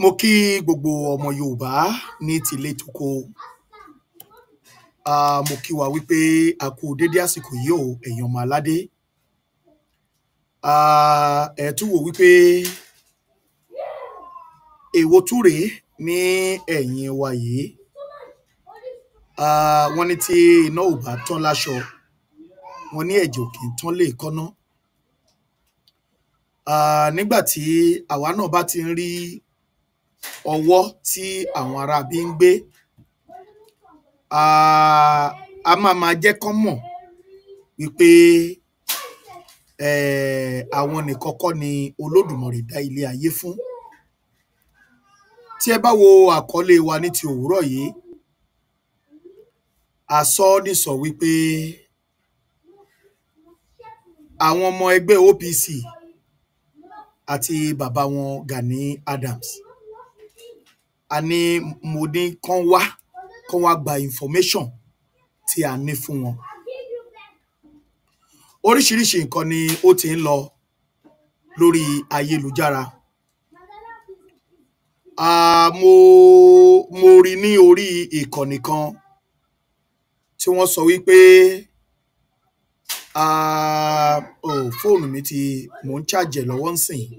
mo kí gbogbo ọmọ yorùbá ní tilé tuko, uh, mo kí wa wípé a kú dédé àsìkò yìí o èèyàn ọmọ aládé ẹ tún wò wípé èwo tún rèé ní ẹ̀yìn wa yìí wọ́n ní tí iná ò bá tán láṣọ wọ́n ní ẹ̀jẹ̀ òkè tán lè kọ́ná nígbà tí àwa náà bá ti ń rí ọwọ́ tí àwọn ará ibí ń gbé um á máa ma jẹ́ kán mọ̀ wí pé um àwọn nìkan kọ́ ni Olódùmarè dá ilé ayé fún. Tí ẹ bá wo àkọ́lé wa ní ti òwúrọ̀ yìí, a sọ ọ́ nísọ̀ọ́ wí pé àwọn ọmọ ẹgbẹ́ OPC àti bàbá wọn Gani Adams a ní mo ní kán wá kán wá gba information tí a ní fún wọn oríṣiríṣi nǹkan ni ó ti ń lọ lórí ayélujára mo mo rí ní orí ìkànnì kan tí wọ́n sọ wípé oh, fóònù mi ti mò ń ṣàjẹ̀ lọ́wọ́ ń sìn yìí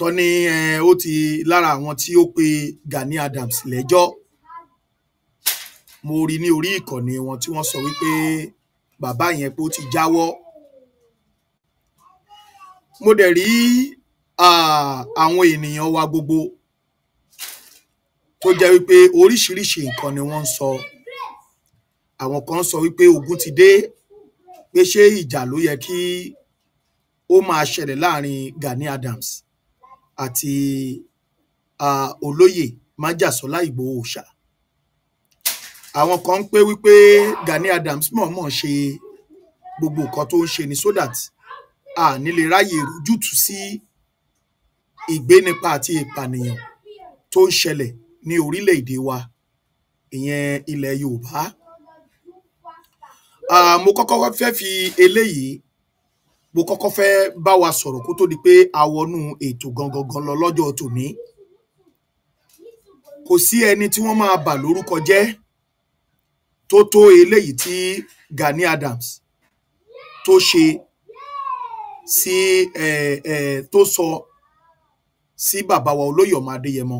tó ní ó ti lára àwọn tí ó pe Gani Adams lẹ́jọ́ mo rí ní orí ìkànnì wọn tí wọ́n sọ wípé bàbá yẹn pé ó ti jáwọ́ mo dẹ̀ rí àwọn ènìyàn wa gbogbo tó jẹ́ wípé oríṣiríṣi nǹkan ni wọ́n ń sọ àwọn kan sọ wípé ogun ti dé pé ṣé ìjà ló yẹ kí ó máa ṣẹlẹ̀ láàrin Gani Adams àti um olóyè májàsọ́lá ìgbòho òòṣà àwọn kan ń pé wípé Gani Adams mọ̀ọ́mọ̀ ṣe gbogbo nǹkan tó ń ṣe ni so that a ní lè ráyè rojútùú sí ìgbénipa àti ìpànìyàn tó ń ṣẹlẹ̀ ní orílẹ̀-èdè wa ìyẹn ilẹ̀ Yorùbá mo kọ́kọ́ fẹ́ fi eléyìí mo kọ́kọ́ fẹ́ bá wa sọ̀rọ̀ kó tó di pé a wọnú ètò gangan lọ lọ́jọ́ tòní kò sí ẹni tí wọ́n máa bà lórúkọ jẹ́ tó tó eléyìí tí Gani Adams tó ṣe sí ẹ ẹ tó sọ sí bàbá wa olóyè ọmọ Adéyẹmọ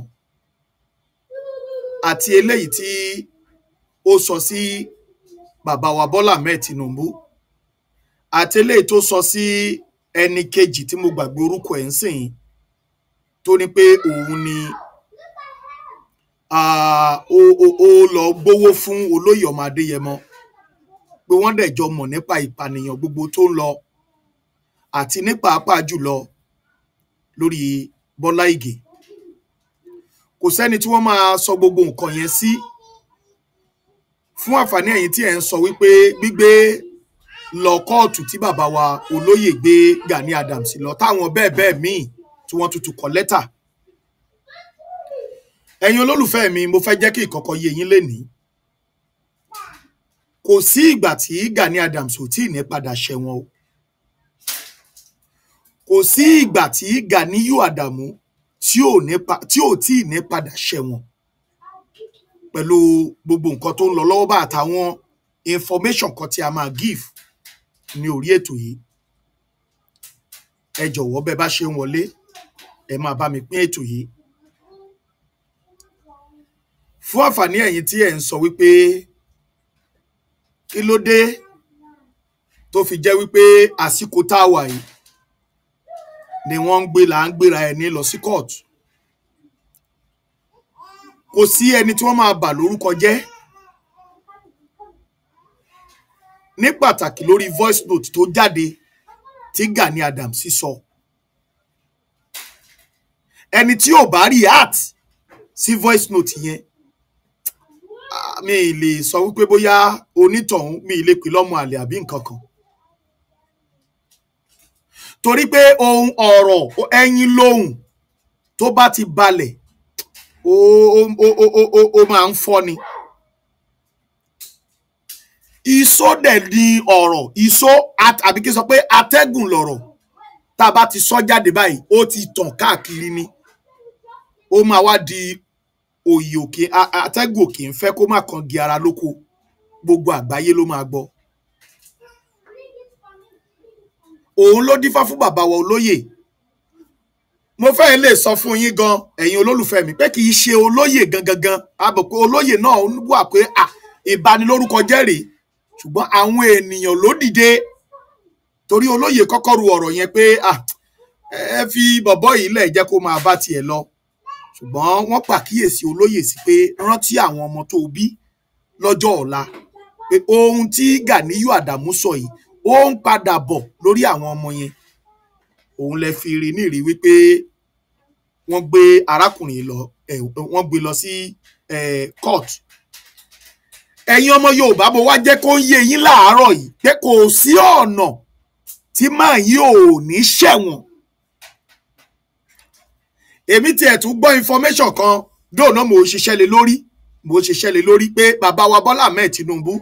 àti eléyìí tí ó sọ sí bàbá wa Bọ́lá Ahmed Tinubu. No àti eléyìí tó sọ sí ẹni kejì tí mo gbàgbé orúkọ ẹ̀ ń sìn tó ní pé òun ni ó lọ gbowó fún olóyè ọmọ adéyẹmọ pé wọ́n dẹ̀ jọ mọ̀ nípa ìpànìyàn gbogbo tó ń lọ àti ní pàápàá jùlọ lórí Bọ́lá Ìgè kò sẹ́ni tí wọ́n máa sọ gbogbo nǹkan yẹn sí fún àǹfààní ẹ̀yin tí ẹ̀ ń sọ wípé gbígbé lọ kóòtù tí bàbá wa olóyè gbé Gani Adams lọ táwọn bẹ́ẹ̀ bẹ́ẹ̀ míì tí wọ́n tutù kọ lẹ́tà ẹ̀yin olólùfẹ́ mi mo fẹ́ jẹ́ kí ìkọ̀kọ̀ yé yín lénìí kò sí ìgbà tí Gani Adams ò tí ì ní padà ṣẹ̀wọ̀n o kò sí ìgbà tí Ganiyu Adamu tí ò tí ì ní padà ṣẹ̀wọ̀n pẹ̀lú gbogbo nǹkan tó ń lọ lọ́wọ́ bá àtàwọn information kan tí a máa give ní orí ètò yìí ẹ jọ̀wọ́ bẹ́ bá ṣe ń wọlé ẹ máa bá mi pín ètò yìí fún àǹfààní ẹ̀yin tí ẹ ń sọ wípé kí ló dé tó fi jẹ́ wípé àsìkò tá a wà yìí ni wọ́n ń gbé là ń gbéra ẹni lọ sí kóòtù kò sí ẹni tí wọ́n máa bà lórúkọ jẹ́ ní pàtàkì lórí voice note tó jáde tí Gani Adams sọ ẹni tí ò bá react sí voice note yẹn ah, mi lè sọ wípé bóyá onítọ̀hún mi lè pè lọ́mọ àlè àbí nǹkan kan torí pé ohun ọ̀rọ̀ ẹyin lóhùn tó bá ti balẹ̀ ó ó ó ó ó máa ń fọ́ ni iṣó dẹ̀ di ọ̀rọ̀ iṣó àbí kí n sọ pé atẹ́gùn lọ̀rọ̀ tá a bá ti sọ jáde báyìí ó ti tàn káàkiri ni ó máa wá di òyì òkè atẹ́gùn òkè ń fẹ́ kó má kan gi ara lóko gbogbo àgbáyé ló máa gbọ́. òun ló dífá fún bàbá wa olóyè mo fẹ́ lè sọ fún yín gan ẹ̀yin olólùfẹ́ mi pé kì í ṣe olóyè gangan gan àbò pé olóyè náà wà pé ìbanilórúkọ jẹ́ ṣùgbọ́n àwọn ènìyàn ló dìde torí olóyè kọ́kọ́ ru ọ̀rọ̀ yẹn pé ah, ẹ fi bọ̀bọ́ yìí lẹ̀ jẹ́ kó máa bá tiẹ̀ lọ ṣùgbọ́n wọ́n pàkíyèsí olóyè sí pé rántí àwọn ọmọ tó bí lọ́jọ́ ọ̀la pé ohun tí Gàníyù Àdàmú sọ yìí ó ń padà bọ̀ lórí àwọn ọmọ yẹn òun lè fi rí ní wípé wọ́n gbé arákùnrin lọ wọ́n gbé lọ sí court ẹ̀yin ọmọ Yorùbá mo wá jẹ́ kó ń yé yín láàárọ̀ yìí pé kò sí ọ̀nà tí màá yí ò ní ṣẹ̀wọ̀n èmi tiẹ̀ tún gbọ́ information kan dóònà mo ṣiṣẹ́ lé lórí mo ṣiṣẹ́ lé lórí pé bàbá wa Bọ́lá Ahmed Tinubu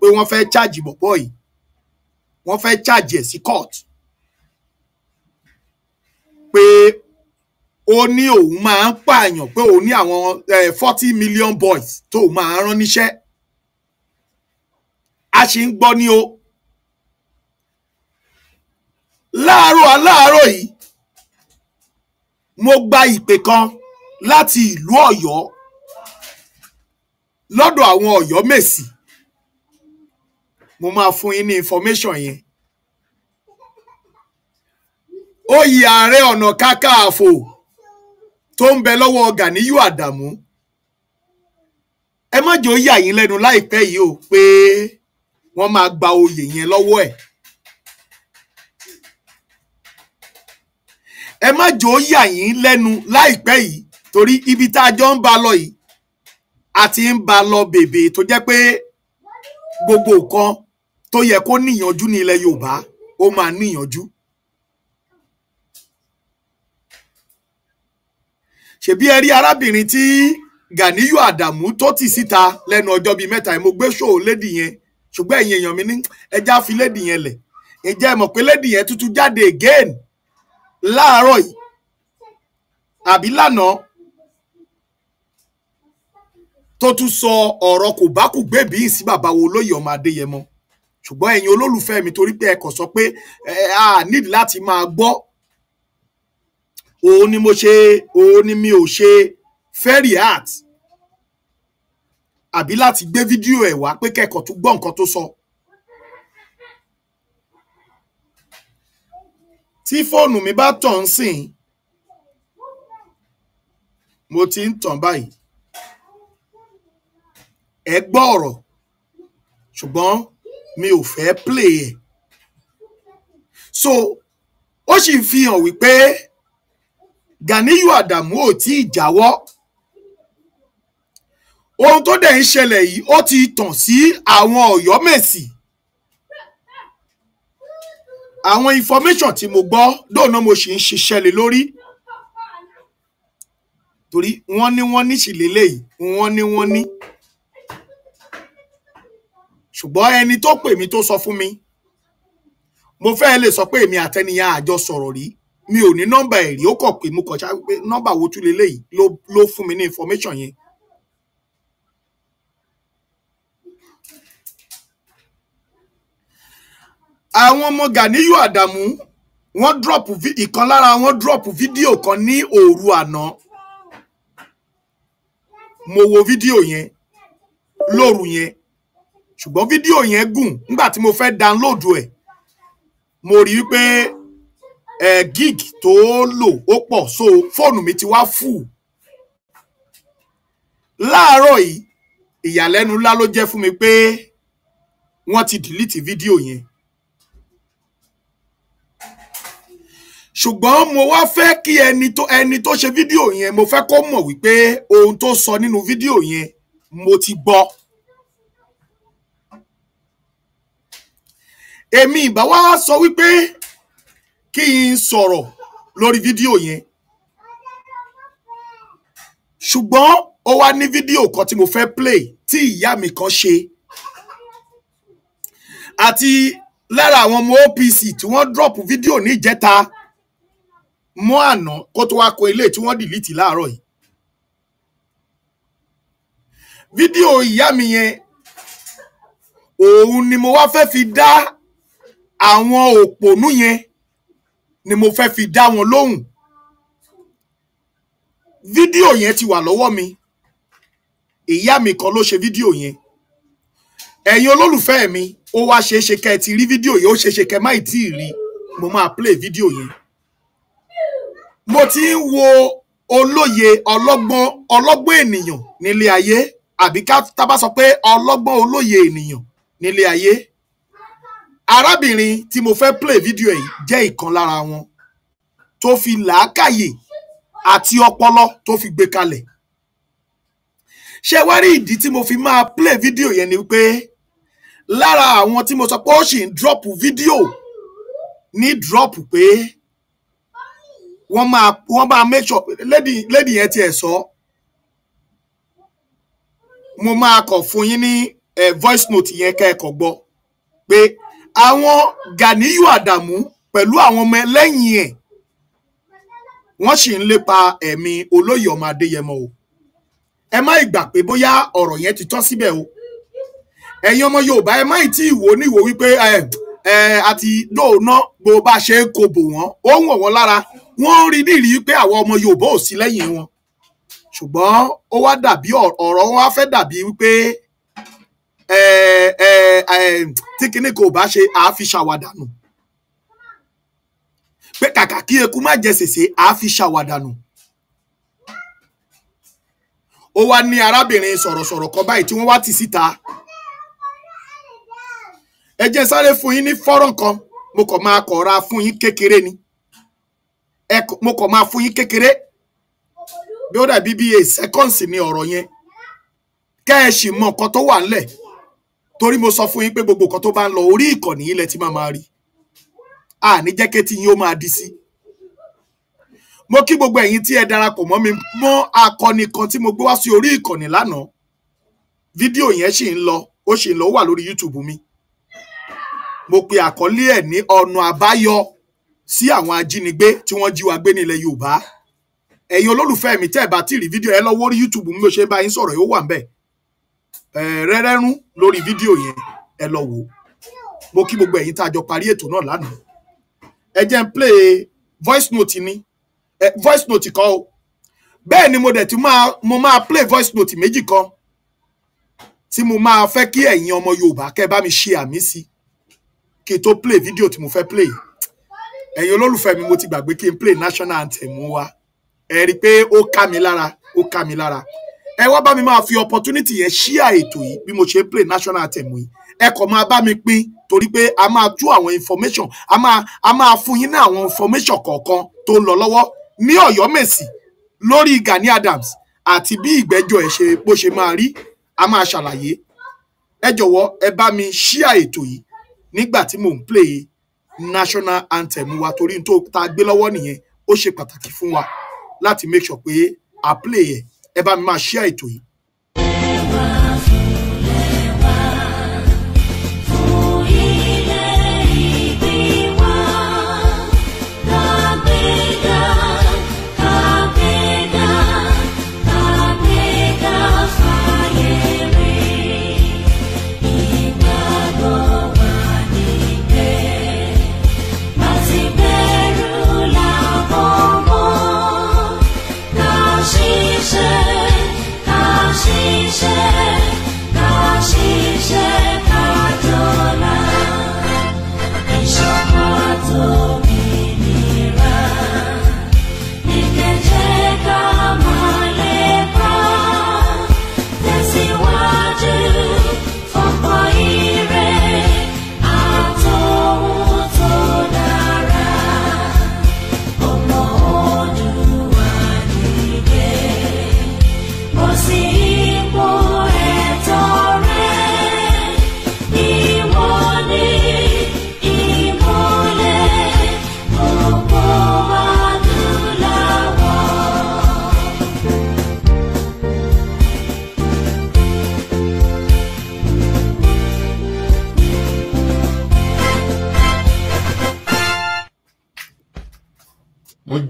pé wọ́n fẹ́ ṣáàjì bọ̀bọ̀ yìí wọ́n fẹ́ ṣáàjì ẹ̀ sí court pé ó ní òun máa ń pààyàn pé òun ní àwọn forty million boys tó máa rán níṣẹ́ a sì ń gbọ́ ní o láàárọ̀ aláàárọ̀ yìí mo gba ìpè kan láti ìlú Ọ̀yọ́ lọ́dọ̀ àwọn Ọ̀yọ́ Mèsì mo máa fún yín ní information yẹn oyè ààrẹ ọ̀nà kakanfò tó ń bẹ lọ́wọ́ Gàníyù Àdàmú ẹ má jẹ́ ó yà yín lẹ́nu láìpẹ́ yìí o pé wọ́n máa gba oyè yẹn lọ́wọ́ ẹ̀ ẹ má jẹ́ ó yà yín lẹ́nu láìpẹ́ yìí torí ibi tá a jọ ń ba lọ yìí a ti ń ba lọ bèbè tó jẹ́ pé gbogbo nǹkan tó yẹ kó níyanjú ní ilẹ̀ Yorùbá ó máa níyanjú. ṣebí ẹ rí arábìnrin tí Ganiyu Adamu tó tì síta lẹ́nu ọjọ́ bíi mẹ́ta mo gbé ṣòó lédì yẹn ṣùgbọ́n ẹ̀yin èèyàn mi ní ẹja fi lédì yẹn lẹ̀ ǹjẹ́ ẹ pé lédì yẹn tuntun jáde again láàárọ̀ yìí àbí lánàá tó tún sọ ọ̀rọ̀ kò bá kù gbèbí sí bàbá wo olóyè ọmọ Adéyẹmọ ṣùgbọ́n ẹ̀yin olólùfẹ́ mi torí pé ẹ kàn sọ pé ẹ á nídìí láti máa gbọ́ òun ni mo ṣe òun ni mi ò ṣe fairy art àbí láti gbé fídíò ẹ̀ wá pé kẹ́kọ̀ọ́ tó gbọ́ nǹkan tó sọ. tí fóònù mi bá tàn sìn mo ti ń tàn báyìí ẹ gbọ́ ọ̀rọ̀ ṣùgbọ́n mi ò fẹ́ play ẹ̀ so ó sì fi hàn wípé Ganiyu Adamu ò tí ì jáwọ́ ohun tó dẹ̀ ń ṣẹlẹ̀ yìí ó ti tàn sí àwọn ọ̀yọ́mẹ̀sì àwọn information tí mo gbọ́ dóòna mo sì ń ṣiṣẹ́ lé lórí torí wọ́n ní wọ́n ní sì lélẹ́yìí wọ́n ní wọ́n ní ṣùgbọ́n ẹni tó pè mí tó sọ fún mi mo fẹ́ lè sọ pé èmi àtẹnìyàn àjọ sọ̀rọ̀ rí mi ò ní nọ́mbà ẹ̀ rí ó kọ̀ pé mo kọ̀ ṣá pé nọ́mbà wo tún leléyìí ló ló fún mi ní information yẹn. àwọn ọmọ Ganiyu Adamu wọ́n drop ìkan lára wọn drop fídíò kan ní òru àná mo wo fídíò yẹn lóru yẹn ṣùgbọ́n fídíò yẹn gùn nígbà tí mo fẹ́ download ẹ̀ mo rí i pé eh, gig tó lò ó pọ̀ so fóònù mi ti wá full láàárọ̀ yìí ìyàlẹ́nu ńlá ló jẹ́ fún mi pé wọ́n ti dìlítì fídíò yẹn ṣùgbọ́n mo wá fẹ́ kí ẹni tó ẹni tó ṣe fídíò yẹn mo fẹ́ kó mọ̀ wípé ohun tó sọ nínú fídíò yẹn mo ti gbọ́. èmi ìbá wá sọ wípé kí n sọ̀rọ̀ lórí fídíò yẹn ṣùgbọ́n ó wá ní fídíò kan tí mo fẹ́ play tí ìyá mi kan ṣe àti lára àwọn ọmọ OPC tí wọ́n drop fídíò ní ìjẹta mọ́ àná kó tó wá kọ ilé tí wọ́n dìlítì láàárọ̀ yìí fídíò ìyá mi yẹn òun ni mo wá fẹ́ fi dá àwọn òpònú yẹn ni mo fẹ́ fi dá wọn lóhùn fídíò yẹn ti wà lọ́wọ́ mi ìyá mi kan ló ṣe fídíò yẹn ẹ̀yin olólùfẹ́ mi ó wá ṣeé ṣe kẹ́ ẹ ti rí fídíò yẹn ó ṣeé ṣe kẹ́ ẹ má ì tí ì rí mo máa play fídíò yẹn mo ti ń wo olóye ọlọ́gbọ́n ọlọ́gbọ́n ènìyàn nílé ayé àbí ká tá bá sọ pé ọlọ́gbọ́n olóye ènìyàn nílé ayé arábìnrin tí mo fẹ́ play video yìí jẹ́ ìkan lára wọn tó fi làákàyè àti ọpọlọ tó fi gbé kalẹ̀ ṣé wá rí ìdí tí mo fi máa play video yẹn ni pé lára àwọn tí mo sọ pé ó sì ń drop fídíò ní drop pé wọ́n máa wọ́n máa make sure lady lady yẹn tiẹ̀ sọ mo máa kọ fún yín ní eh, voice note yẹn kẹ́ẹ̀kọ́ gbọ́ pé àwọn Ganiyu Adamu pẹ̀lú àwọn ọmọ ẹlẹ́yìn ẹ̀ wọ́n sì ń lépa ẹ̀mí olóyè ọmọ Adéyẹmọ o ẹ má ìgbà pé bóyá ọ̀rọ̀ yẹn ti tán síbẹ̀ o ẹ̀yin ọmọ Yorùbá ẹ má ì tí ì wò ní ìwò wípé ẹ àti lóòóná bó bá ṣe ń kó bò wọ́n ó ń wọ̀ wọ́n lára wọ́n ń rí nírìí pé àwọn ọmọ Yorùbá ò sí lẹ́yìn wọn ṣùgbọ́n ó wá dàbí ọ̀rọ̀ wọn á fẹ́ dàbí wípé tí kinní kò bá ṣe àá fi ṣàwàdà nù pé kàkà kí eku má jẹ sèse àá fi ṣàwàdà nù ó wá ní arábìnrin sọ̀rọ̀sọ̀rọ̀ kan báyìí tí wọ́n wá tì síta ẹ jẹ́ sáré fún yín ní fọ́rán kan mo kàn máa kọ̀ra fún yín kékeré ni mo kàn máa fún yín kékeré bí ó dàbí bíi a seconds ni ọ̀rọ̀ yẹn kẹ́ ẹ sì mọ nǹkan tó wà ńlẹ̀ torí mo sọ fún yín pé gbogbo nǹkan tó bá ń lọ orí ìkànnì ilẹ̀ tí màá máa rí àní jẹ́ kétí yín ó máa di sí. mo kí gbogbo ẹ̀yin tí ẹ darapọ̀ mọ́ mi mọ́ akọni kan tí mo gbé wá sí orí ìkànnì lánàá fídíò yẹn ṣì ń lọ ó ṣì ń lọ ó wà lórí YouTube mi mo pe àkọlé ẹ̀ ní ọ̀nà àbáyọ sí àwọn ajínigbé tí wọ́n jí wa gbé nílẹ̀ Yorùbá ẹ̀yin olólùfẹ́ mi tẹ́ ẹ bá ti rí fídíò ẹ lọ wórí YouTube mi mo ṣe bá yín sọ̀rọ̀ yóò wà ń bẹ́ẹ̀ rẹ́rẹ́rún lórí fídíò yẹn ẹ lọ wò mo kí gbogbo ẹ̀yin tá a jọ parí ètò náà lánàá ẹ jẹ́ n play voice note ni eh, voice note kan o bẹ́ẹ̀ ni mo dẹ̀ ti máa mo máa play voice note méjì kan tí mo máa fẹ́ kí ẹ̀yin ọmọ Yorùbá kẹ́ bá mi ṣe àmì sí kí n tó play fídíò tí mo fẹ́ play ẹ̀yin olólùfẹ́ mi mo ti gbàgbé kí n play national anthem wa ẹ rí i pé ó ká mi lára ó ká mi lára ẹ wá bá mi máa fi opportunity yẹn ṣíà ètò yìí bí mo ṣe ń play national anthem yìí ẹ kàn máa bá mi pín torí pé a máa tú àwọn information a máa a máa fún yín ní àwọn information kọ̀ọ̀kan tó ń lọ lọ́wọ́ ní Ọ̀yọ́mèsì lórí Gani Adams àti bí ìgbẹ́jọ́ ẹ̀ ṣe bó ṣe máa rí a máa ṣàlàyé ẹ jọ̀wọ́ ẹ bá mi ṣíà ètò yìí nígbà tí mò ń play national anthem wa torí n tó ta gbé lọ́wọ́ nìyẹn ó ṣe pàtàkì fún wa láti make sure pé a play ẹ̀ ẹ bá mi máa share ètò yìí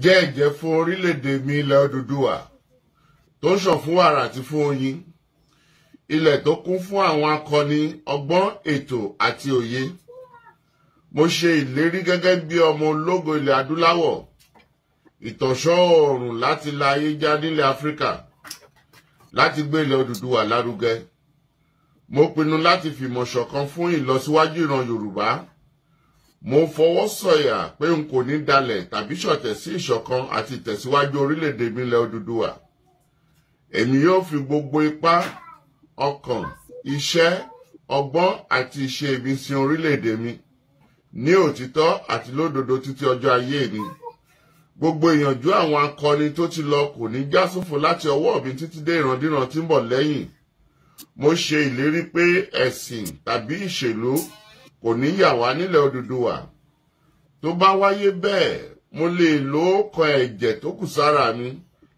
jẹ́ ẹ̀jẹ́ fún orílẹ̀-èdè mi ilẹ̀ Odùduwà tó ń ṣàn fún wàrà àti fún oyin ilẹ̀ tó kún fún àwọn akọni ọgbọ́n ètò àti òye mo ṣe ìlérí gẹ́gẹ́ bí ọmọ ológo ilẹ̀ adúláwọ̀ ìtànṣọ́ oòrùn láti la ayé já nílẹ̀ Áfíríkà láti gbé ilẹ̀ Odùduwà lárugẹ mo pinnu láti fìmọ̀ ṣọ̀kan fún ìlọsíwájú ìran Yorùbá mo fọwọ́ sọ̀yà pé n kò ní dalẹ̀ tàbí ṣọ̀tẹ̀ sí ìṣọ̀kan àti ìtẹ̀síwájú orílẹ̀-èdè mi ilẹ̀ Odùduwà èmi yóò fi gbogbo ipá ọkàn iṣẹ́ ọgbọ́n àti ìṣe mi sin orílẹ̀-èdè mi ní òtítọ́ àti lódodo títí ọjọ́ ayé mi gbogbo ìyànjú àwọn akọni tó ti lọ kò ní já sófo láti ọwọ́ mi títí dé ìrandíran tí ń bọ̀ lẹ́yìn mo ṣe ìlérí pé ẹ̀sìn tàbí ìṣèlú kò ní yà wá nílẹ̀ Odùduwà tó bá wáyé bẹ́ẹ̀ mo lè lo ọkọ̀ ẹ̀jẹ̀ tó kù sára mi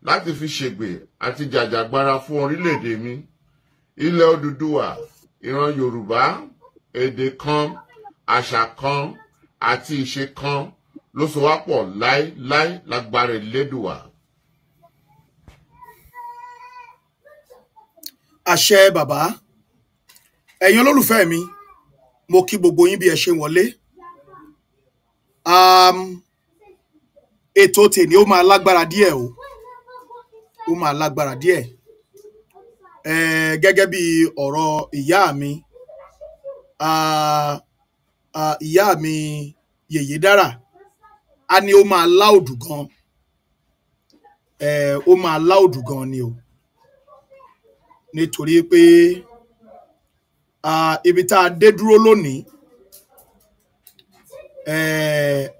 láti fi ṣègbè àti jàjàgbara fún orílẹ̀-èdè mi ilẹ̀ Odùduwà ìran Yorùbá èdè kan àṣà kan àti ìṣe kan ló so wá pọ̀ láéláé lágbára Elédùwà. àṣẹ bàbá ẹ̀yin olólùfẹ́ mi mo kí gbogbo yín bí ẹ ṣe wọlé um, ètò tèmi ó máa lágbára díẹ̀ o ó máa lágbára díẹ̀ um, bí ọ̀rọ̀ ìyá mi uh, uh, ìyá mi yèyé dára a ní ó máa láòdù gan ó máa láòdù gan ni o nítorí pé. Pe ibi tá a dé dúró lónìí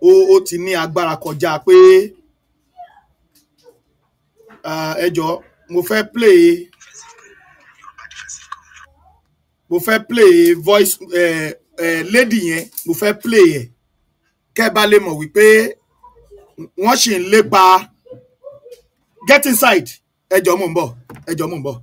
ó ó ti ní agbára kọjá pé ẹ jọ mo fẹ́ play mo fẹ́ play voice uh, uh, lady yẹn mo fẹ́ play ẹ̀ kẹ́ bá lè mọ̀ wípé wọ́n sì ń lépa get inside ẹ jọ mò ń bọ̀ ẹ jọ mò ń bọ̀.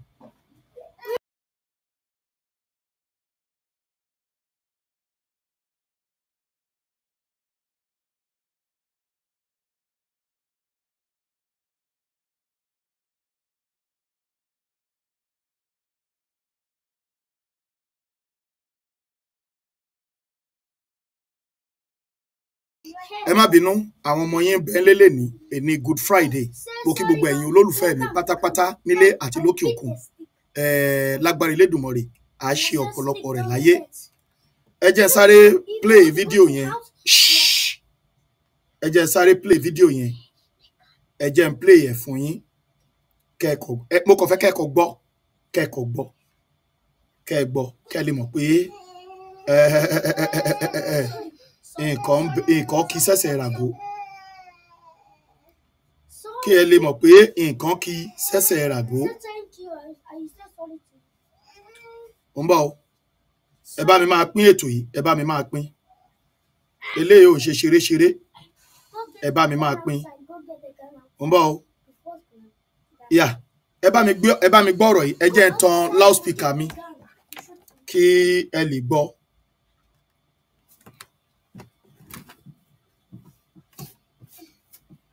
ẹ má bínú àwọn ọmọ yín bẹ́ẹ̀ lélẹ̀ ní èní good friday mo kí gbogbo ẹ̀yin olólùfẹ́ mi pátápátá nílé àti lókè òkun lágbára Elédùmarè à á ṣe ọ̀pọ̀lọpọ̀ rẹ̀ láyé ẹ jẹ́ sáré play video yẹn ẹ jẹ́ sáré play video yẹn ẹ jẹ́ n play ẹ̀ fún yín mo kàn fẹ́ kẹ́ẹ̀kọ́ gbọ́ kẹ́ẹ̀kọ́ gbọ́ kẹ́ẹ̀ gbọ́ kẹ́ẹ̀ lè mọ̀ pé ẹ̀ẹ́dẹ́ẹ̀ẹ́dẹ́ẹ̀ẹ́ nǹkan kì í ṣẹ̀ṣẹ̀ ràgó kí ẹ lè mọ̀ pé nǹkan kì í ṣẹ̀ṣẹ̀ ràgó. ó ń bọ̀ o ẹ bá mi máa pín ètò yìí ẹ bá mi máa pín eléyìí ò ṣe ṣeréṣeré ẹ bá mi máa pín ó ń bọ̀ o yà ẹ bá mi gbọ́ ọ̀rọ̀ yìí ẹ jẹ́ ń tan loudspeaker mi kí ẹ lè gbọ́.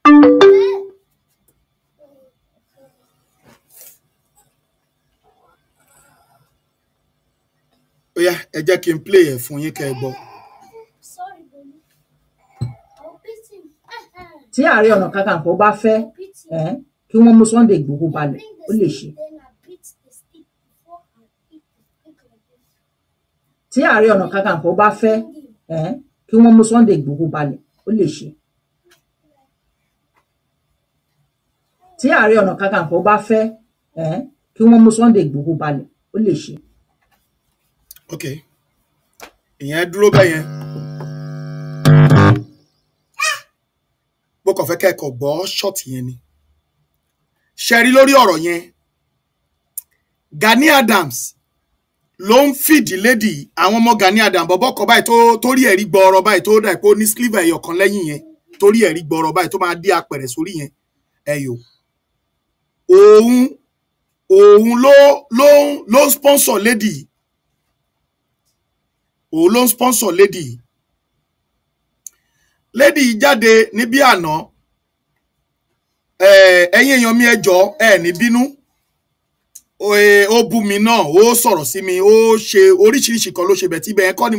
ó yá ẹ jẹ́ kí n play ẹ̀ fún yín kẹ́ ẹ gbọ́. tí ààrẹ ọ̀nà kakanfò bá fẹ́ kí wọ́n mú Sunday Igboho balẹ̀ ó lè ṣe. tí ààrẹ ọ̀nà kakanfò bá fẹ́ kí wọ́n mú Sunday Igboho balẹ̀ ó lè ṣe. tí ààrẹ ọ̀nà kakanfò bá fẹ́ kí wọ́n mú Sunday Igboho balẹ̀ ó lè ṣe. ok ìyẹn dúró bẹ́ẹ̀ mo kàn fẹ́ kẹ́kọ̀ọ́ gbọ́ ṣọ́ọ̀tì yẹn ni ṣe rí lórí ọ̀rọ̀ yẹn Gani Adams ló ń fìdí lédi àwọn ọmọ Gani Adams bọ́bọ́ kọ báyìí tó rí ẹ̀rí gbọ́ọ̀rọ̀ báyìí tó dà pé ó ní sliver ẹ̀yọ̀ kan lẹ́yìn yẹn torí ẹ̀rí gbọ́ọ̀rọ̀ báyìí tó máa dí apẹ̀rẹ̀ sórí yẹn ẹ̀yọ̀ òun òun ló ló ló sponsor lady òun ló sponsor lady lady jáde níbí àná ẹ̀yin èèyàn mi ẹ jọ̀ọ́ ẹ ní bínú ó bú mi náà ó sọ̀rọ̀ sí mi ó ṣe oríṣiríṣi kan ló ṣe bẹ̀ tí bẹ́ẹ̀ kọ́ ni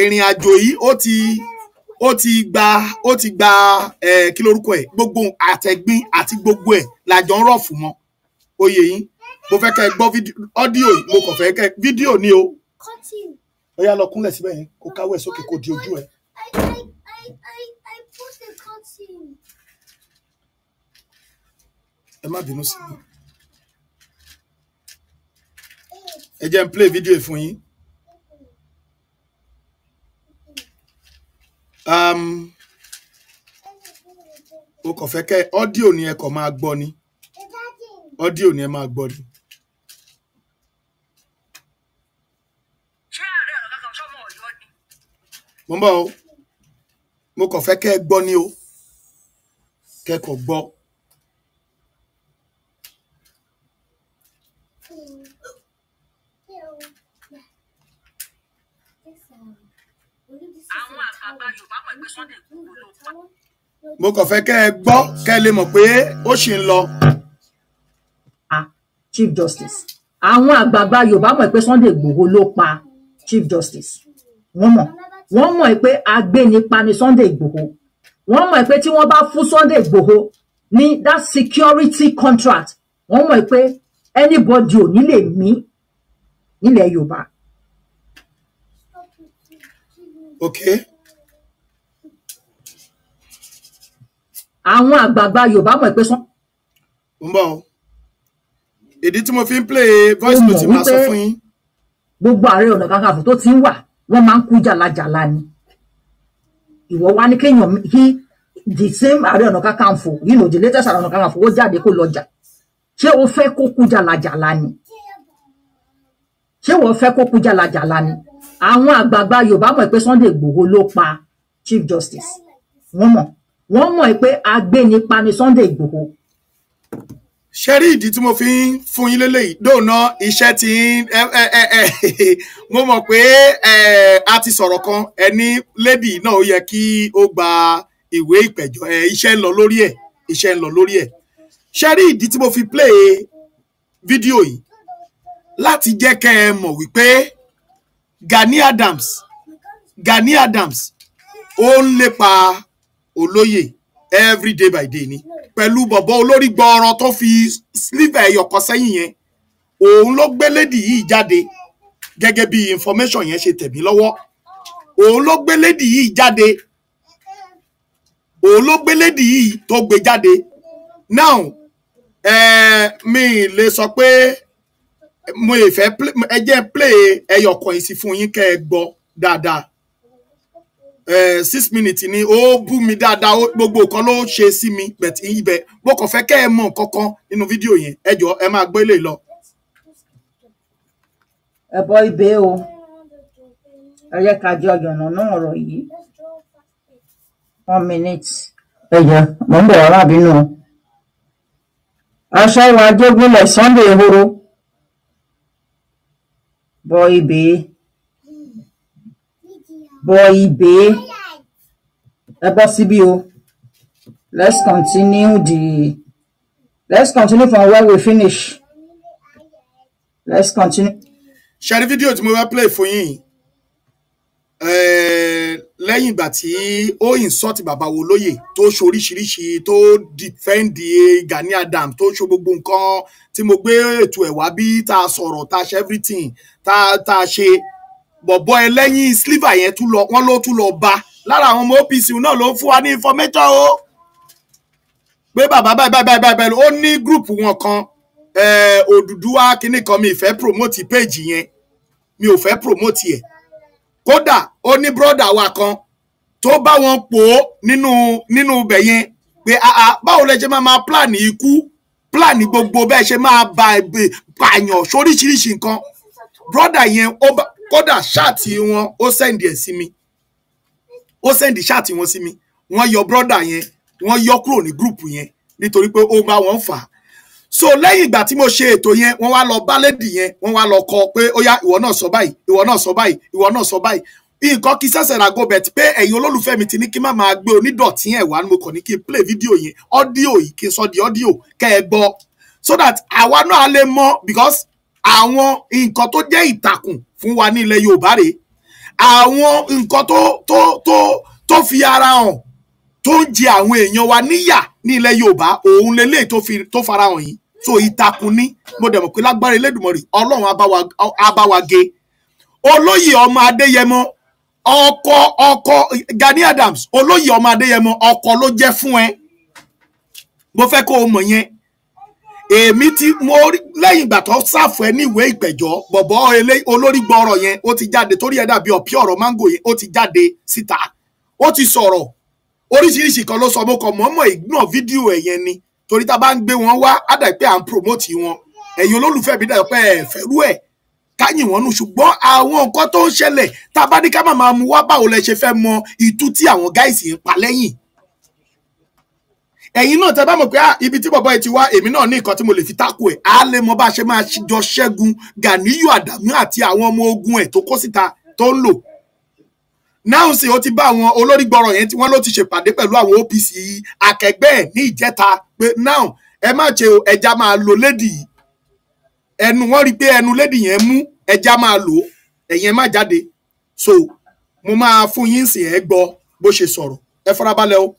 ìrìn àjò yìí ó ti ó ti gba ó ti gba kí lorúkọ ẹ̀ gbogbo àtẹ̀gbin àti gbogbo ẹ̀ làjọ ń rọ̀fù mọ́ oyè yín mo fẹ́ kẹ́ ẹ gbọ́ ọ́díò yìí mo kàn fẹ́ kẹ́ fídíò ni o ó yá lọ kúnlẹ̀ síbẹ̀ yẹn kó káwọ́ ẹ̀ sókè kó di ojú ẹ̀. ẹ má bínú sí mi ẹ jẹ́ n play fídíò yìí fún yín. um mo kàn fẹ́ kẹ́ ọ́díò ni ẹ kàn máa gbọ́ ni ọ́díò ni ẹ máa gbọ́ ni. mo ń o mo kàn fẹ́ kẹ́ ẹ gbọ́ ni o kẹ́ ẹ kàn gbọ́. àwọn àgbààgbà Yorùbá mo kàn fẹ́ kẹ́ ẹ gbọ́ kẹ́ ẹ lè mọ̀ pé ó ṣì ń lọ. Ah, chief justice àwọn àgbààgbà yorùbá mọ̀ pé sunday igbòho ló pa chief justice wọ́n mọ̀ wọ́n mọ̀ pé agbénipa ni sunday igbòho wọ́n mọ̀ pé tí wọ́n bá fún sunday igbòho ní that security contract wọ́n mọ̀ pé anybody ò ní lè mí nílẹ̀ yorùbá. okay àwọn àgbààgbà yorùbá mọ̀ pé sán. ń bọ̀ ìdí tí mo fi ń play voice note máa sọ fún yín. gbogbo ààrẹ ọ̀nà kakanfò tó ti ń wà wọ́n máa ń kú jàlajàla ni ìwọ wá ní kéèyàn kí the same ààrẹ ọ̀nà kakanfò you know the latest ààrẹ ọ̀nà kakanfò ó jáde kó lọ jà ṣé o fẹ́ kó kú jàlajàla ni ṣé wọ́n fẹ́ kó kú jàlajàla ni àwọn àgbààgbà yorùbá mọ̀ pé Sunday Igboho ló pa Chief Justice wọ́n mọ̀ wọ́n mọ̀ pé agbénipa ni Sunday Igboho. ṣé rí ìdí tí mo fi ń fún yín lélẹ́yìí dóòna iṣẹ́ tí mo mọ̀ pé a ti sọ̀rọ̀ kan ẹni lady náà ó yẹ kí ó gba ìwé ìpẹ̀jọ́ ẹ iṣẹ́ ń lọ lórí ẹ̀ iṣẹ́ ń lọ lórí ẹ̀ ṣé rí ìdí tí mo fi play fídíò yìí láti jẹ́ kẹ́ ẹ mọ̀ wípé Gani Adams Gani Adams ó ń lépa olóyè every day by day ni pẹ̀lú bọ̀bọ̀ olórí gbọ́ọ̀rọ̀ tó fi sliver ẹ̀yọ̀kọ̀ sẹ́yìn yẹn òun ló gbé lady yìí jáde gẹ́gẹ́ bí information yẹn ṣe tẹ̀mí lọ́wọ́ òun ló gbé lady yìí jáde òun ló gbé yìí tó gbé jáde now eh, mi lè sọ pé mo ìfẹ́ ẹ jẹ́ play ẹyọ̀kọ̀ yìí sí fún yín kẹ́ ẹ gbọ́ dáadáa. Eh, six minutes ni o bú mi dada gbogbo nǹkan lo ṣe sí mi but ibe mo kàn fẹ́ kẹ́ nínú fídíò yẹn ẹ e ẹ máa gbé lo. lọ. ẹ bọ ibẹ o ẹ ka náà ọ̀rọ̀ yìí one minute. mo Sunday bọ ibe. bọ ibè ẹ bọ́ síbí o let's continue the let's continue from where we finish let's continue. ṣe rí fídíò tí mo wá play fún yín eh, lẹ́yìn ìgbà tí ó insult bàbá wo lóyè tó ṣe oríṣiríṣi tó defend Gani Adams tó ṣe gbogbo nǹkan tí mo gbé ètò ẹ̀ wá bí tá a sọ̀rọ̀ tá a ṣe everything tá a ṣe bọ̀bọ̀ ẹlẹ́yìn sliver yẹn tún lọ wọ́n ló tún lọ bá lára àwọn ọmọ OPC náà ló ń fún wa ní information o pé bàbá báyìí báyìí báyìí báyìí ó ní gúrùpù wọn kan Odùduwà kínní kan mi ìfẹ́ promote page yẹn mi ò fẹ́ promote ẹ̀ kódà ó ní brọ́dà wa kan tó bá wọn pò ó nínú nínú ibẹ̀ yẹn pé ah, ah, báwo lẹ ṣe máa máa plan ikú plan gbogbo bẹ́ẹ̀ ṣe máa bàyàn sóríṣiríṣi nǹkan brọ́dà yẹn ó bá kódà ṣáàtì wọn ó sẹ́ndì ẹ̀ sí mi ó sẹ́ndì ṣáàtì wọn sí mi wọ́n yọ brọ́dà yẹn wọ́n yọ kúrò ní gúrùpù yẹn nítorí pé ó bá wọn fà á so lẹ́yìn ìgbà tí mo ṣe ètò yẹn wọ́n wá lọ bálẹ́dì yẹn wọ́n wá lọ kọ pé ó yá ìwọ náà sọ báyìí ìwọ náà sọ báyìí ìwọ náà sọ báyìí nǹkan kí sẹ̀sẹ̀ ra go bet pé ẹ̀yin olólùfẹ́ mi ti ní kí má máa gbé onídọ̀tí ẹ̀ wá mo kàn ní kí n play video, yẹn ọ́díò yìí kí n sọ di ọ́díò kẹ́ ẹ gbọ́ so that àwa náà lè mọ̀ because àwọn nǹkan tó jẹ́ ìtàkùn fún wa ní ilẹ̀ Yorùbá rè àwọn nǹkan tó tó tó tó fi ara hàn tó ń jẹ àwọn èèyàn wa níyà ní Yorùbá òun lélẹ́yìí tó fi tó fara hàn yìí so ìtàkùn ni mo dẹ̀ mọ̀ pé lágbára Elédùmarè Ọlọ́run abáwage olóyè ọmọ Adéyẹmọ ọkọ ọkọ Gani Adams olóyè ọmọ Adéyẹmọ ọkọ ló jẹ́ fún ẹ mo fẹ́ kó o mọ̀ yẹn èmi tí mo lẹ́yìn ìgbà tó ṣàfù ẹ ní ìwé ìpẹ̀jọ́ bọ̀bọ̀ olórí gbọ́rọ̀ yẹn ó ti jáde torí ẹ̀ dàbí ọ̀pí ọ̀rọ̀ máńgò yẹn ó ti jáde síta ó ti sọ̀rọ̀ oríṣiríṣi kan ló sọ mo kàn mọ́mọ́ ìgbọ̀n fídíò ẹ̀ yẹn ni torí tá a bá ń gbé wọn wá á pé à ń promote wọn ẹ̀yin olólùfẹ́ mi dàgbẹ́ ẹ̀ fẹ́rú ẹ̀ káyìn wọn nù ṣùgbọ́n àwọn nǹkan tó ń ṣẹlẹ̀ tá a bá ní ká má máa mu wá báwo lẹ ṣe fẹ́ mọ ìtú tí àwọn gáìsì ń pa lẹ́yìn ẹ̀yin náà tẹ́ bá mọ̀ pé ah, ibi tí bọ̀bọ̀ ẹ ti wá èmi náà ní nǹkan tí mo lè fi tákò ẹ̀ á lè mọ bá a ṣe máa jọ ṣẹ́gun Gàníyù Àdàmú àti àwọn ọmọ ogun ẹ̀ tó kó síta tó ń lò náà sì ó ti bá àwọn olórí gbọ́rọ̀ yẹn tí wọ́n ló ti ṣèpàdé pẹ̀lú àwọn OPC akẹgbẹ́ ẹ̀ ní ìjẹta pé náà ẹ má ṣe o ẹja máa lo lédì yìí ẹnu wọ́n rí i pé ẹnu lédì yẹn mú ẹja máa lò ó ẹ̀yẹn má jáde so mo máa fún yín sìn ẹ gbọ́ bó ṣe sọ̀rọ̀ ẹ farabalẹ̀ o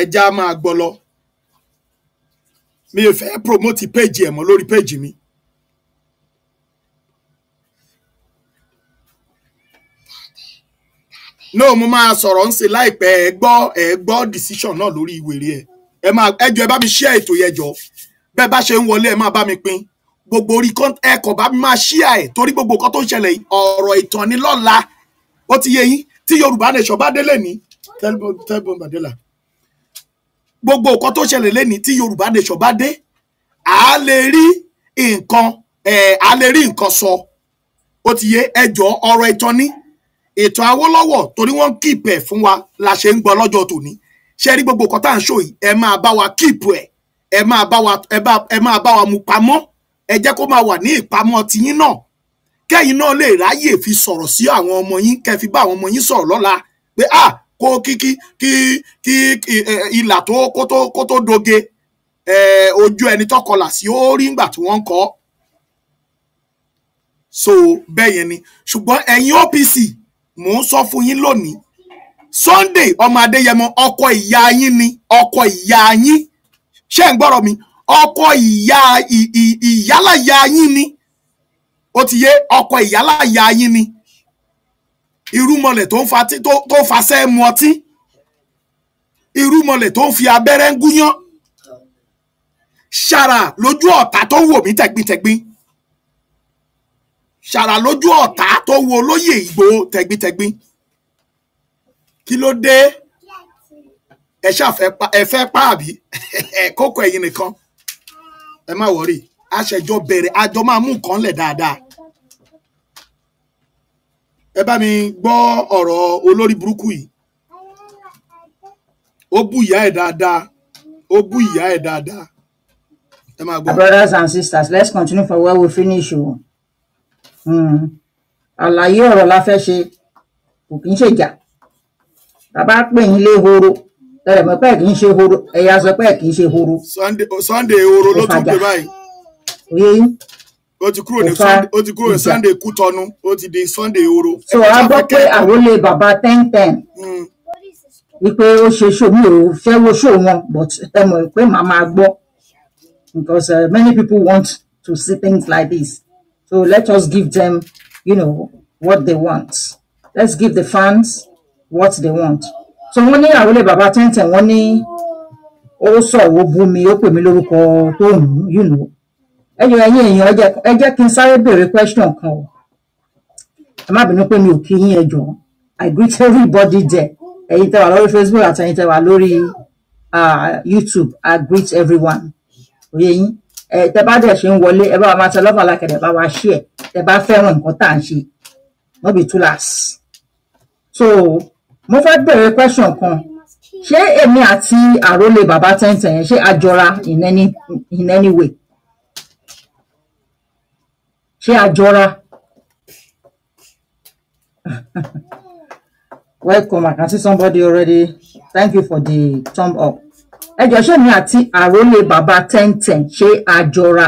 ẹja máa gbọ́ lọ mi ò fẹ́ promote page ẹ̀ mọ́ lórí page mi. náà mo máa sọ̀rọ̀ ń ṣe láìpẹ́ ẹ gbọ́ ẹ gbọ́ decision náà lórí ìwèrè ẹ ẹ máa ẹ jọ ẹ bá mi share ètò yẹn jọ bẹ́ẹ̀ bá ṣe ń wọlé ẹ máa bá mi pín gbogbo orí ẹ kàn bá mi máa share ẹ torí gbogbo nǹkan tó ń ṣẹlẹ̀ ọ̀rọ̀ ìtàn ni lọ́la ó ti yé yín tí Yorùbá nation bá délé ní tẹ́lifọ̀n tẹ́lifọ̀n bàdélà gbogbo nǹkan tó ṣẹlẹ̀ lẹ́ni tí Yorùbá nation bá dé a lè rí nǹkan a lè rí nǹkan sọ ó ti yé ẹjọ́ ọ̀rọ̀ ìtàn ní ètò Awólọ́wọ̀ torí wọ́n ń kíìpù fún wa la ṣe ń gbọ́ lọ́jọ́ tòní ṣe rí gbogbo nǹkan tá à ń ṣòyí ẹ máa bá wa kíìpù ẹ̀ ẹ máa bá wa ẹ máa bá wa mú pamọ́ ẹ jẹ́ kó máa wà ní ìpamọ́ tiyín náà kẹ́yìn náà lè ráyè fi sọ̀rọ̀ sí àwọn ọmọ yín kẹ́ fi bá àwọn ọmọ yín sọ̀rọ̀ lọ́la pé ah kó kí kí kí kí ìlà tó kó tó kó tó doge ojú ẹni tọkọlà sí ó rí ngbà tí wọ́n kọ so bẹ́ẹ̀ yẹn ni ṣùgbọ́n ẹ̀yin OPC mò ń sọ fún yín lónìí Sunday ọmọ Adéyẹmọ ọkọ ìyá yín ni ọkọ ìyá yín ṣé ń gbọ́rọ̀ mi ọkọ ìyá ìyálàyà yín ni ó ti yé ọkọ ìyálàyà yín ni irúmọlẹ̀ tó ń fa tí tó fa sẹ́ẹ̀mù ọtí irúmọlẹ̀ tó ń fi abẹ́rẹ́ ń gúnyán ṣàrà lójú ọ̀tá tó wò mí tẹ̀gbintẹ̀gbin ṣàrà lójú ọ̀tá tó wo olóyè Ìgbòho tẹ̀gbintẹ̀gbin kí ló dé ẹ ṣàfẹ́ pa ẹ fẹ́ pa àbí kókó ẹ̀yin nìkan ẹ má wọrí àṣẹjọ bẹ̀rẹ̀ àjọ máa mú nǹkan lẹ̀ dáadáa ẹ bá mi gbọ́ ọ̀rọ̀ olórí burúkú yìí ó bú ìyá ẹ̀ dáadáa ó bú ìyá ẹ̀ dáadáa ẹ máa gbọ́. brothers and sisters let's continue for where we finish o hmm. àlàyé ọ̀rọ̀ la fẹ́ ṣe kò kí n ṣèjà bàbá pè yín lé horo ẹ̀rẹ̀ mọ́ pé kì í ṣe horo ẹ̀yà sọ pé kì í ṣe horo. Sunday horo ló tún pè báyìí ó ti kúrò ní sunday ó ti kúrò ní sunday kútọnu ó ti di sunday oro. so a gbọ́ pé àròlé bàbá ten ten hmm. wípé ó ṣe ṣó mi ò fẹ́ wo ṣó wọn but ẹ mọ̀ pé màá máa gbọ́ because uh, many people want to see things like this so let us give them you know, what they want let's give the fans what they want so wọ́n ní àròlé bàbá ten ten wọ́n ní ó sọ̀wọ́ bú mi ó pè mí lórúkọ tó ń yìí ẹ̀yin ẹ̀yin èèyàn ẹ jẹ́ kí n sáré béèrè question kan o ẹ má bínú pé mi ò kí yín ẹ jọ̀ọ́ i greet everybody there ẹ̀yin tẹ́ wà lórí facebook àti ẹ̀yin tẹ́ wà lórí youtube i greet everyone òye yín ẹ tẹ́ bá dẹ̀ ṣe ń wọlé ẹ bá wa máa tẹ lọ́fà lákẹ̀dẹ̀ bá wa ṣí ẹ tẹ́ bá fẹ́ràn nǹkan tá à ń ṣe no be too last so mo fẹ́ béèrè question kan ṣé èmi àti àrólé bàbá tẹ́ntẹ́n yẹn ṣé àjọra in any in any way ṣé a jọra welcome I can see somebody already thank you for the thumb up ẹ jọ ṣé mi àti àrólé bàbá ten ten ṣé a jọra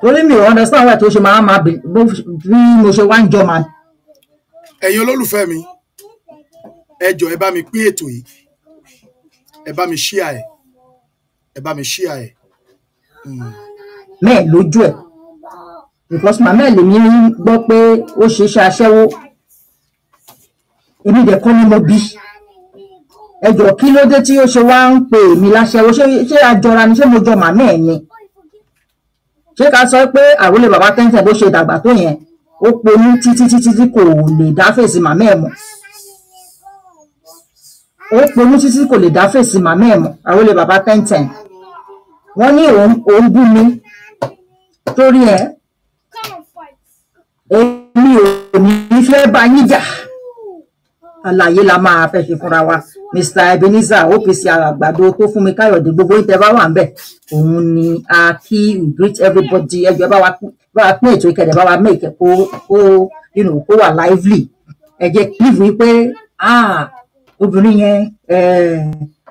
torí mi ò understand why tó ṣe máa ma bí mo ṣe wá ń jọ ma. ẹ̀yin olólùfẹ́ mi ẹ jọ ẹ bá mi pín ètò yìí ẹ bá mi ṣíà ẹ ẹ bá mi ṣíà ẹ. Hmm. mẹ́ẹ̀ lójú ẹ̀ because màmá ẹ̀ lèmi gbọ́ pé ó ṣe iṣẹ́ aṣẹ́wó èmi dẹ̀ kọ́ ni mo bí ẹ jọ kí ló dé tí ó ṣe wá ń pè mí láṣẹ́wó ṣé ṣé àjọra ni ṣé mo jọ màmá ẹ̀ ni ṣé ká sọ pé àròlé bàbá tẹ́ńtẹ̀ bó ṣe dàgbà tó yẹn ó ponú títí títí tí kò lè dá fèsì màmá ẹ̀ mọ́ ó ponú títí kò lè dá fèsì màmá ẹ̀ mọ́ àròlé bàbá tẹ́ńtẹ̀ wọ́n ní òun bú mi torí ẹ̀ mi ò ní fẹ́ bá yín jà àlàyé la máa fẹ́ ṣe fúnra wa mr ebenezer opc àgbàdo tó fún mi káyọ̀dé gbogbo ìtẹ́ bá wà ń bẹ̀ òun ni a kí we greet everybody ẹjọ́ bá wa pín ètò ìkẹ̀dẹ̀ bá wa make kó kó you know kó wà lively ẹ jẹ́ kílíf ní pé ah, obìnrin yẹn eh,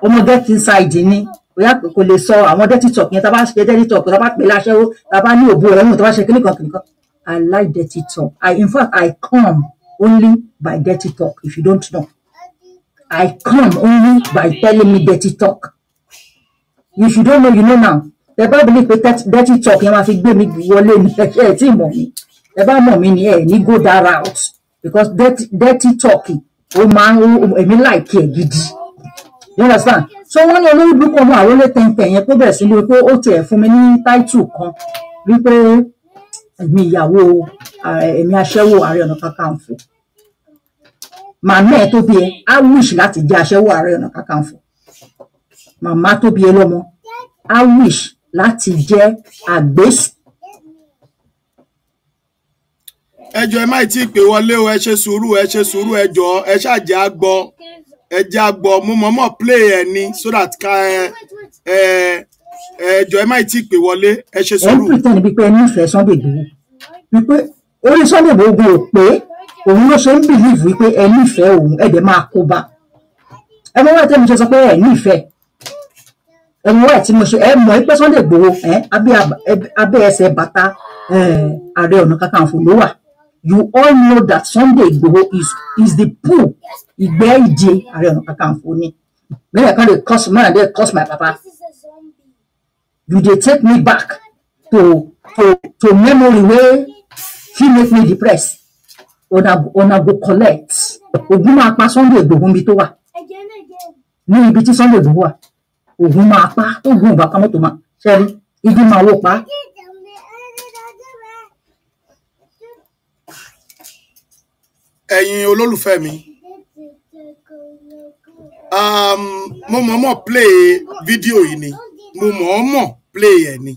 ọmọ get inside ni bóyá kò lè sọ àwọn dirty talk yẹn tá a bá ṣe dirty talk tá a bá pè láṣẹ́wó tá a bá ní òbú ẹ̀rọ tá a bá ṣe kíníkan kíníkan I like dirty talk. I, in fact, I come only by dirty talk, if you don't know. I come only by telling me dirty talk. If you don't know, you know now. Ẹ bá believe pé dirty talk You máa fi gbé mi wọlé ní ẹ̀ṣẹ́ ẹ̀ tí mọ̀ mi. Ẹ go that route because dirty, dirty talking. Oh man, oh, I láìkí ẹ̀ gidi. You understand? So wọ́n you look burúkú ọmọ àrólé tẹ̀ǹtẹ̀ yẹn you go there, so you go tiẹ̀ For many ní táìtù kan wípé mi ìyàwó ẹ̀mí eh, aṣẹ́wó ààrẹ ọ̀nà kakanfò màmá ẹ̀ tó bí ẹ á wíṣ láti jẹ́ aṣẹ́wó ààrẹ ọ̀nà kakanfò màmá tó bí ẹ lọ́mọ á wíṣ láti jẹ́ àgbésù. ẹ jọ ẹ má tí ì pè wọlé o ẹ ṣe sùúrù ẹ ṣe sùúrù ẹ jọ ẹ ṣàjẹ́ á gbọ́ ẹ jẹ́ á gbọ́ mo mọ̀ mọ̀ play ẹ ni so that ká ẹ ẹ ẹjọ ẹ má tí ì pè wọlé ẹ ṣe sùúrù. ẹ ń pìtàn níbi pé ẹ nífẹ̀ẹ́ Sunday Igboho wípé orí Sunday Igboho ogun pé òun ló ṣe ń bìlíìfù wípé ẹ nífẹ̀ẹ́ òun ẹ dẹ̀ máa kó bá ẹ mọ wáyé tí mo ṣe sọ pé ẹ nífẹ̀ẹ́ ẹ mọ wáyé tí mo ṣe ẹ mọ pé Sunday Igboho ẹ abẹ́ ẹsẹ̀ bàtà Ààrẹ Ọ̀nà Kakanfò ló wà you all know that Sunday Igboho is is the pool ìgbẹ́ ìje Ààrẹ Ọ̀nà Kakanfò ni mẹ́rin kan dey curse mẹ́rin dey curse my papa you they take me back to to to memory where fit make me depressed Ona ona go collect ogun máa pa Sunday Igboho níbi to wa. Ni ibi tí Sunday Igboho wa. ogun máa pa ogun ìgbà pamọ́ tó ma. ṣẹ́rí igi ma wó pa. ẹ̀yin olólùfẹ́ mi um, mo mọ̀ọ́mọ̀ play video yìí ni mo mọ̀ọ́mọ̀ play ẹ̀ ni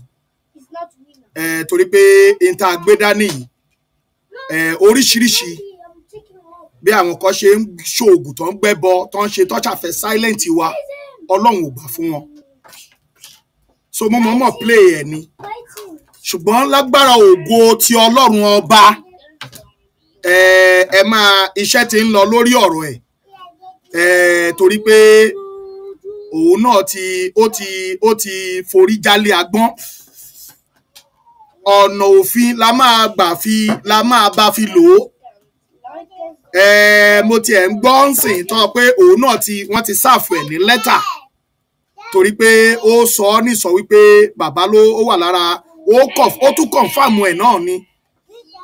torí pé n tá a gbé dání yìí oríṣiríṣi bí àwọn kan ṣe ń ṣoògùn tó ń gbẹ́bọ tó ń ṣe tọ́ṣàfẹ́ silent wa ọlọ́run ò gbà fún wọn so mo mọ̀ọ́mọ̀ play ẹ̀ ni ṣùgbọ́n lágbára ògo ti ọlọ́run ọba ẹ máa iṣẹ́ ti ń lọ lórí ọ̀rọ̀ ẹ̀ torí pé òun náà ti ó ti ó ti forí jálé agbọ́n ọ̀nà òfin la máa gbà fi la máa bá fi lò ó eh, mo tiẹ̀ ń gbọ́ ń sìn tán pé òun náà ti wọ́n ti sáàfù ẹ̀ ní lẹ́tà torí pé ó sọ ọ́ nìsọ wípé bàbá ló ó wà lára ó kọ̀ ó tún kọ̀ǹfàmù ẹ̀ náà ni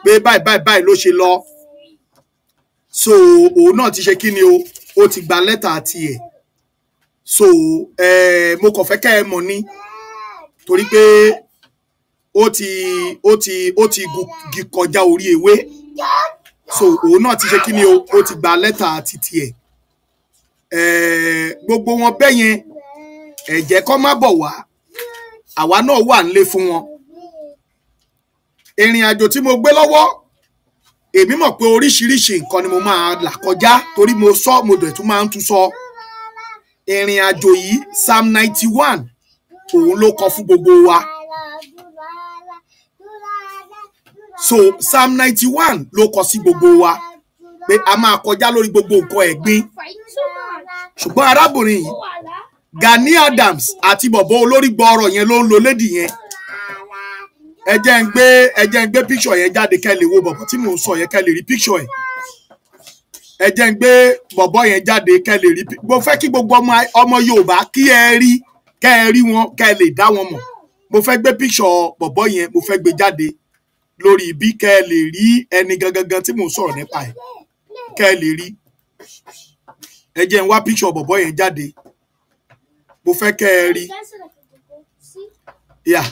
pé báyìí báyìí báyìí ló ṣe lọ so òun náà ti ṣe kí ni o ó ti gba lẹ́tà tiẹ̀. E so eh, mo kàn fẹ́ kẹ́ ẹ mọ̀ ni torí pé ó ti ó ti ó ti gi kọjá orí ewé so òun náà ti ṣe kí ni o ó ti gba lẹ́tà àti tiẹ̀ gbogbo wọn bẹ́ẹ̀ yẹn ẹ̀jẹ̀ kọ́ má bọ̀ wá àwa náà wà nílé fún wọn ìrìn àjò tí mo gbé lọ́wọ́ èmi mọ̀ pé oríṣiríṣi nǹkan ni mo máa là kọjá torí mo sọ mo dẹ̀ tún máa ń tún sọ. So ìrìn àjò yìí psalm ninety one òun ló kọ fún gbogbo wa so psalm ninety one ló kọ sí gbogbo wa pé a máa kọjá lórí gbogbo nǹkan ẹ̀gbin ṣùgbọ́n arábìnrin yìí Gani Adams àti bọ̀bọ̀ olórí gbọ́ọ̀rọ̀ yẹn ló ń lo lédi yẹn ẹ jẹ́ ń gbé ẹ jẹ́ ń gbé píṣọ̀ yẹn jáde kẹ́ wo bọ̀bọ̀ tí mò ń sọ yẹn kẹ́ rí píṣọ̀ yẹn ẹ jẹ́ ń gbé bọ̀bọ̀ yẹn jáde kẹ́ lè rí mo fẹ́ kí gbogbo ọmọ Yorùbá kí ẹ rí kẹ́ ẹ rí wọn kẹ́ ẹ lè dá wọn mọ̀ mo fẹ́ gbé píṣọ̀ bọ̀bọ̀ yẹn mo fẹ́ gbé jáde lórí ibi kẹ́ ẹ lè rí ẹni gangan tí mò ń sọ̀rọ̀ nípa ẹ̀ kẹ́ ẹ lè rí ẹ jẹ́ ń wá píṣọ̀ bọ̀bọ̀ yẹn jáde mo fẹ́ kẹ́ ẹ rí yà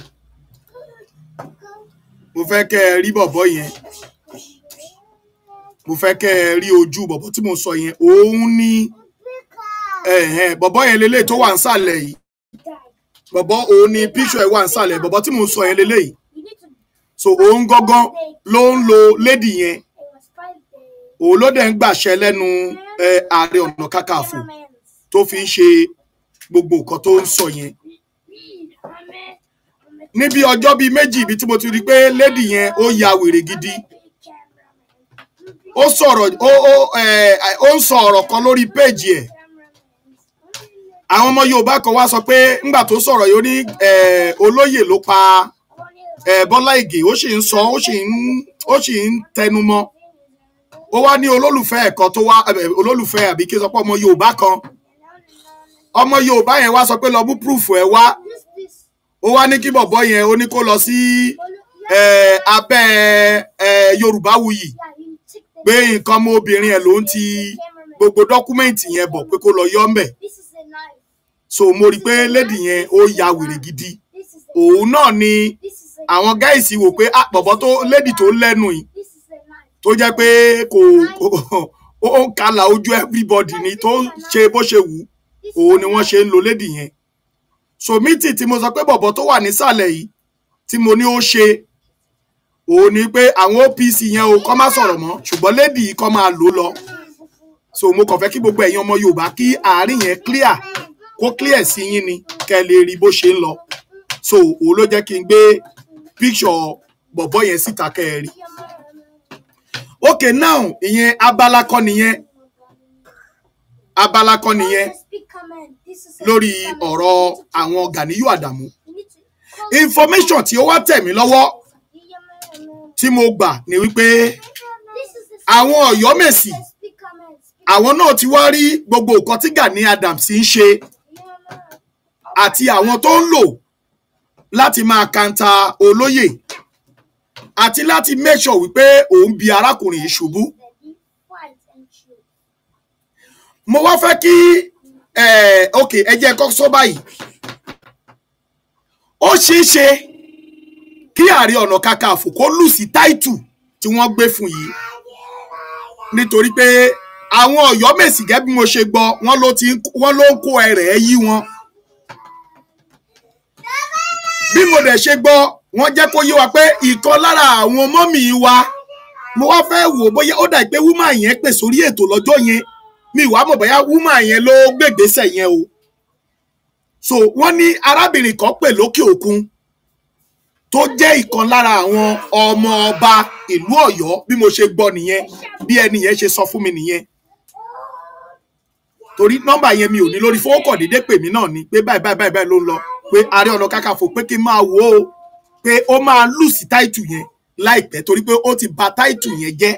mo fẹ́ kẹ́ ẹ rí bọ̀bọ̀ yẹn mo fẹ́ kẹ́ ẹ rí ojú bọ̀bọ̀ tí mo sọ yẹn òun ni bọ̀bọ̀ yẹn lélẹ́yìí tó wà nísàlẹ̀ yìí bọ̀bọ̀ òun ni píṣọ ẹ̀ wà nísàlẹ̀ bọ̀bọ̀ tí mo sọ yẹn lélẹ́yìí so òun gangan ló ń lo lady yẹn òun ló dẹ̀ ń gbàṣẹ lẹ́nu ààrẹ ọ̀nà kàkàfò tó fi ń ṣe gbogbo nǹkan tó ń sọ yẹn níbi ọjọ́ bíi méjì ibi tí mo ti rí pé lady yẹn ó ya wèrè gidi ó sọ̀rọ̀ ó ó ń sọ ọ̀rọ̀ kan lórí péjì ẹ̀ àwọn ọmọ Yorùbá kan wá sọ pé ńgbà tó sọ̀rọ̀ yìí ó ní olóyè ló pa Bọ́lá Ìgè ó sì ń sọ ó sì ń ó sì ń tẹnumọ́ ó wá ní olólùfẹ́ ẹ̀kọ́ tó wá olólùfẹ́ àbí kí n sọ pé ọmọ Yorùbá kan ọmọ Yorùbá yẹn wá sọ pé lọ mú púrùfù ẹ wá ó wá ní kí bọ̀bọ́ yẹn ó ní kó lọ sí abẹ́ Yorùbá wuyì pé nǹkan ọmọbìnrin ẹ̀ ló ń ti gbogbo dọ́kúmẹ́ǹtì yẹn bọ̀ pé kó lọ yọ́ mbẹ̀ so mo rí i pé lady yẹn ó ya wèrè gidi òun náà ni àwọn gáìsì wò pé àpọ̀bọ́ ah, tó lady tó lẹ́nu yìí tó jẹ́ pé kò ó ń kala ojú everybody ni tó ń ṣe bó ṣe wù òun ni wọ́n ṣe ń lo lady yẹn so mítì tí mo sọ pé bọ̀bọ̀ tó wà nísàlẹ̀ yìí tí mo ní ó ṣe òun ni pé àwọn OPC yẹn o kọ́ má sọ̀rọ̀ mọ́ ṣùgbọ́n lédi kọ́ máa lò lọ so mo kàn fẹ́ kí gbogbo ẹ̀yin ọmọ Yorùbá kí àárín yẹn clear kó clear sí yín ni kẹ́ ẹ lè rí bó ṣe ń lọ so òun ló jẹ́ kí n gbé picture bọ̀bọ́ yẹn síta kẹ́ ẹ rí ok now ìyẹn abala kọ́ nìyẹn abala kọ́ nìyẹn lórí ọ̀rọ̀ àwọn Ganiyu Adamu information tí ó wá tẹ̀ mí lọ́wọ́ tí mo gbà ni wípé àwọn Ọ̀yọ́mèsì àwọn náà ti wá rí gbogbo nǹkan tí Gani Adams ń ṣe àti àwọn tó ń lò láti máa kanta olóyè àti láti make sure wípé òun bi arákùnrin yìí ṣubú mo wá fẹ́ kí eh, ok ẹ jẹ́ kó sọ báyìí ó ṣeé ṣe kí ààrẹ ọ̀nà kakaǹfò kó lù sí táìtù tí wọ́n gbé fún yìí nítorí pé àwọn ọ̀yọ́mèsì gẹ́gẹ́ bí mo ṣe gbọ́ wọ́n ló ti wọ́n ló ń kó ẹrẹ̀ ẹ yí wọn bí mo dẹ̀ ṣe gbọ́ wọ́n jẹ́ kó yé wa pé ìkan lára àwọn mọ́mì wa mo wá fẹ́ wò bóyá ó dà pé wúmà yẹn pè sórí ètò lọ́jọ́ yẹn mi wàá mọ̀ bóyá wúmà yẹn ló gbègbèsẹ̀ yẹn o so wọ́n ní arábìnrin kan pè lókè òkun tó jẹ́ ìkan lára àwọn ọmọ ọba ìlú Ọ̀yọ́ bí mo ṣe gbọ́ nìyẹn bí ẹni yẹn ṣe sọ fún mi nìyẹn torí nọ́mbà yẹn mi ò ní lórí fowókọ̀ dédé pè mí náà ni pé báyìí báyìí báyìí ló ń lọ pé Ààrẹ Ọ̀nà Kakanfò pé kí n máa wò ó pé ó máa lùsì táìtù yẹn láìpẹ́ torí pé ó ti bà táìtù yẹn jẹ́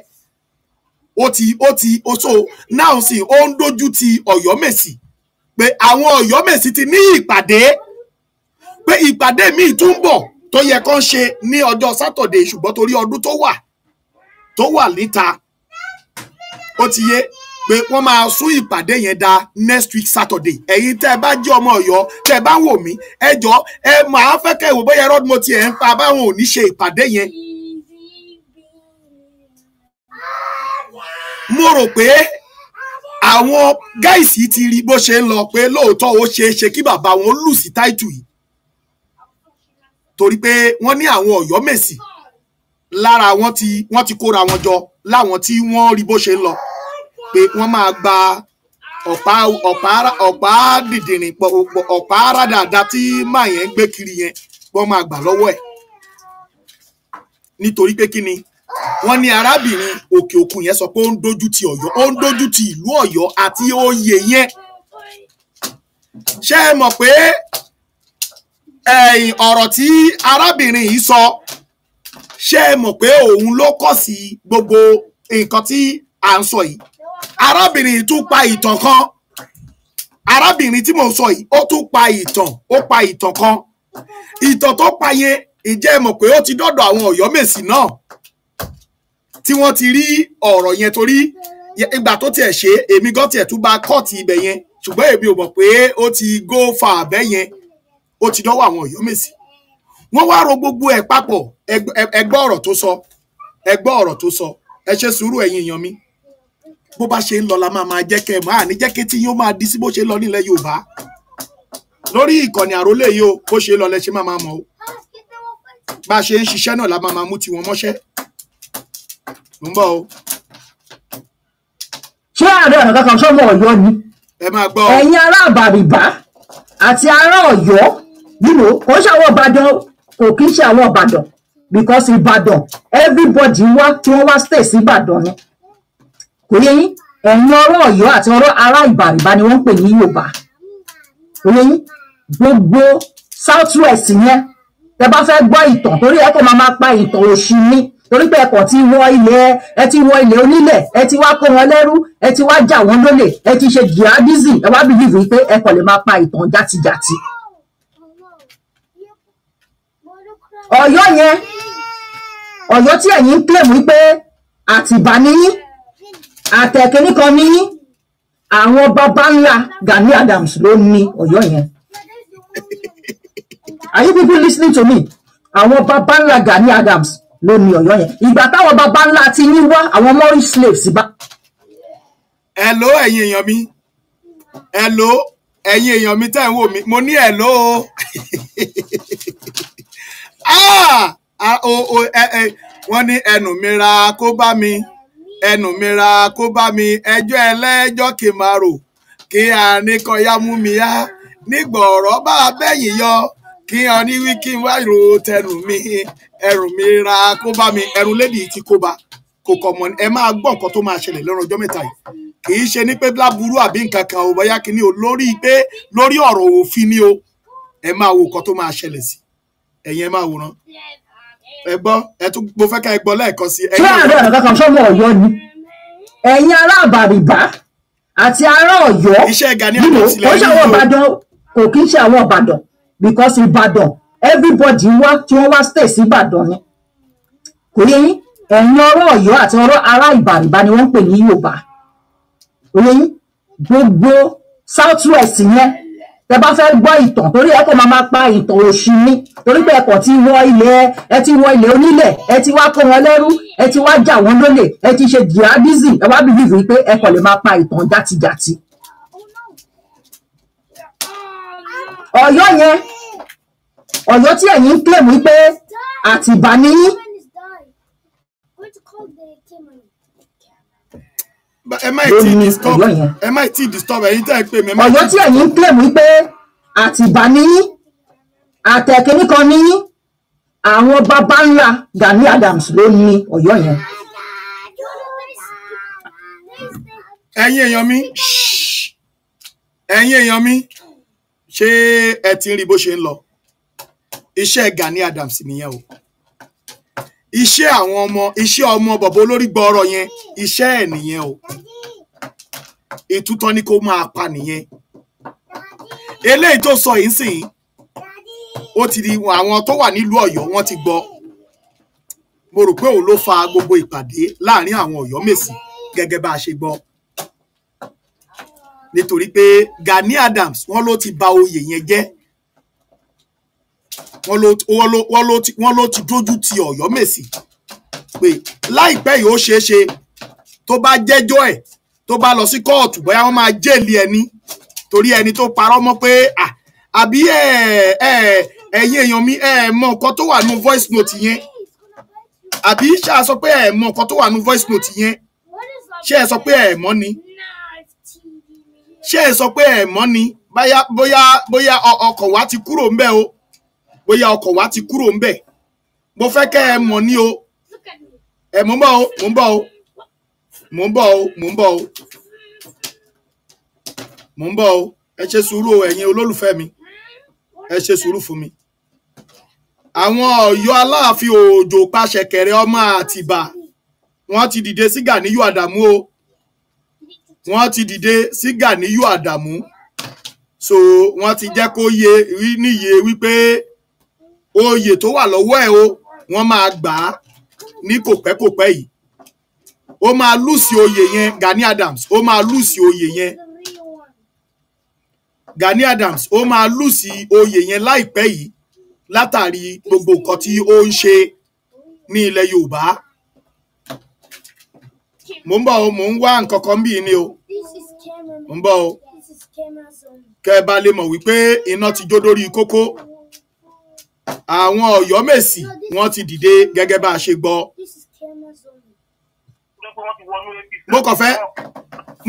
ó ti ó ti ó so náà sì ó ń dojú ti Ọ̀yọ́mèsì pé àwọn Ọ̀yọ́mèsì ti ní ìpàdé pé ìpàdé míì tún bọ̀ tó yẹ kán ṣe ní ọjọ́ sátọ̀dé ṣùgbọ́n torí ọdún tó wà tó wà níta ó ti yé pé wọ́n máa sún ìpàdé yẹn da next week saturday ẹ̀yin tẹ́ ẹ bá jẹ́ ọmọ ọ̀yọ́ tẹ́ ẹ bá wò mí ẹ jọ ẹ máa fẹ́ kẹ́ ìwò bóyá rọ́ọ̀dù mo tiẹ̀ ń pa báwọn ò ní ṣe ìpàdé yẹn. mo rò pé àwọn gáìsì ti rí bó ṣe ń lọ pé lóòótọ́ ó ṣeé ṣe kí bàbá wọn lù sí táìtù yìí torí pé wọ́n ní àwọn Ọ̀yọ́ Mèsì lára wọn tí wọ́n ti kóra wọn jọ láwọn tí wọ́n rí bó ṣe ń lọ pé wọ́n máa gba ọ̀pá ọ̀pá ọ̀pá dìndìnrín ọ̀pá rádàdà tí máa yẹn ń gbé kiri yẹn wọ́n máa gbà lọ́wọ́ ẹ̀ nítorí pé kí ni wọ́n ní arábìnrin òkè òkun yẹn sọ pé ó ń dojú ti Ọ̀yọ́ ó ń dojú ti ìlú Ọ̀yọ́ àti oyè yẹn ṣé ẹ mọ̀ pé ẹ̀yìn ọ̀rọ̀ tí arábìnrin yìí sọ ṣé ẹ mọ̀ pé òun ló kọ̀ sí gbogbo nǹkan tí à ń sọ yìí arábìnrin yìí tún pa ìtàn kan arábìnrin tí mò ń sọ yìí ó tún pa ìtàn ó pa ìtàn kan ìtàn tó pa ìjẹ́ mọ̀ pé ó ti dọ́dọ̀ àwọn ọ̀yọ́mèsì náà tí wọ́n ti rí ọ̀rọ̀ yẹn torí ìgbà tó tiẹ̀ ṣe èmi gan tiẹ̀ tún bá kọ́ọ̀tì ibẹ̀ yẹn ṣùgbọ́n èmi ò mọ̀ pé ó ti go bẹ́ẹ̀ yẹn ó ti dọ́wọ́ àwọn Ọ̀yọ́ Mèsì wọ́n wá ro gbogbo ẹ̀ papọ̀ ẹgbọ́ ọ̀rọ̀ tó sọ ẹgbọ́ ọ̀rọ̀ tó sọ ẹ ṣe sùúrù ẹ̀yin èèyàn mi bó bá ṣe ń lọ la máa máa jẹ́ kẹ́ ẹ̀ máa ní jẹ́ kí tí yóò máa di sí bó ṣe ń lọ nílẹ̀ Yorùbá lórí ìkànnì àrólé yìí o bó ṣe ń lọ lẹ ṣe máa máa mọ̀ o bá a ṣe ń ṣiṣẹ́ náà la máa máa mú tiwọn mọ́ṣẹ́ mo ń bọ̀ o. ṣé ààrẹ ọ̀nà kankan sọ́mọ ọ̀yọ́ ni ẹ̀yin ará àbàrìbá àti ará ọ̀yọ́ you know kò ṣe àwọn ìbàdàn kò kí ṣe àwọn ìbàdàn because ìbàdàn everybody wá tí wọ́n wá stay sí ìbàdàn ni kò yẹ yín ẹ̀yin ọ̀rọ̀ ọ̀yọ́ àti ọ̀rọ̀ ará ìbàrìbà ni wọ́n ń pè ní yorùbá kò yẹ yín gbogbo south west yẹn tẹ́ bá fẹ́ gbọ́ ìtàn torí ẹ kò máa máa pa ìtàn òṣì ni torí pé ẹkọ ti wọ ilẹ̀ ẹ ti wọ ilẹ̀ onílẹ̀ ẹ ti wá kó wọn lẹ́rú ẹ ti wá jà wọ́n lólè ẹ ti ṣe jihadism ẹ wá bìlíìfù pé ẹkọ lè máa pa ìtàn játijàti Ọ̀yọ́ yẹn Ọ̀yọ́ tí ẹ̀yin ń claim wípé Àtìbà níyí àtẹ̀kíní kan níyí àwọn bàbá ńlá Gani Adams ló ní Ọ̀yọ́ yẹn are you people listening to me àwọn bàbá ńlá Gani Adams ló ní Ọ̀yọ́ yẹn ìgbà táwọn bàbá ńlá ti ní wá àwọn mọ́rí slaves bá. hello ẹ̀yin èèyàn mi hello ẹ̀yin èèyàn mi tẹ́ ń wò mí mo ní hello o. Ah! Ah, oh, oh, eh, eh. wọ́n ní ẹnu mi ra kó bá mi ẹnu mi ra kó bá mi ẹjọ́ ẹlẹ́jọ́ kì máa rò kí àníkọ̀yà mú mi yá nígbà ọ̀rọ̀ bá a bẹ́yìn yọ kí wọn ní wí kí n wá ìrò tẹnu mi ẹrù mi ra kó bá mi ẹrù lédi ti kó bá kò kọ̀ mọ́ ẹ máa gbọ́ nǹkan tó máa ṣẹlẹ̀ lọ́rọ̀ ọjọ́ mẹ́ta yìí kì í ṣe ní pé láburú àbí nǹkan kan ò báyá kí ni o lórí pé lórí ọ̀rọ̀ òfin ni o ẹ máa wo nǹkan tó máa ṣẹlẹ̀ sí ẹ̀yin ẹ máa wòran ẹ gbọ́ ẹ tún mo fẹ́ ká ẹ gbọ́ lẹ́ẹ̀kan sí. ṣé àárọ̀ ẹ̀rọ kankan sọ́wọ́ ọ̀yọ́ ni ẹ̀yin ará àbàrìbá àti ará ọ̀yọ́ nínú ó ṣe àwọn ìbàdàn kò kí ń ṣe àwọn ìbàdàn because ìbàdàn everybody wá tí wọ́n wá stay sí ìbàdàn ni kò yẹ yín ẹ̀yin ọ̀rọ̀ ọ̀yọ́ àti ọ̀rọ̀ ará ni wọ́n ń pè ní yorùbá kò yẹ yín gbogbo south west yẹn tẹ bá fẹ́ gbọ́ ìtàn torí ẹ kò máa máa pa ìtàn òṣì ni torí pé ẹkọ̀ ti wọ ilẹ̀ ẹ ti wọ ilẹ̀ onílẹ̀ ẹ ti wá kó wọn lẹ́rú ẹ ti wá jà wọ́n lólè ẹ ti ṣe jihadism ẹ wá bìlíìfù pé ẹkọ̀ lè máa pa ìtàn játijàti. Ọ̀yọ́ yẹn Ọ̀yọ́ tí ẹ̀yin ń claim wípé Àtìbà nìyí ẹ má ì disturb ẹ má ì disturb ẹ̀yin tẹ́ ẹ pè mí. ọ̀yọ́ tí ẹ̀yin ń pè mí pé àtìbá níyí àtẹ̀kíní kan níyí àwọn bàbá ńlá Gani Adams ló ní ọ̀yọ́ yẹn. ẹ̀yin èèyàn mi ẹ̀yin èèyàn mi ṣé ẹ ti ń rí bó ṣe ń lọ iṣẹ́ Gani Adams nìyẹn o iṣẹ́ àwọn ọmọ iṣẹ́ ọmọ bọ̀bọ̀ olórí gbọ́ọ̀rọ̀ yẹn iṣẹ́ ẹ̀ nìyẹn o ètùtọ́ ni kó máa pa nìyẹn eléyìí tó sọ yìí sìn ó ti di àwọn tó wà nílùú Ọ̀yọ́ wọ́n ti gbọ́ mo rò pé òun ló fa gbogbo ìpàdé láàrin àwọn Ọ̀yọ́ Mèsì gẹ́gẹ́ bá a ṣe gbọ́ nítorí pé Gani Adams wọ́n ló ti bà oyè yẹn jẹ́ wọ́n ló ti dójú ti Ọ̀yọ́mèsì pé láìpẹ́ yìí ó ṣeé ṣe tó bá jẹ́jọ́ ẹ̀ tó bá lọ sí kóòtù bóyá wọ́n máa jẹ́lì ẹni torí ẹni tó parọ́ mọ́ pé àbí ẹ̀yin èèyàn mi ẹ mọ nǹkan tó wà nínú voice note yẹn àbí ṣáà sọ pé ẹ mọ nǹkan tó wà nínú voice note yẹn ṣé ẹ sọ pé ẹ mọ̀ ni ṣé ẹ sọ pé ẹ mọ̀ ni bóyá bóyá bóyá ọkọ̀ wa ti kúrò ńbẹ̀ o bóyá ọkọ̀ wa ti kúrò ń bẹ̀ mo fẹ́ kẹ́ ẹ mọ̀ ní o ẹ mò ń bọ̀ o mò ń bọ̀ o mò ń bọ̀ o mò ń bọ̀ o mò ń bọ̀ o ẹ ṣe sùúrù o ẹ̀yin olólùfẹ́ mi ẹ ṣe sùúrù fún mi àwọn Ọ̀yọ́ Aláàfin Òjò pàṣẹkẹrẹ ọmọ Àtìbà wọ́n ti dìde sí Gàníyù Àdàmú o wọ́n ti dìde sí Gàníyù Àdàmú so wọ́n ti jẹ́ kó yé níye wípé oyè tó wà lọ́wọ́ ẹ̀ o wọ́n máa gbà á ní kòpẹ́kòpẹ́ yìí ó máa lùsì oyè yẹn Gani Adams ó máa lùsì oyè yẹn Gani Adams ó máa lùsì oyè yẹn láìpẹ́ yìí látàrí gbogbo nǹkan tí ó ń ṣe ní ilẹ̀ Yorùbá mò ń bọ̀ o mò ń wá nǹkan kan bíi ni o mò ń bọ̀ o kẹ́ ẹ bá lè mọ̀ wípé iná ti jó dórí kókó àwọn Ọ̀yọ́mèsì wọ́n ti dìde gẹ́gẹ́ bá a ṣe gbọ́. mo kàn fẹ́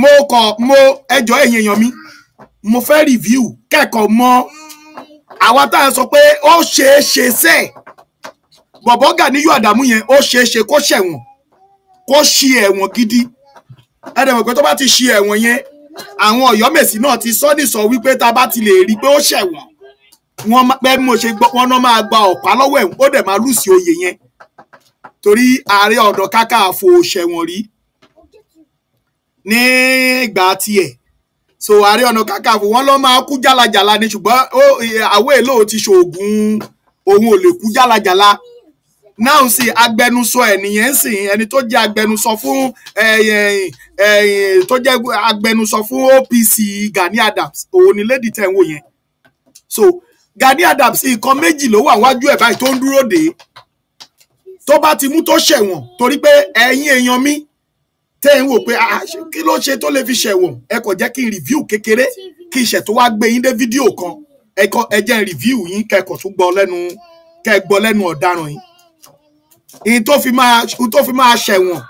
mo kàn mo ẹjọ́ ẹ̀yin èèyàn mi mo fẹ́ rìvíù kẹ́kọ̀ọ́ mọ́ àwa tá a sọ pé ó ṣeé ṣe sẹ́ẹ̀ bọ̀bọ́ Gàníyù Àdàmú yẹn ó ṣeé ṣe kó ṣẹ̀wọ̀n kó ṣi ẹ̀wọ̀n gidi ẹ̀dẹ̀mọ̀ pé tó bá ti ṣi ẹ̀wọ̀n yẹn àwọn Ọ̀yọ́mèsì náà ti sọ nìsọ wípé tá a bá ti lè rí i pé ó ṣẹ̀wọ̀n wọ́n bẹ́ẹ̀ mo ṣe gbọ́ wọ́n náà máa gba ọ̀pá lọ́wọ́ ẹ̀ ó dẹ̀ máa lùsì oyè yẹn torí ààrẹ ọ̀dọ̀ kákàfò ṣẹ̀wọ̀n rí ní ìgbà tiẹ̀ so ààrẹ ọ̀nà kákàfò wọ́n lọ́ máa kú jálajàla ni ṣùgbọ́n àwọ̀ èlò ti ṣoògùn òun ò lè kú jálajàla náà sì agbẹnusọ ẹ nìyẹn ń sìn ẹni tó jẹ́ agbẹnusọ fún tó jẹ́ agbẹnusọ fún OPC Gani Adams òun ni lady tẹ̀ ń yẹn so Gani Adams nǹkan méjì ló wà wájú ẹ̀ báyìí tó ń dúró dé tó bá ti mú tó ṣẹ̀wọ̀n torí pé ẹ̀yin èèyàn mi tẹ́ ń wò pé ah, ah, kí ló ṣe tó lè fi ṣẹ̀wọ̀n ẹ kò jẹ́ kí n review kékeré kí n ṣètò wá gbé yín dé fídíò kan ẹ jẹ́ n review yín kẹ́kọ̀ọ́ tún gbọ́ lẹ́nu kẹ́ gbọ́ lẹ́nu ọ̀daràn yín ìyí tó fi máa ìyí tó fi máa ṣẹ̀wọ̀n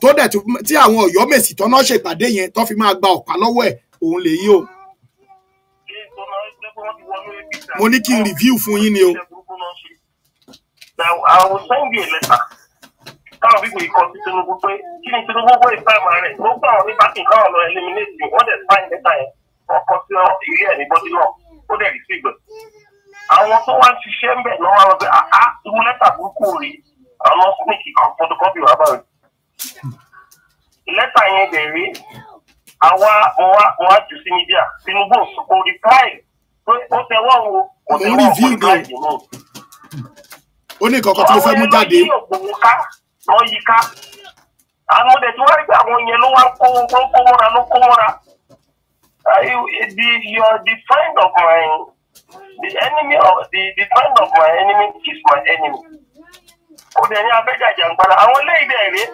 tó dẹ̀ tí àwọn Ọ̀yọ́ Mèsì tọ́ná ṣèpàdé yẹn tó fi máa gba ọ̀pá lọ́wọ́ ẹ̀ òun lèyí o mo ní kí n review fún yín ni o. Now, I will send you a letter. Táwọn bíbí ikọ̀ sí Tinubu pé kí ni Tinubu wọ́n ìfáàmà rẹ̀ ló gbà wọ́n ní bákì káwọn eliminate you wọ́n dẹ̀ sign letter yẹn ọkọ̀ sí ilé ẹ̀ ní bọ́dí náà ó dẹ̀ rí sí ìgbẹ̀. Àwọn tó wá ń ṣiṣẹ́ ń bẹ̀ lọ́wọ́ wọn pé àá ah, ah, irú lẹ́tà burúkú rí àwọn snake kan photocopy wà báyìí. Lẹ́tà yẹn dẹ̀ rí àwa wọ́n á jù sí mídíà Tinubu ò sọ reply ó tẹwọ́ o kò tẹwọ́ o kò tẹwọ́ ìdìbò. ó ní ìkọ̀kọ̀ tí fẹ́ mú jáde. àwọn ọdẹ tí wọ́n rí pé àwọn yẹn ló wá kó kó mọ́ra ló kó mọ́ra. the your the friend of my the enemy of the the friend of my enemy is my enemy. ó dẹ̀ ní abẹ́jàjà ń gbára àwọn ilé ìdẹ̀ rèé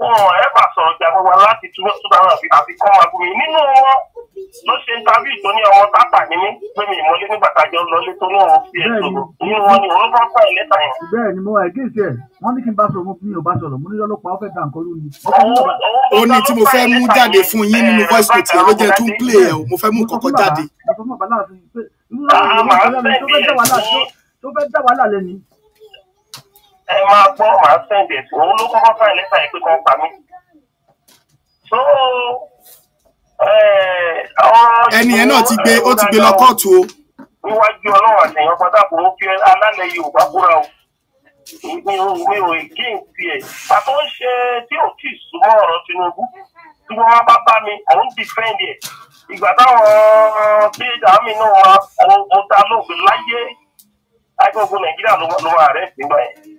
wọn ẹ bá sọ̀rọ̀ ìjàgbọ́ wa láti túbọ̀ túbọ̀ àwọn àfikún wa gbòmí nínú wọn ló ṣe ń tábí ìtò ọmọ tápà ní pé mi ìmọ̀lé nígbà tá a jọ lọ lé tó ní òun fi èso nínú wọn ni òun bá pẹ́ lẹ́tà yẹn. bẹ́ẹ̀ ni mo ẹgé ìṣe wọn ní kí n bá sọ̀rọ̀ mi ò bá sọ̀rọ̀ mo ní lọ́lọ́pàá ó dà nǹkan lónìí. ó ní tí mo fẹ́ mú jáde fún yín nínú voice note yẹn ló jẹ́ tún play ẹ̀ mo fẹ́ mú kọ́kọ́ jáde. mo sọ fún bàbá láàfin ẹ máa gbọ́ màá sẹ́ǹdẹ̀ òun ló kọ́kọ́ fà lẹ́tà yìí pé kàn pa mí. so ẹni ẹ náà ti gbé ó ti gbé lọ kóòtù o. níwájú ọlọ́run àtẹ̀yìn ọgbọ́n dàpọ̀ ó kí alálẹ̀ yorùbá kúra o mi ò mi ò gé ìpè ẹ̀ àtọ́ ń ṣe tí ò tí ì súnmọ́ ọ̀rọ̀ Tinubu tí wọ́n bá bá mi òun dìfẹ́ǹdì ẹ̀ ìgbà táwọn tí àmì náà wà òun ta lóògùn láyé agbègbè nàìjíríà ló wà rẹ̀ nígbà yẹn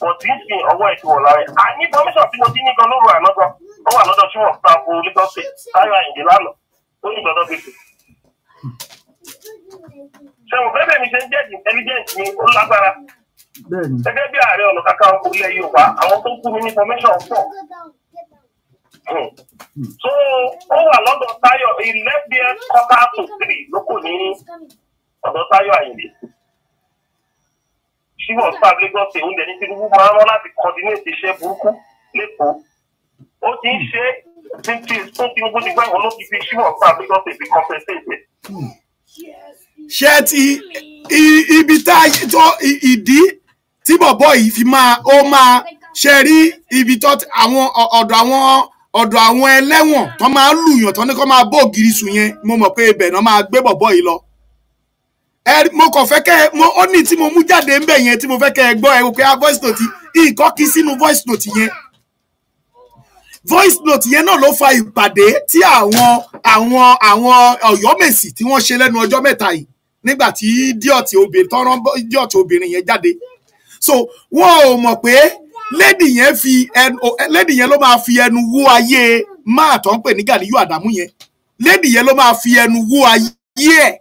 kò tí ì ṣe ọwọ́ ìṣòwò lára ẹ̀. àní commission tí mo dín ní gan lóru àná gan ó wà lọ́dọ̀ ṣùgbọ́n tako Lagos State táyọ̀ àyìndé lánàá ó ní gbọ́dọ̀ gbèsè. ṣẹ̀wọ̀n bẹ́ẹ̀ mi ṣe ń jẹ́ intelligence ni ó lágbára. gẹ́gẹ́ bí ààrẹ ọ̀nà kakanfò ilẹ̀ Yorùbá àwọn tó kú mi ní commission pọ̀. Hmm. so ó wà lọ́dọ̀ táyọ̀ eleven quarter to three ló kù ní ọ̀dọ̀ táyọ̀ àyìndé. Si was part of Lagos State oúnjẹ ní Tinubu máa ń rán láti coordinate iṣẹ́ burúkú lẹ́kọ̀ọ́ ó ti ń ṣe títí tó Tinubu ti gbá ìwọ́n ló ti fi she was part of Lagos State fi compensate ṣé ti ibi tá a yí tó ìdí tí bọ̀bọ̀ yìí fi máa ó máa ṣe rí ibi tó àwọn ọ̀dọ̀ àwọn ọ̀dọ̀ àwọn ẹlẹ́wọ̀n tó máa ń lùyàn tó ní kó máa bó ògiri sùn yẹn mo mọ̀ pé ibẹ̀ náà máa gbé bọ̀bọ̀ yìí lọ ẹ mo kàn fẹ́ kẹ́ mo ó ní tí mo mú jáde ń bẹ̀ yẹn tí mo fẹ́ kẹ́ ẹ gbọ́ ẹ pé a voice note ìkọ́ kí sínú voice note yẹn voice note yẹn náà ló fa ìpàdé tí àwọn àwọn àwọn Ọ̀yọ́mèsì tí wọ́n ṣe lẹ́nu ọjọ́ mẹ́ta yìí nígbà tí díọ̀tì obìnrin tọ́rọ́ díọ̀tì obìnrin yẹn jáde so wọn ò mọ̀ pé lady yẹn fi ẹnu lady yẹn ló máa fi ẹnu wó ayé máa tọ́ ń pè ní Gàníyù Àdámù yẹn lady yẹn ló máa fi ẹnu wó ayé ẹ̀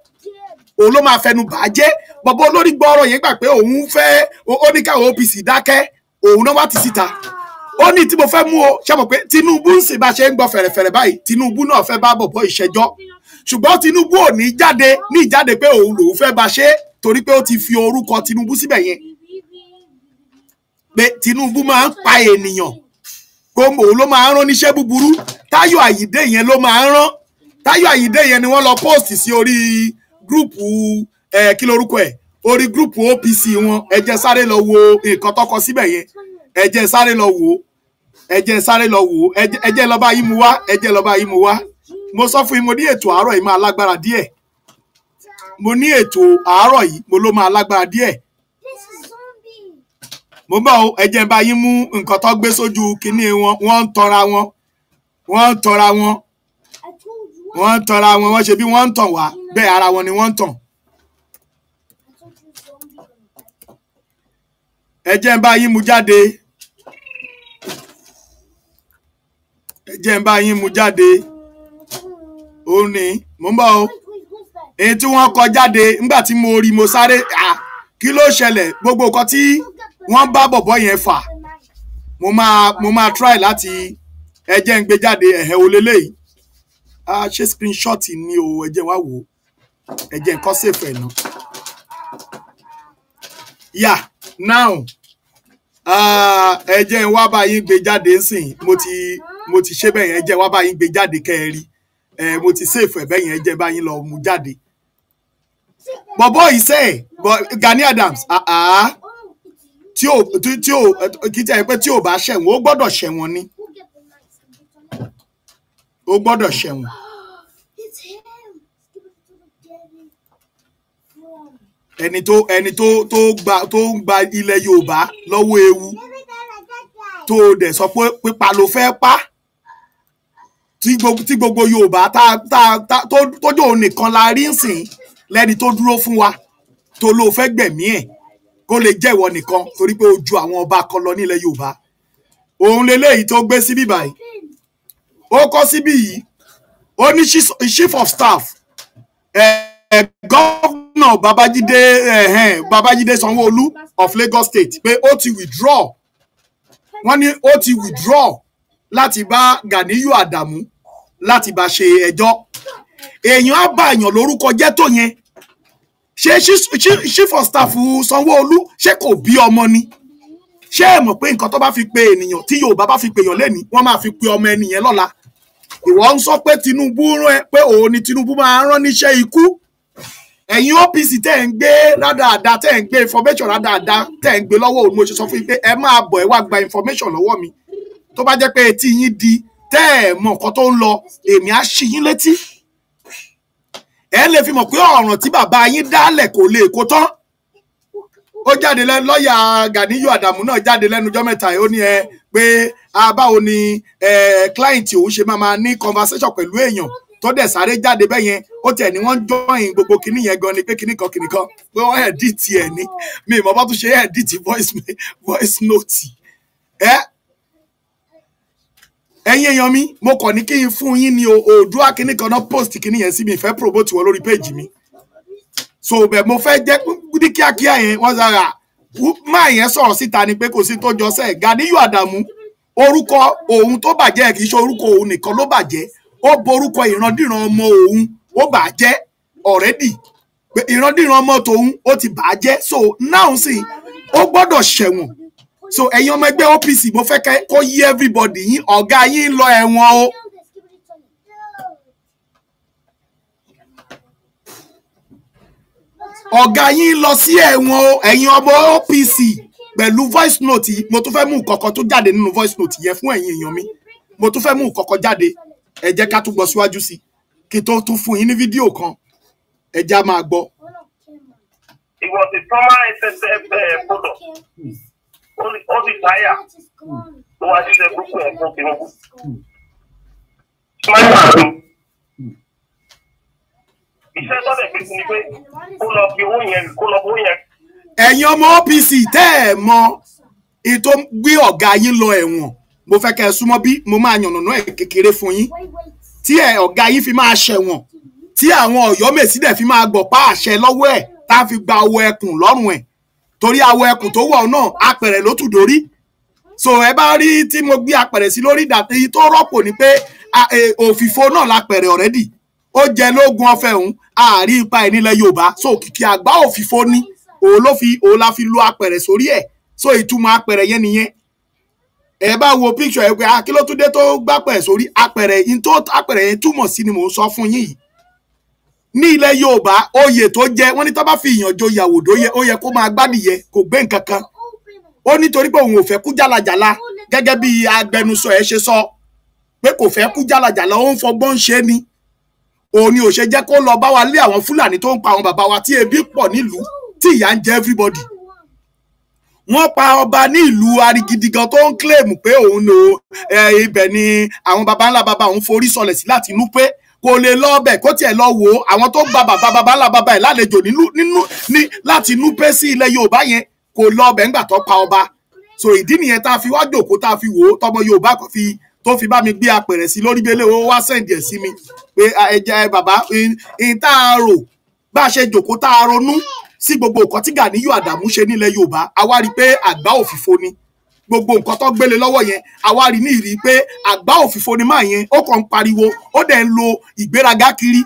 òun ló máa fẹnu bàjẹ́ bọ̀bọ̀ olórí gbọ́rọ̀ yẹn gbà pé òun fẹ́ ó ní káwọn OPC dákẹ́ òun náà wá ti síta ó ní tí mo fẹ́ mú o ṣe mọ̀ pé Tinubu ń sì bá ṣe ń gbọ́ fẹ̀rẹ̀fẹ̀rẹ̀ báyìí Tinubu náà fẹ́ bá bọ̀bọ̀ ìṣẹ́jọ́ ṣùgbọ́n Tinubu ò ní jáde ní ìjáde pé òun lòun fẹ́ bá ṣe torí pé ó ti fi orúkọ Tinubu síbẹ̀ yẹn pé Tinubu máa ń pa ènìyàn gbòmò ló máa ń rán níṣẹ́ búburú Táyọ̀ Àyídé yẹn ló máa ń rán Táyọ̀ Àyídé yẹn ni wọ́n lọ póòsì sí orí gúrùpù ẹ kí lorúkọ ẹ orí gúrùpù OPC wọn ẹ jẹ́ sáré lọ wo nǹkan tọkọ síbẹ̀ yẹn ẹ jẹ́ sáré lọ wò ó ẹ jẹ́ sáré lọ wò ó ẹ jẹ́ lọba yìí mu wá ẹ jẹ́ lọba yìí mu wá mo sọ fún yín mo ní ètò àárọ̀ yìí máa lágbára díẹ̀ mo ní ètò àárọ̀ yìí mo ló máa lágbára díẹ̀ mo bá o ẹ jẹ́ mú nǹkan tó gbé sójú kinní wọn wọ́n ń tọ́ra wọn wọ́n ń tọ́ra wọn wọ́n ń tanra wọn wọ́n ṣe bí wọ́n ń tàn wá bẹ́ẹ̀ ara wọn ni wọ́n ń tàn. ẹ jẹ́ ń bá yín mu jáde ẹ jẹ́ ń bá yín mu jáde ó ní mò ń bọ̀ o èyí tí wọ́n kọ jáde nígbà tí mo rí mo sáré kí ló ṣẹlẹ̀ gbogbo nǹkan tí wọ́n bá bọ̀bọ̀ yẹn fà mo máa mo máa try láti ẹ jẹ́ ń gbé jáde ẹ̀hẹ́ olélẹ́yìí a ṣe screenshot ni o ẹ jẹ́ wá wò ó ẹ jẹ́ yà now ẹ jẹ́ wá bá yín gbé jáde ńsìn mo ti mo ti ṣe bẹ́ẹ̀ yẹn ẹ jẹ́ wá bá yín gbé jáde kẹ́ ẹ rí mo ti ṣèfù ẹ̀ bẹ́ẹ̀ yẹn ẹ jẹ́ bá yín lọ mú jáde. bọ̀bọ̀ yìí Gani Adams tí ò tí ò kí ẹ pé tí ò bá ṣẹ̀wọ̀n ó gbọ́dọ̀ ṣẹ̀wọ̀n ni ó gbọ́dọ̀ ṣẹ̀wọ̀n. ẹni tó ẹni tó tó gba tó ń gba ilẹ̀ Yorùbá lọ́wọ́ ewu tó o dẹ̀ sọ pé pípa ló fẹ́ pa tí gbogbo tí gbogbo Yorùbá tá tá tá tó jò nìkan la rí nsìn lẹ́ni tó dúró fún wa tó ló fẹ́ gbẹ̀mí ẹ̀ kó lè jẹ́ ìwọ nìkan torí pé o ju àwọn ọba kan lọ nílẹ̀ Yorùbá òun leléyìí tó gbé síbí báyìí ó kọ́ síbí yìí ó ní chief of staff gọ́vnà babájídé babájídé sanwóolu of lagos state pé ó ti withdraw wọ́n ní ó ti withdraw láti bá ganiyu adamu láti bá ṣe ẹjọ́ èèyàn á bá èèyàn lórúkọ jẹ́ tó yẹn ṣé chief of staff sanwóolu ṣé kò bí ọmọ ni ṣé ẹ mọ̀ pé nǹkan tó bá fi pe ènìyàn tí yorùbá bá fi pe èèyàn lẹ́ni wọ́n máa fi pe ọmọ ẹnìyẹn lọ́la ìwọ ń sọ pé Tinubu rán ẹ pé òun ni Tinubu máa rán níṣẹ́ ikú ẹ̀yin OPC tẹ́ ẹ̀ ń gbé rádaràda tẹ́ ẹ̀ ń gbé information rádaràda tẹ́ ẹ̀ ń gbé lọ́wọ́ òun mo ṣe sọ fún yín pé ẹ máa bọ̀ ẹ wá gba information lọ́wọ́ mi tó bá jẹ́ pé etí yín di tẹ́ ẹ̀ mọ̀ nǹkan tó ń lọ èmi á ṣí yín létí ẹ lè fi mọ̀ pé ọ̀ràn tí bàbá yín dálẹ̀ kò lè kó tán ó jáde lẹ́nu lọ́ọ̀yà Ganiyu Adamu náà jáde lẹ́nu ọjọ́ mẹ́ta ó ní ẹ pé abáwo ni client òun ṣe máa máa ní conversation pẹ̀lú èèyàn tó dẹ̀ sáré jáde bẹ́ẹ̀ yẹn ó tiẹ̀ ní wọ́n ń jọyìn gbogbo kinní yẹn gan ni pé kinní kan kinní kan pé wọ́n edit ẹ̀ ní mi ìmọ̀ bá tún ṣe edit voice voice note ẹ ẹ̀yin èèyàn mi mo kàn ní kí n fún yín ní òòdúrà kinní kan náà post kinní yẹn sí mi ìfẹ́ promote wọn lórí page mi so bẹ́ẹ̀ mo fẹ́ jẹ́ ní kíákíá yẹn wọ́n sára máa yẹn sọ̀rọ̀ síta ni pé kò sí tó jọsẹ̀ Ganiyu Adamu orúkọ òun tó bàjẹ́ kì í ṣe orúkọ òun nìkan ló bàjẹ́ ó borúkọ ìrandíran ọmọ òun ó already ìrandíran ọmọ tòun ó ti bàjẹ́ so now sì ó gbọ́dọ̀ ṣẹ̀wọ̀n so ẹ̀yin ọmọ ẹgbẹ́ OPC mo fẹ́ kó yí everybody yín ọ̀gá yín lọ ẹ̀wọ̀n ọ̀gá yín lọ sí ẹ̀wọ̀n o ẹ̀yin ọmọ OPC pẹ̀lú voice note yìí mo tún fẹ́ mú kọ̀ọ̀kan tó jáde nínú voice note yẹn fún ẹ̀yin èèyàn mi mo tún fẹ́ mú kọ̀ọ̀kan jáde ẹ jẹ́ ká tún gbọ́ síwájú sí kí tó tún fún yín ní fídíò kan ẹ já máa gbọ́. It was a former SSF eh, product hmm. ó sì táyà tó wá ṣiṣẹ́ gbogbo ẹ̀kọ́ kìnnìkú iṣẹ́ tọ́lẹ̀ fi fún mi pé kó lọ fi owó yẹn kó lọ fi owó yẹn. ẹ̀yin ọmọ OPC tẹ́ ẹ̀ mọ ètò gbé ọ̀gá yín lọ ẹ̀wọ̀n mo fẹ́ kẹ́ ẹ súnmọ́ bí mo máa yànnàná ẹ̀ kékeré fún yín tí ẹ̀ ọ̀gá yín fi máa ṣẹ̀wọ̀n tí àwọn ọ̀yọ́mèsì dẹ̀ fi máa gbọ̀ pa àṣẹ lọ́wọ́ ẹ̀ tá a fi gba awọ ẹkùn lọ́rùn ẹ̀ torí awọ ẹkùn tó wọ̀ náà apẹ̀rẹ̀ ló tù dórí so ẹ bá rí tí mo gbé apẹ̀rẹ̀ sí lórí ìdàtẹ́yìn tó rọ́pò ni pé òfìfo náà lápẹ̀rẹ̀ ọ̀rẹ́dì ó jẹ lógún ọ̀fẹ́ òun àárí ipa ẹ̀ nílẹ̀ yorùbá so òkìkí àgbá òfìfo ni òun ló fi òun la fi lo apẹ̀rẹ̀ sórí ẹ̀ so ìtumọ̀ apẹ̀rẹ̀ yẹn nìyẹn ẹ bá wo picture ẹ pé akílótúndé ah, tó gbàpẹ̀rẹ̀ sórí apẹ̀rẹ̀ yìí tó apẹ̀rẹ̀ yẹn túmọ̀ sí ni mò ń sọ fún yín yìí ní ilẹ̀ yorùbá oyè tó jẹ wọ́n ní tó bá fi ìyànjọ ìyàwòdó yẹ ó yẹ kó máa gbádìyẹ kò gbé nǹkan kan ó nítorí pé òun ò fẹ́ kú jálajàla gẹ́gẹ́ bí agbẹnusọ ẹ ṣe sọ pé kò fẹ́ kú jálajàla ó ń fọgbọ́n ṣe ni òun ni ò ṣe jẹ́ kó lọ bá wa lé àwọn fúlàní tó ń pa àwọn bàbá wa tí ebi pọ̀ nílùú tí ìyà ń jẹ everybody wọ́n pa ọba ní ìlú arigidi gan tó ń claim pé òun lò ibẹ̀ ni àwọn baba ńlá baba òun forí sọlẹ̀ sí láti inú pé kò lè lọ ọbẹ̀ kó tiẹ̀ lọ wò ó àwọn tó gba bàbá baba ńlá baba ẹ̀ lálejò nínú ní láti inú pé sí ilẹ̀ yorùbá yẹn kò lọ ọbẹ̀ ńgbà tó pa ọba so ìdí nìyẹn tá a fi wá jòkó tá a fi wò ó tọmọ yorùbá kan fi tó fi bá mi gbé apẹ̀rẹ̀ sí lórí bẹ́lẹ̀ ó wá sẹ́ǹdì ẹ̀ sí mi ẹ̀jẹ̀ bàbá ìta rò bá a ṣe jòkó tá a ronú sí gbogbo nǹkan tí Gàníyù Àdàmú ṣe nílẹ̀ Yorùbá àwa rí i pé àgbá òfìfo ni gbogbo nǹkan tó gbélé lọ́wọ́ yẹn àwa rí ní ìrí pé àgbá òfìfo ni máa yẹn ó kàn ń pariwo ó dẹ̀ ń lo ìgbéraga kiri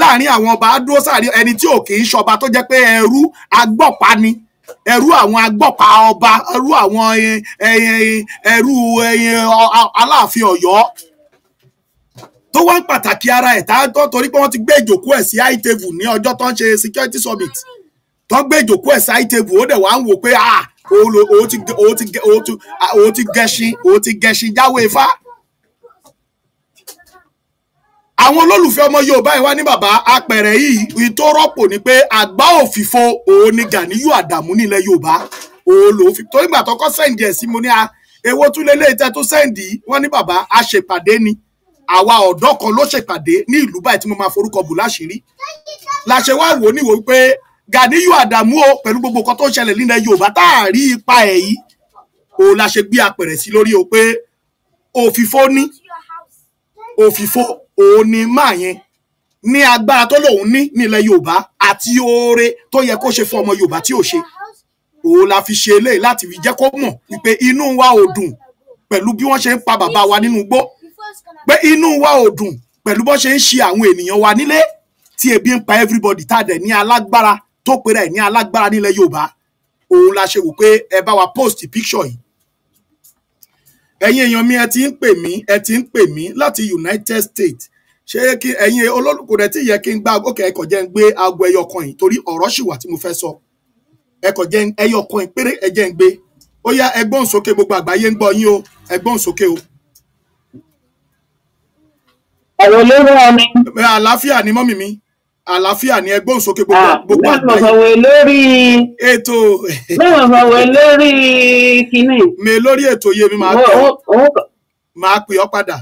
láàrin àwọn ọba adúró sáré ẹni tí ò kì í ṣọba tó jẹ́ pé ẹrú agbọ́pa ni ẹrú àwọn agbọ́pa ọba ẹrú àwọn ẹrú aláàfin Ọ̀yọ́ tó wá ń pàtàkì ara ẹ̀ tá a tọ́ torí pé wọ́n ti gbé ìjòkó ẹ̀ sí high table ní ọjọ́ tó ń ṣe security summit tó gbé ìjòkó ẹ̀ sí high table ó dẹ̀ wá ń wò pé ah o ti o ti o ti o ti gẹṣin o ti gẹṣin jáwé ifá àwọn olólùfẹ́ ọmọ Yorùbá yìí wá ní bàbá apẹ̀rẹ̀ yìí tó rọ́pò ni pé àgbá òfìfo òun ni Gàníyù Àdàmú nílẹ̀ Yorùbá òun lòun fi torí gbà tọkọ sẹ́ǹdì ẹ̀ sí mo ní a ah, èwo tún lélẹ́yìí tẹ́ tó sẹ́ǹdì wọ́n ní bàbá a ṣèpàdé ni àwa ọ̀dọ́ kan ló ṣèpàdé ní ìlú báyìí tí mo máa forúkọ bù láṣìírí láṣẹ wá wò níwò pé Gàníyù Àdàmú o pẹ̀lú gbogbo nǹkan tó ń ṣẹlẹ̀ nílẹ̀ Yorùbá tá a rí ipa ẹ̀ yìí o la ṣe gbé apẹ̀rẹ̀ sí lórí o pé òfìfo ní òfìfo òun ni máa yẹn ní agbára tó lòun ní nílẹ̀ Yorùbá àti oore tó yẹ kó ṣe fún ọmọ Yorùbá tí ò ṣe òun la fi ṣe eléyìí láti fi jẹ́ kó mọ̀ wípé inú wa ò dùn pẹ̀lú bí wọ́n ṣe ń pa bàbá wa nínú igbó pé inú wa ò dùn pẹ̀lú bó ṣe ń ṣe àwọn ènìyàn wa nílé tí ebi ń pa everybody tá a dẹ̀ ní alágbára tó pera ẹ̀ ní alágbára nílẹ̀ Yorùbá òun la ṣe wò pé ẹ bá wa post picture yìí ẹ̀yin èèyàn mi ẹ ti ń pè mí ẹ ti ń pè mí láti United States ṣé kí ẹ̀yin olólùkọ rẹ tí yẹ kí n gbá òkè ẹkọ jẹ́ ń gbé aago ẹyọ kan yìí torí ọ̀rọ̀ ṣì wà tí mo fẹ́ sọ ẹkọ jẹ́ ẹyọ kan yìí péré ẹ jẹ́ ń gbé ó yá ẹgbọ́n sókè gbogbo àgbáyé ń gbọ́ yín o ẹgbọ́n sókè o ọ̀rọ̀ olóró ọmi. àlàáfíà ni mọ́mì mi àlàáfíà ni ẹgbọ́n sókè gbogbo ah, gbogbo àgbáyé. mẹ́wọ̀n fọwọ́ lórí. ètò. mẹ́wọ̀n fọwọ́ lórí kínní. mi lórí ètò yé mi máa pè ọ́ máa pè ọ́ padà.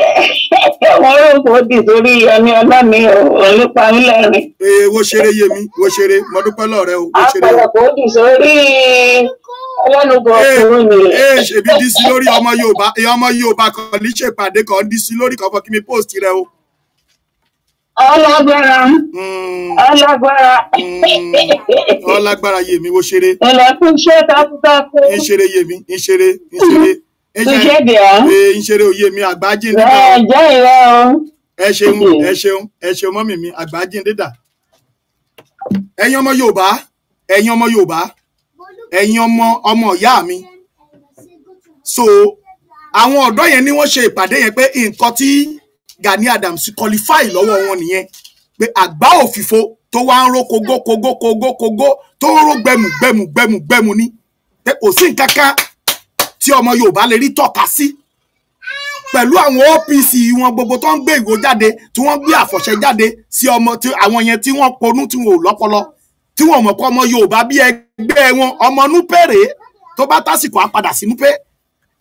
wọ́n rò kó di sórí ẹni ọlá mi olúpa ńlẹ́rìn. ee wo ṣeré yé mi wo ṣeré mo dúpẹ́ lọ́rẹ́ o wo ṣeré o. àpọ̀lọpọ̀ kò di sórí ee ṣèbí disi lórí ọmọ Yorùbá ọmọ Yorùbá kan ní ṣèpàdé kan disi lórí kan fún kí mi post rẹ o. ọlágbára ọlágbára. Hmm. ọlágbára hmm. yèmí wo ṣeré. ìlẹ̀kùn ṣe takuntakun. ìṣeré yèmí ìṣeré ìṣeré. ìṣe bìà. ìṣeré òye mi àgbájí nígbà. ẹ jẹ́ eh, ìrẹ́ o. ẹ ṣeun ẹ ṣeun ẹ ṣeun mọ́mì mi àgbájí dídà. ẹ̀yin ọmọ Yorùbá ẹ̀yin ọmọ Yorùbá ẹ̀yin ọmọ ọmọ ìyá mi so àwọn ọ̀dọ́ yẹn ni wọ́n ṣe ìpàdé yẹn pé nǹkan tí Gani Adams qualify lọ́wọ́ wọn nìyẹn pé àgbá òfìfo tó wá ń ró kogó kogó kogó kogó tó ń ró gbẹmù gbẹmù gbẹmù gbẹmù ni pé kò sí nǹkan kan tí ọmọ Yorùbá lè rí tọ́ka sí pẹ̀lú àwọn OPC wọn gbogbo tó ń gbé ìwò jáde tí wọ́n gbé àfọ̀ṣẹ jáde sí ọmọ àwọn yẹn tí wọ́n ponú tí wọn ò lọ́pọlọ tí wọ́n mọ̀ kọ́ ọmọ Yorùbá bí ẹgbẹ́ wọn ọmọ núpèrè tó bá tásìkò á padà sí núpè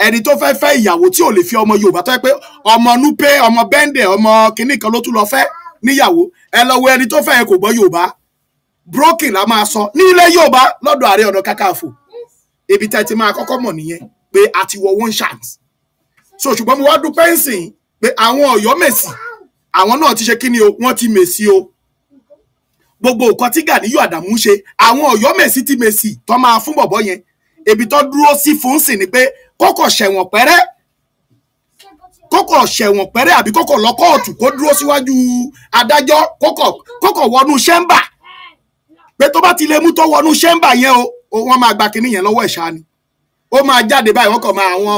ẹni tó fẹ́ fẹ́ ìyàwó tí ò lè fi ọmọ Yorùbá tó yẹ pé ọmọ núpè ọmọ bẹ́ndẹ̀ ọmọ kinní kan ló tún lọ fẹ́ níyàwó ẹ lọ wo ẹni tó fẹ́ kò gbọ́ Yorùbá broken la máa sọ ní ilẹ̀ Yorùbá lọ́dọ̀ Ààrẹ Ọ̀nà Kakanfò ibi tẹ́ ti máa kọ́kọ́ mọ̀ nìyẹn pé a ti wọ one chance so ṣùgbọ́n mo wá dúpẹ́ ń sìn pé àwọn Ọ̀yọ́ Mèsì àwọn náà ti ṣe kí ni o wọ́n ti mèsì o gbogbo nǹkan tí Gàníyù Àdàmú ṣe àwọn Ọ̀yọ́ Mèsì ti Mèsì tó máa fún bọ̀bọ̀ yẹn ebi tó dúró sí fún sí ni pé kókò ṣẹ̀wọ̀n pẹ́rẹ́ kókò ṣẹ̀wọ̀n pẹ́rẹ́ àbí kókò lọ kóòtù kó dúró síwájú adájọ́ kókò kókò wọnú ṣẹ́ńbà pé tó bá ti lè mú tó wọnú ṣẹ́ńbà yẹn o wọ́n máa gba kinní yẹn lọ́wọ́ ẹ̀ṣá ni ó máa jáde báyìí wọ́n kàn máa àwọn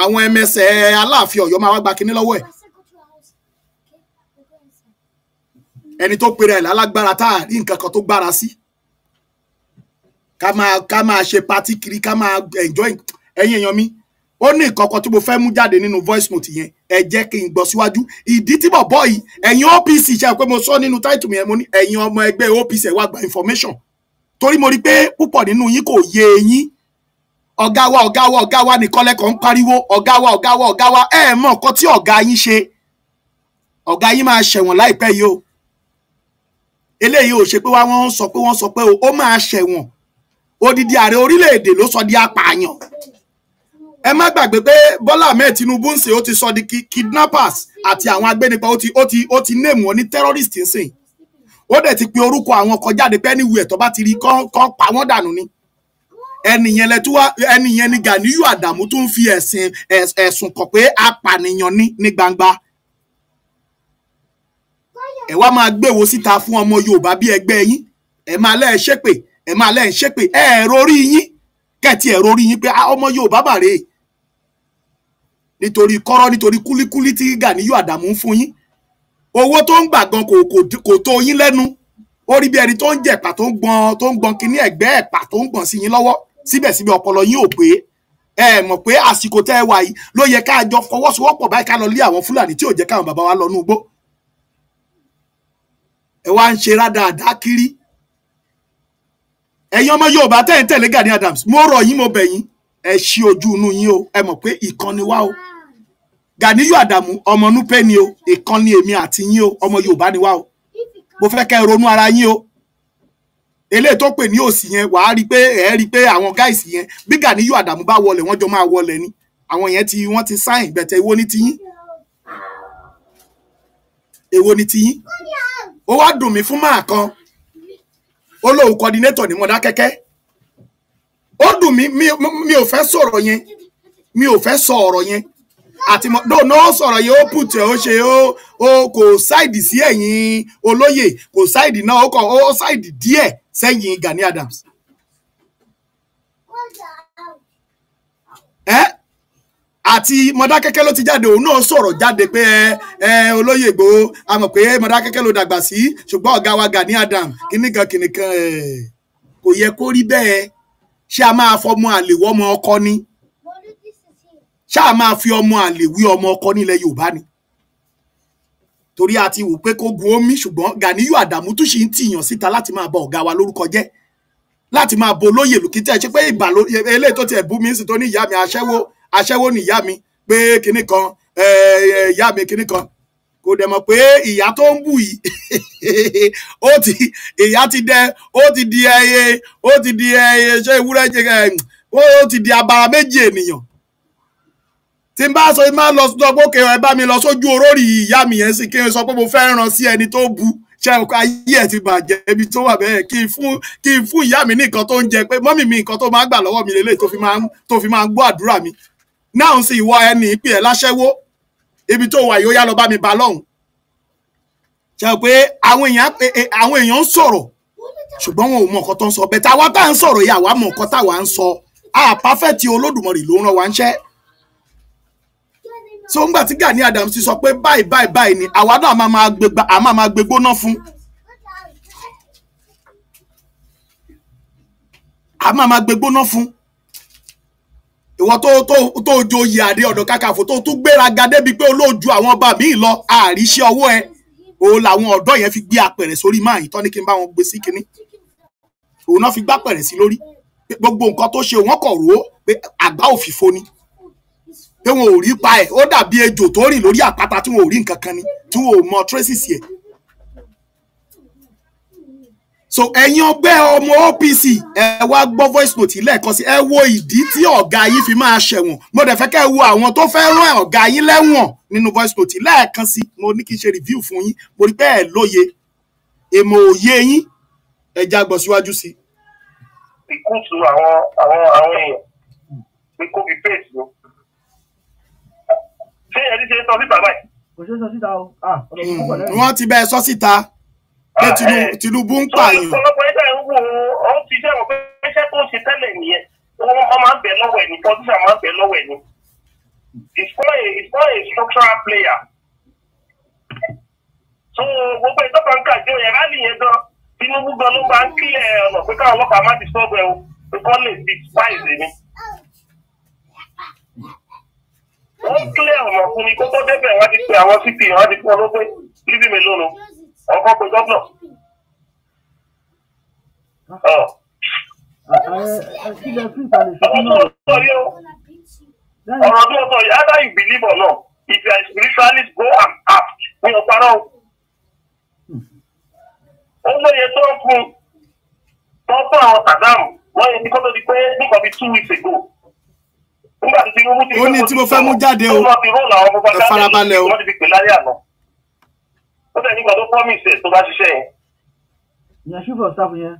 àwọn ẹmẹsẹ̀ aláàfin Ọ̀yọ́ máa wá gba kinní lọ́wọ́ ẹ̀ ẹni tó pèrè ẹ̀ lálágbára tá a rí nǹkan kan tó gbára sí ká máa ká máa ṣe patí kiri ká máa enjoy ẹ̀yin èèyàn mi ó ní ìkọ̀kọ̀ tí mo fẹ́ mú jáde nínú voice note yẹn ẹ jẹ́ kí n gbọ́ síwájú ìdí tí mo bọ́ yìí ẹ̀yin OPC ṣe pé mo sọ nínú title yẹn mo ní ẹ̀yin ọmọ ẹgbẹ́ OPC ẹ̀ wá gba information torí mo rí pé púpọ̀ nínú yín kò yé yín ọ̀gá wa ọ̀gá wa ọ̀gá wa nìkan lẹ́kọ̀ọ́ ń pariwo ọ̀gá wa ọ̀gá wa ọ̀gá wa ẹ̀ mọ̀ tí ọ̀gá yín ṣe ọ̀gá yín máa ṣẹ̀wọ̀n láìpẹ́ yìí o eléyìí ò ṣe pé wá wọ́n sọ pé wọ́n sọ pé ó máa ṣẹ̀wọ̀n odidi ààrẹ orílẹ̀-èdè ló sọ di apààyàn ẹ má gbàgbé pé Bọ́lá Ahmed Tinubu ń ṣe ó ti sọ di kidnappers àti àwọn agbẹnipa ó ti ó ti ó ti name wọn ní terrorist nsìn ó dẹ̀ ti pe orúkọ àwọn kan jáde pé anywhere tó bá ti rí kán kán pa wọ́n dànù ni ẹnìyẹn lẹ tó ẹnìyẹn ni Ganiyu Adamu tó ń fi ẹ̀sìn ẹ̀sùn kàn pé apànìyàn ní ní gbangba ẹ wá máa gbéwò síta fún ọmọ Yorùbá bí ẹgbẹ́ yín ẹ máa lẹ́ ẹ ṣépè ẹ máa lẹ́ ẹ ṣépè ẹ ẹ rorí yín kẹ́ẹ̀tì ẹ rorí yín pé ah, ọmọ Yorùbá bàrẹ̀ nítorí kọ́rọ́ nítorí kúlíkúlí tí Gàníyù Àdàmú ń fún yín owó tó ń gbà gan kò tó yín lẹ́nu ó rí bí ẹni tó ń jẹ̀pà tó ń gbọ́n tó ń gbọ́n kínní ẹ̀gbẹ́ ẹ̀pà tó ń gbọ̀n sí yín lọ́wọ́ síbẹ̀síbẹ̀ ọpọlọ yín ò pé ẹ mọ̀ pé àsìkò tẹ́ ẹ wà yìí ló yẹ ká jọ fọwọ́sowọ́pọ̀ báyìí ká lọ lé àwọn Fúlàní tí ò jẹ́ káwọn bàbá wa lọ nú igbó ẹ wá ń ṣe rádaràdá kiri ẹ̀yin ọmọ Yorùbá tẹ̀yìn tẹ̀lé Gani Adams mo rọ̀ yín mo bẹ̀ yín ẹ ṣí ojú inú yín o ẹ mọ̀ pé ìkànnì wa o Ganiyu Adamu ọmọ Nupe ni o ìkànnì èmi àti yín o ọmọ Yorùbá ni wa o mo fẹ́ kẹ́ ẹ ronú ara yín o eléyìí tó pè ní òsì yẹn wàá rí i pé ẹ rí i pé àwọn gáìsì yẹn bí Ganiyu Adamu bá wọlé wọ́n jọ máa wọlé ni àwọn yẹn ti wọ́n ti sáìn bẹ̀tẹ̀ èwo ni tiyín èwo ni tiyín ó wá dùn mí fún máa kan ó lóun kọ́dínétọ̀ ní Mọdákẹ́kẹ́ ó dùn mí mi ò fẹ́ sọ̀rọ̀ yẹn mi ò fẹ́ sọ ọ̀rọ̀ yẹn àti mọ dóò náà sọ̀rọ̀ yìí ó pùtẹ ó ṣe ó ó kò ṣáìdì sí ẹ̀yìn olóyè kò ṣáìdì náà ó kàn ó ṣáìdì díẹ̀ sẹ́yìn Gani Adams àti Mọdákẹ́kẹ́ ló ti jáde òun náà sọ̀rọ̀ jáde pé ẹ ẹ olóyè Ìgbòho a mọ̀ pé Mọdákẹ́kẹ́ ló dàgbà sí ṣùgbọ́n ọ̀gá wa Gani Adam kìnnìkan kìnnìkan ẹ kò yẹ kó rí bẹ́ẹ̀ ṣé a máa fọmọ àlè wọ́mọ ọkọ ni ṣá a máa fi ọmọ àlè wí ọmọ ọkọ nílẹ̀ Yorùbá ni torí a ti wò pé kó gun omi ṣùgbọ́n Ganiyu Adamu tún ṣì ń tìyàn síta láti máa bà ọ̀gá wa lórúkọ jẹ́ láti máa bo olóyè lùkítẹ́ ṣe pé ìbà eléyìí tó tiẹ̀ bú mi sí tó ní ìyá mi aṣẹ́wó aṣẹ́wó ni ìyá mi pé kinní kan ìyá mi kinní kan kò dẹ̀ mọ̀ pé ìyá tó ń bù yìí ó ti ìyá ti dẹ ó ti di ẹyẹ ó ti di ẹyẹ ṣé ewúrẹ́ jẹ ó ti di abara méjì ènìyàn tí n bá sọ ẹ máa lọ sọ pé òkè ẹ bá mi lọ sójú orórì ìyá mi yẹn sí kí n sọ pé mo fẹ́ ràn sí ẹni tó bu ṣe ọkọ ayé ẹ ti bàjẹ́ ibi tó wà bẹ́ẹ̀ kí n fún ìyá mi ní nǹkan tó ń jẹ pé mọ́mì mi nǹkan tó máa gbà lọ́wọ́ mi lélẹ́yìí tó fi máa ń gbọ́ àdúrà mi náà ń sin ìwọ ẹni ìpè ẹ láṣẹ́wó ibi tó wà yóò yá lọ bá mi bá lọ́hùn ṣe pé àwọn èèyàn eh, eh, àwọn èèyàn ń sọ̀rọ̀ ṣùgbọ́n wọn ò mọ nǹkan tó ń sọ bẹ́ẹ̀ táwa tá à ń sọ̀rọ̀ yìí àwa mọ nǹkan táwa ń sọ àpáfẹ́tì olódùmarè ló ń rán wa ń ṣẹ́ so ńgbà tí Gani Adams ti sọ pé báyìí báyìí báyìí ni àwa náà a máa a máa máa gbégbóná fún a máa máa gbégbóná fún ìwọ tó tó tó joyè Ààrẹ Ọ̀nà Kakanfò tó tún gbéraga débi pé olóòjú àwọn ọba míì lọ àríṣẹ́ ọwọ́ ẹ o làwọn ọ̀dọ́ yẹn fi gbé apẹ̀rẹ̀ sórí máa yìí tán ní kí n bá wọn gbé sí kinní òun náà fi gbá apẹ̀rẹ̀ sí lórí gbogbo nǹkan tó ṣe wọ́n kọ̀ rò ó pé àgbá òfìfo ni pé wọn ò rí pa ẹ̀ ó dàbí ejò tó rìn lórí àpáta tí wọn ò rí nǹkan kan ni tí wọn ò mọ traces yẹn so ẹ̀yin ọgbẹ́ ọmọ OPC ẹ wá gbọ́ voice note lẹ́ẹ̀kan sí ẹ wo ìdí tí ọ̀gá yín fi máa ṣẹ̀wọ̀n mo dẹ̀ fẹ́ kẹ́ ẹ wo àwọn tó fẹ́ rán ọ̀gá yín lẹ́wọ̀n nínú voice note lẹ́ẹ̀kan sí mo ní kí n ṣe review fún yín mo rí pé ẹ lóye èmọ̀ òye yín ẹ já gbọ́ síwájú sí. ìkúùtù àwọn àwọn àwọn èèyàn pé kó fi fèsì o ṣé ẹni ṣe sọ síta báyìí. kò ṣe sọ síta o. Ah, hmm. wọ́n ti bẹ́ẹ̀ sọ síta pé ah, eh, Tinubu ń pààyàn. ọ̀pọ̀lọpọ̀ ẹgbẹ́ ìwò ọ̀hún ti jẹ́ ọ̀pẹ́ iṣẹ́ tó ń ṣe tẹ́lẹ̀ nìyẹn wọ́n máa ń bẹ̀ lọ́wọ́ ẹ̀ ní pọ́tíṣà máa ń bẹ̀ lọ́wọ́ ẹ̀ ní. it's not a it's not a structural player. so gbogbo ìtọ́ka ń kàjọ yẹn rálì yẹn gan Tinubu gan ló máa ń kílẹ̀ ọ̀nà pé káwọn ọlọ́pàá má ti sọ́ọ̀bù o pé kọ́ lè fi páìsì ni. wọ́n kílẹ̀ ọ̀nà fún mi kó tó débẹ̀ wọ́n ti pe àwọn cp wọ́n ti fún ọ lópin níbi mélòó Oh, ọkọ pé gọ́vnọ̀. ọ̀rọ̀ tó sọ yìí either you believe or not if you are spiritualist go and ask fún ọ̀parọ̀ ó lóye tó ń fún tọ́pọ̀ àwọn sàdámù wọ́n yẹ ní kó tó di pé nǹkan bíi two weeks ago nígbà tí Tinubu ti. ó ní tí mo fẹ́ mú jáde o ẹ farabalẹ̀ o ó tẹ̀ nígbà tó promise tó bá ṣiṣẹ́ yẹn. ìyẹn ṣùfọ̀ sáfù yẹn.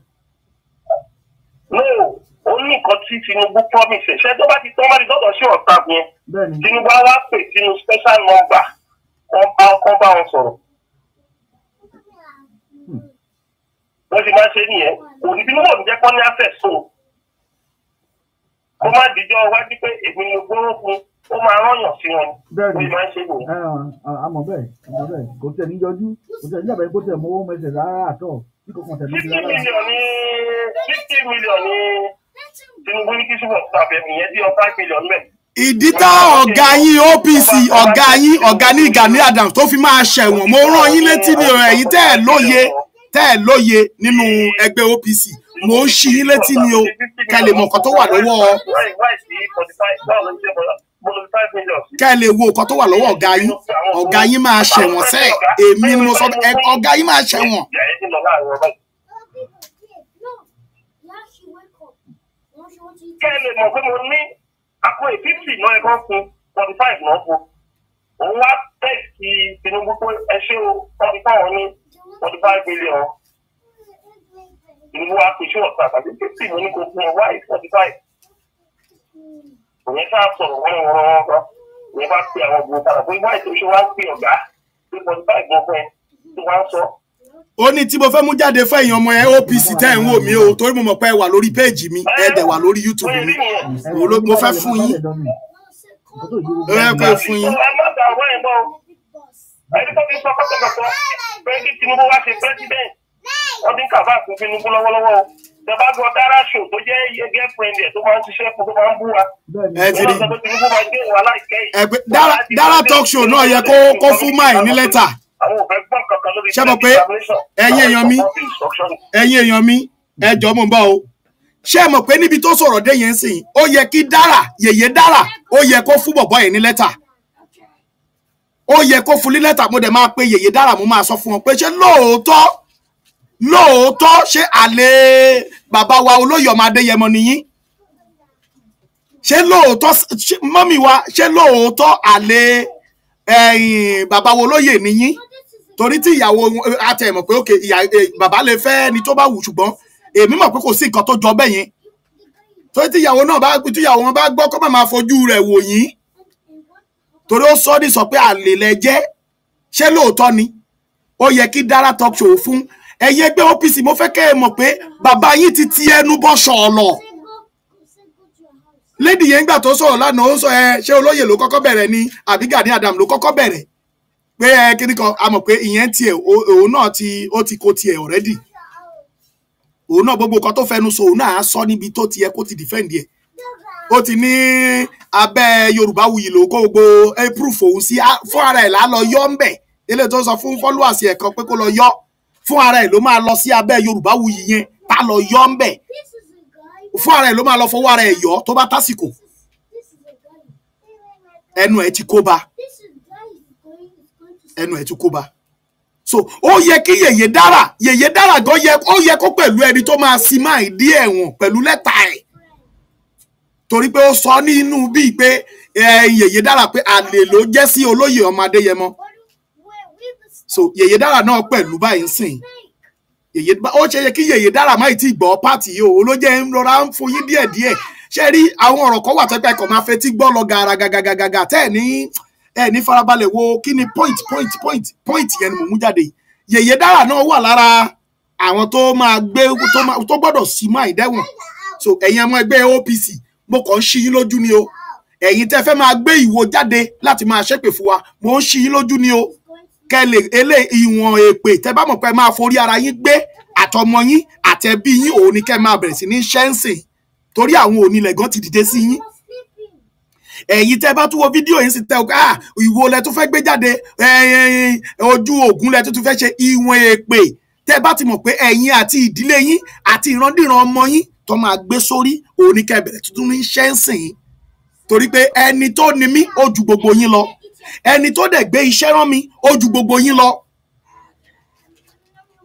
no ó ní nǹkan tí Tinubu promise ṣé tó bá ti tán bá ti dọ́dọ̀ sí ọ̀tá yẹn Tinubu á wá pè sínú special number wọn bá ọkọ bá wọn sọ̀rọ̀ hmm. wọ́n ti máa ń ṣe nìyẹn òní bí wọ́n jẹ́ kọ́ ní so kó má dìjọ́ wájú pé èmi ni gbóró fún un ó máa rányàn sí wọn bẹ́ẹ̀ni ó máa ń ṣe wò. àmọ́ bẹ́ẹ̀ àmọ́ bẹ́ẹ̀ kò tẹ níjọjú kò tẹ níjàmbá kò tẹ mọ ohun ẹsẹ rárá àtọ bí kò kàn tẹ níbi rárá. fifty million ni Tinubu ní kí ṣùgbọ́n tàbí ìyẹn bí ọba million mẹ́. Ìdí tá ọ̀gá yín OPC ọ̀gá yín ọ̀gá ní Gani Adams tó fi máa ṣẹ̀wọ̀n mo rán yín létí ní ọ̀rọ̀ ẹ̀yìn tẹ́ ẹ̀ lóye tẹ́ ẹ̀ lóye nínú ẹgbẹ́ OPC mo ń ṣí yín létí ni o kẹlẹ̀ mọ̀kàn tó wà lọ́wọ́ kẹ́ ẹ lè wo nǹkan tó wà lọ́wọ́ ọ̀gá yín ọ̀gá yín máa ṣẹ̀wọ̀n sẹ́ẹ̀ èmi ni mo sọ ọ̀gá yín máa ṣẹ̀wọ̀n. kẹ́ ẹ lè mọ̀ pé mo ní akọ ìfífì náà ẹ̀kọ́ fún forty five náà fún òun wá tẹ̀sí Tinubu pé ẹ ṣe o forty five ní forty five billion Tinubu wá pèsè ọ̀sán àtàkùn fífì mo ní kó fún ọ wáyé forty five ìyẹn ká sọ̀rọ̀ wọ́rọ̀wọ́rọ̀ wọn kan ìyẹn bá pe àwọn ògùn padà pé báyìí tó ṣe wá ń pè ọ̀gá pé mo ní báyìí gbọ́ fẹ́ tí wọ́n sọ. ó ní tí mo fẹ́ mú jáde fún ẹ̀yin ọmọ ẹ OPC tẹ́ ẹ̀ ń wò mí o torí mo mọ̀ pé ẹ wà lórí péèjì mi ẹ dẹ̀ wà lórí YouTube mi mo fẹ́ fún yín ó ẹ má dà ọ̀rọ̀ ẹ̀ mọ́ ẹni tó ti sọ kọ́tọ̀kọ́tọ̀ pé kí Tinubu wá ṣe pírẹ́sidẹ̀ntì ọdún kàbá bàbá gbọ́ dára ṣò tó jẹ́ iye girlfriend ẹ̀ tó máa ń ṣiṣẹ́ kó tó máa ń bú ẹ ti rí ẹgbẹ́ dára talk show náà yẹ kó kó fún máì ní lẹ́tà. ṣé mo pé ẹ̀yin èèyàn mi ẹ̀yin èèyàn mi ẹ jọ mo ń bọ̀ o ṣé mo pé níbi tó sọ̀rọ̀ dé yẹn sìn ó yẹ kí dára yèyé dára ó yẹ kó fún bọ̀bọ̀ yẹn ní lẹ́tà ó yẹ kó fún ní lẹ́tà mo dẹ̀ máa pe yèyé dára mo máa sọ fún wọn pé ṣé lóòótọ́ lóòótọ́ ṣé àlè bàbá wa olóyè ọmọ adéyẹmọ nìyí ṣé lóòótọ́ mọ́mì wa ṣé lóòótọ́ àlè ẹ̀yìn bàbá wa olóyè nìyí torí tí ìyàwó àtẹ̀mọ̀ pé òkè bàbá lè fẹ́ ẹni tó bá wù ṣùgbọ́n èmi mọ̀ pé kò sí nǹkan tó jọ bẹ́ẹ̀ yẹn torí tí ìyàwó náà bá tí ìyàwó wọn bá gbọ́ kó má máa fojú rẹ̀ wò yín torí ó sọ ní sọ pé àlè lẹ jẹ́ ṣé lóòótọ́ ni ó yẹ kí Dara Talk Show fún ẹ̀yin ẹgbẹ́ OPC mo fẹ́ kẹ́ ẹ mọ̀ pé bàbá yín ti ti ẹnu bọ́ ṣọ̀ọ̀lọ̀ lady yẹn gbà tó sọ̀rọ̀ lánàá ó sọ ẹ ṣé olóyè ló kọ́kọ́ bẹ̀rẹ̀ ni àbí Gani Adam ló kọ́kọ́ bẹ̀rẹ̀ pé ẹ kíní kan a mọ̀ pé ìyẹn tiẹ̀ òun náà ti ó ti kó tiẹ̀ already òun náà gbogbo kan tó fẹnu sọ òun náà á sọ níbi tó ti yẹ kó ti defend yẹ ó ti ní abẹ́ Yorùbá wuyì ló kó gbogbo ẹ proof òun sí fún ara ẹ̀ lá lọ ń bẹ̀ eléyìí tó sọ fún followers ẹ̀ pé kó lọ yọ fún ara ẹ̀ ló máa lọ sí abẹ́ yorùbá wuyì yẹn tá lọ yọ ń bẹ̀ fún ara ẹ̀ ló máa lọ fọwọ́ ara ẹ̀ yọ tó bá tásìkò ẹnu ẹ̀ ti kó ba ẹnu ẹ̀ ti kó ba so ó yẹ kí yèyé dára yèyé dára gan yẹ ó yẹ kó pẹ̀lú ẹni tó máa sin máa ìdí ẹ̀wọ̀n pẹ̀lú lẹ́tà ẹ̀ torí pé ó sọ nínú bíi pé yèyé dára pé àlè ló jẹ́ sí olóyè ọmọ adéyẹmọ so yèyé dára náà pẹ̀lú báyìí ń sìn yèyé ó ṣe yẹ kí yèyé dára má ti gbọ́ pàtì yìí o olójẹ́ ń rọra ń fún yín díẹ̀díẹ̀ ṣe rí àwọn ọ̀rọ̀ kan wà tẹ́pẹ́ kọ̀ máa fetí gbọ́ lọ gàrà gàgàgàgà tẹ́ ẹ̀ ní ẹ̀ ní farabalẹ̀ wo kí ni point point point point yẹn ni mò ń mú jáde yèyé dára náà wà lára àwọn tó máa gbé tó gbọ́dọ̀ sí máa ìdẹ́wọ̀n so ẹ̀yin ọmọ ẹgbẹ́ OPC mo kàn ń ṣí yín lójú ni o ẹ̀yin tẹ́ fẹ́ máa gbé ìwo jáde láti máa ṣépè fún wa mo ń ṣí yín lójú ni o kẹlẹ ele ìwọ̀n èpè tẹ bá mọ̀ pé máa forí ara yín gbé àtọmọ yín àtẹbí yín òun ni kẹ máa bẹ̀rẹ̀ sí ní ṣẹ́ǹsìn torí àwọn onílẹ̀ gan ti dìde sí yín ẹ̀yin tẹ́ bá tún wo fídíò yìí sì tẹ́ ọ̀ká ah, ìwo lẹ tún fẹ́ gbé jáde ojú ògùn lẹ tún tún ṣe ìwọ̀n èpè tẹ́ bá ti mọ̀ pé ẹ̀yin àti ìdílé yín àti ìrandíran ọmọ yín tó máa gbé sórí òun ni kẹ́ bẹ̀rẹ̀ tuntun ní ṣẹ́ǹsìn torí pé ẹni tó ni mí ó ju gbogbo yín lọ ẹni tó dẹ̀ gbé iṣẹ́ rán mi ó ju gbogbo yín lọ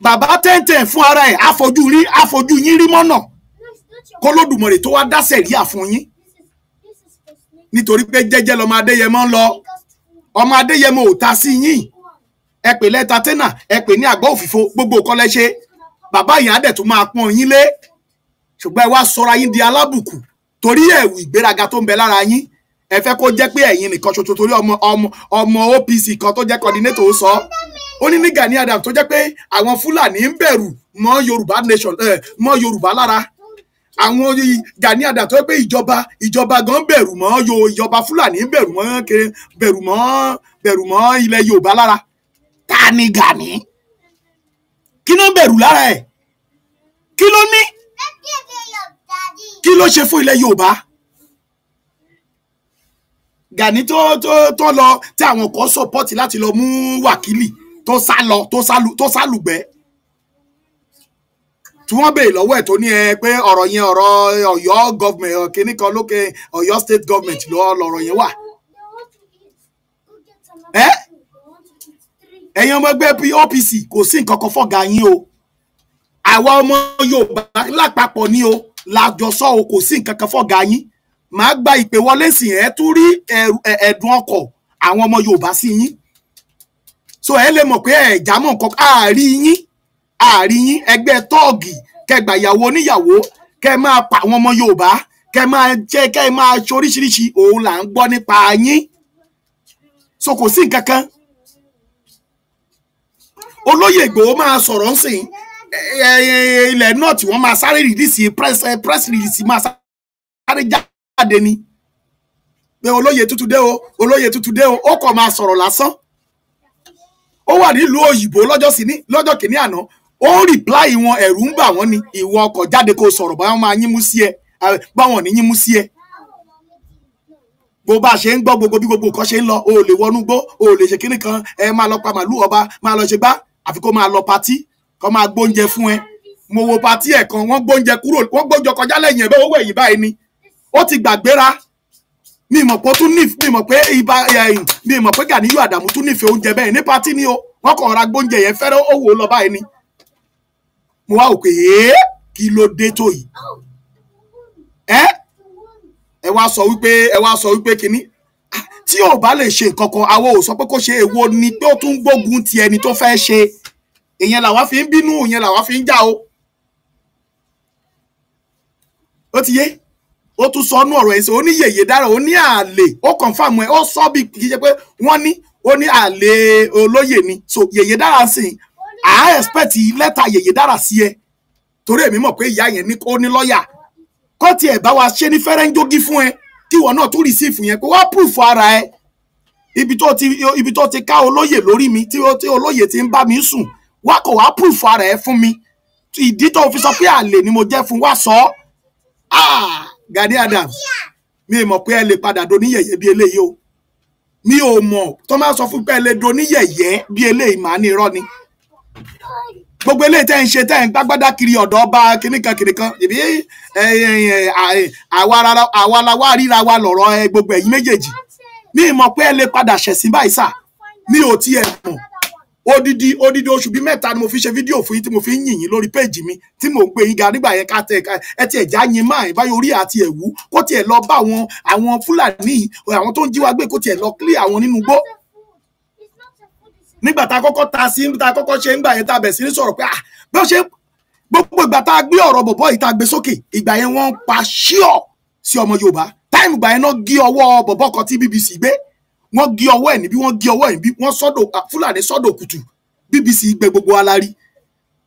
bàbá tẹ́ǹtẹ̀ǹ fún ara ẹ̀ àfojú rí àfojú yín rí mọ́nà kó lódùmọ̀rè tó wá dáṣẹ̀ rí àfún yín nítorí pé jẹ́jẹ́ lọ́mọ adéyẹmọ ń lọ ọmọ adéyẹmọ ò ta sí yín ẹ pè lẹ́ta tẹ́nà ẹ pè ní àgbọ̀ òfìfo gbogbo kọ́lẹ́ bàbá yìí á dẹ̀ tún máa pọ́n yín lé ṣùgbọ́n ẹ wá sọra yín di alábùkù torí ẹ̀wù ìgbéraga tó ń bẹ lára yín ẹ fẹ́ kó jẹ́ pé ẹ̀yin nìkan ṣoṣo torí ọmọ ọmọ ọmọ OPC kan tó jẹ́ coordinator sọ ó ní ní Gani Adams tó jẹ́ pé àwọn Fúlàní ń bẹ̀rù mọ́ Yorùbá nation ẹ̀ eh, mọ́ Yorùbá lára àwọn Gani Adams tó jẹ́ pé ìjọba ìjọba gan bẹ̀rù mọ́ ìjọba Fúlàní bẹ̀rù mọ́ bẹ̀rù mọ́ bẹ̀rù mọ́ ilẹ̀ Yorùbá lára ta ni Gani kí ló ń bẹ̀rù lára ẹ̀ kí ló ní kí ló ṣe fún ilẹ̀ Yorùbá. Gani tó tó tó lọ tí àwọn kan sọpọ́tì láti lọ mú wákìlì tó sá lọ tó sá lù tó sá lùgbẹ́ tí wọ́n béèrè lọ́wọ́ ẹ̀ tó ní ẹ pé ọ̀rọ̀ yẹn ọ̀rọ̀ Ọ̀yọ́ gọ́ọ̀mẹ̀ntì kínní kan lókè Ọ̀yọ́ state government lọ́rọ̀ yẹn wà. ẹ ẹ̀yin ọmọ ẹgbẹ́ OPC kò sí nǹkan kan fọ̀gá yín o àwa ọmọ Yorùbá lápapọ̀ ni o lájọsọ o kò sí nǹkan kan fọ̀gá yín màá gba ìpè wọlé sí ẹ tún rí ẹ̀dùn ọkọ̀ àwọn ọmọ Yorùbá sí yín so ẹ lè mọ̀ pé ẹ jámọ́ nǹkan àárí yín àárí yín ẹgbẹ́ tọ́ọ̀gì kẹgbà ìyàwó oníyàwó kẹ máa pa àwọn ọmọ Yorùbá kẹ máa jẹ kẹ máa ṣoríṣiríṣi òun là ń gbọ́ nípa yín so kò sí nǹkan kan olóyè Ìgbòho máa sọ̀rọ̀ ń sìn ilẹ̀ náà tí wọ́n máa sáré rìdíìsì press press release máa sáré jáde jáde ni pé olóyè tuntun dé o olóyè tuntun dé o ó kàn máa sọ̀rọ̀ lásán ó wà nílùú òyìnbó lọ́jọ́ síní lọ́jọ́ kìíní àná ó ń rìpláì wọn ẹ̀rù ń bà wọ́n ni ìwọ ọkọ̀ jáde kó sọ̀rọ̀ báwọn máa yín mú sí ẹ báwọn ò ní yín mú sí ẹ bó bá ṣe ń gbọ́ gbogbo bí gbogbo nǹkan ṣe ń lọ o lè wọnú gbó o lè ṣe kíní kan ẹ máa lọ pa màlúù ọba máa lọ ṣe gbá àfi kó máa lọ patí kó máa gbóúnjẹ fún ẹ mo wo patí ẹ̀ kan wọ́n gbóúnjẹ kúrò wọ́n gbóúnjẹ kọjá lẹ́yìn ẹ̀ bẹ́ẹ̀ owó ẹ̀yìn báyìí ni ó ti gbàgbéra mi mọ̀ pé ó tún nífẹ̀ẹ́ mi mọ̀ pé ibà ẹ̀yìn mi mọ̀ pé Gàníyù Àdàmú tún nífẹ̀ẹ́ oúnjẹ bẹ́ẹ̀ ní pátí ni o wọ́n kàn ra gbóúnjẹ yẹn fẹ́rẹ́ ó wò ó lọ báyìí ni mo wá òkè yéé kí ló dé tó yìí ẹ ẹ wá sọ wípé ẹ wá sọ wípé kínní tí ò bá lè ṣe nǹkan kan àwọn ò sọ pé kó ṣe èwo ni pé ó tún gbógun ti ẹni tó fẹ́ ṣe ìyẹn làwa fi ń bínú ìyẹn làwa fi ń jà o ó ti yé ó tún sọ ọ́nú ọ̀rọ̀ ẹ̀sìn ó ní yèyé dára ó ní àlè ó confam ẹ̀ ó sọ bí kì í ṣe pé wọ́n ní ó ní àlè olóyè ni so yèyé dára sí i à á expect lẹ́tà yèyé dára sí ẹ torí èmi mọ̀ pé ìyá yẹn ní kó ní lọ́ọ̀yà kọ́ọ̀tì ẹ̀ bá wa ṣe ní fẹ́rẹ́ńjógí fún ẹ kí ìwọ náà tún receive yẹn pé wá proof ara ẹ ibi tó ti ibi tó ti ká olóyè lórí mi tí olóyè ti ń bá mi sùn wá kò wá proof ara ẹ fún mi ìdí tó fi sọ pé àlè ni mo jẹ́ fún wa sọ ah Gani Adam, mi mọ̀ pé ẹ lè padà do níyẹ̀yẹ́ bí eléyìí o mi ò mọ̀ tó máa sọ fún pé ẹ lè do níyẹ̀yẹ́ bí eléyìí màá ní irọ́ ni gbogbo eléyìí tẹ́ ń ṣe tẹ́ ń gbágbádá kiri ọ̀dọ̀ ọba kìnìkan kìnìkan ìbí àwa la wá ríra wa lọ̀rọ̀ gbogbo ẹ̀yin méjèèjì mi mọ̀ pé ẹ lè padà ṣẹ̀sìn báyìí sà mi ò tiẹ̀ mọ̀ odidi odidi oṣù bíi mẹ́ta ni mo fi ṣe fídíò fún yín tí mo fi ń yìn yín lórí péèjì mi tí mò ń pe yín ga nígbà yẹn ká tẹ ẹ tiẹ̀ já yín máa ẹ̀ báyọ̀ orí àti ẹ̀wú kó tiẹ̀ lọ bá àwọn àwọn fúlàní àwọn tó ń jí wa gbé kó tiẹ̀ lọ clear àwọn nínú igbó. nígbà tá a kọ́kọ́ ta sí tá a kọ́kọ́ ṣe ńgbà yẹn tá a bẹ̀ sí ní sọ̀rọ̀ pé ah, bí ó ṣe gbogbo ìgbà tá a gbé ọ̀rọ̀ bọ̀bọ̀ yìí tá a gbé sókè ìgbà yẹn wọ́n pa ṣíọ̀ sí ọmọ Yorùbá táìmù ìgbà yẹn náà gé ọwọ́ bọ̀bọ̀ kan tí BBC gbé wọ́n gé ọwọ́ ẹ̀ níbí wọ́n gé ọwọ́ ẹ̀ níbí wọ́n sọ́dọ̀ ah, fúlàní sọ́dọ̀ kùtù bbc gbẹ gbogbo alárí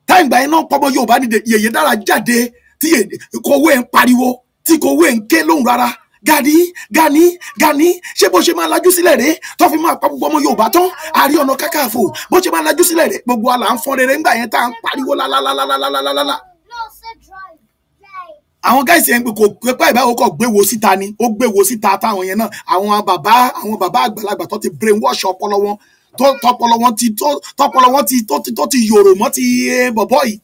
táìgbà yẹn náà pọ́mọ yorùbá nídìí yèyé dára jáde tí kòwé ń pariwo tí kòwé ń ké lóhùn rárá Gani Gani Gani ṣé bó ṣe máa lajú sílẹ̀ rẹ̀ tó fi máa pa gbogbo ọmọ Yorùbá tán àrí ọ̀nà kákàfò bó ṣe máa lajú sílẹ̀ rẹ̀ gbogbo àlà ń fọn rere ńgbà yẹn tá à ń pariwo lálálálálálálálá àwọn gáìsì yẹn kò pé pé ìbáwò kò gbéwò síta ni ó gbéwò síta táwọn yẹn náà àwọn bàbá àwọn bàbá àgbàlagbà tó ti brain wash ọpọlọ wọn tọpọlọ wọn ti tọpọlọ wọn ti tó ti yòrò mọ́ ti eh, bọ̀bọ̀ yìí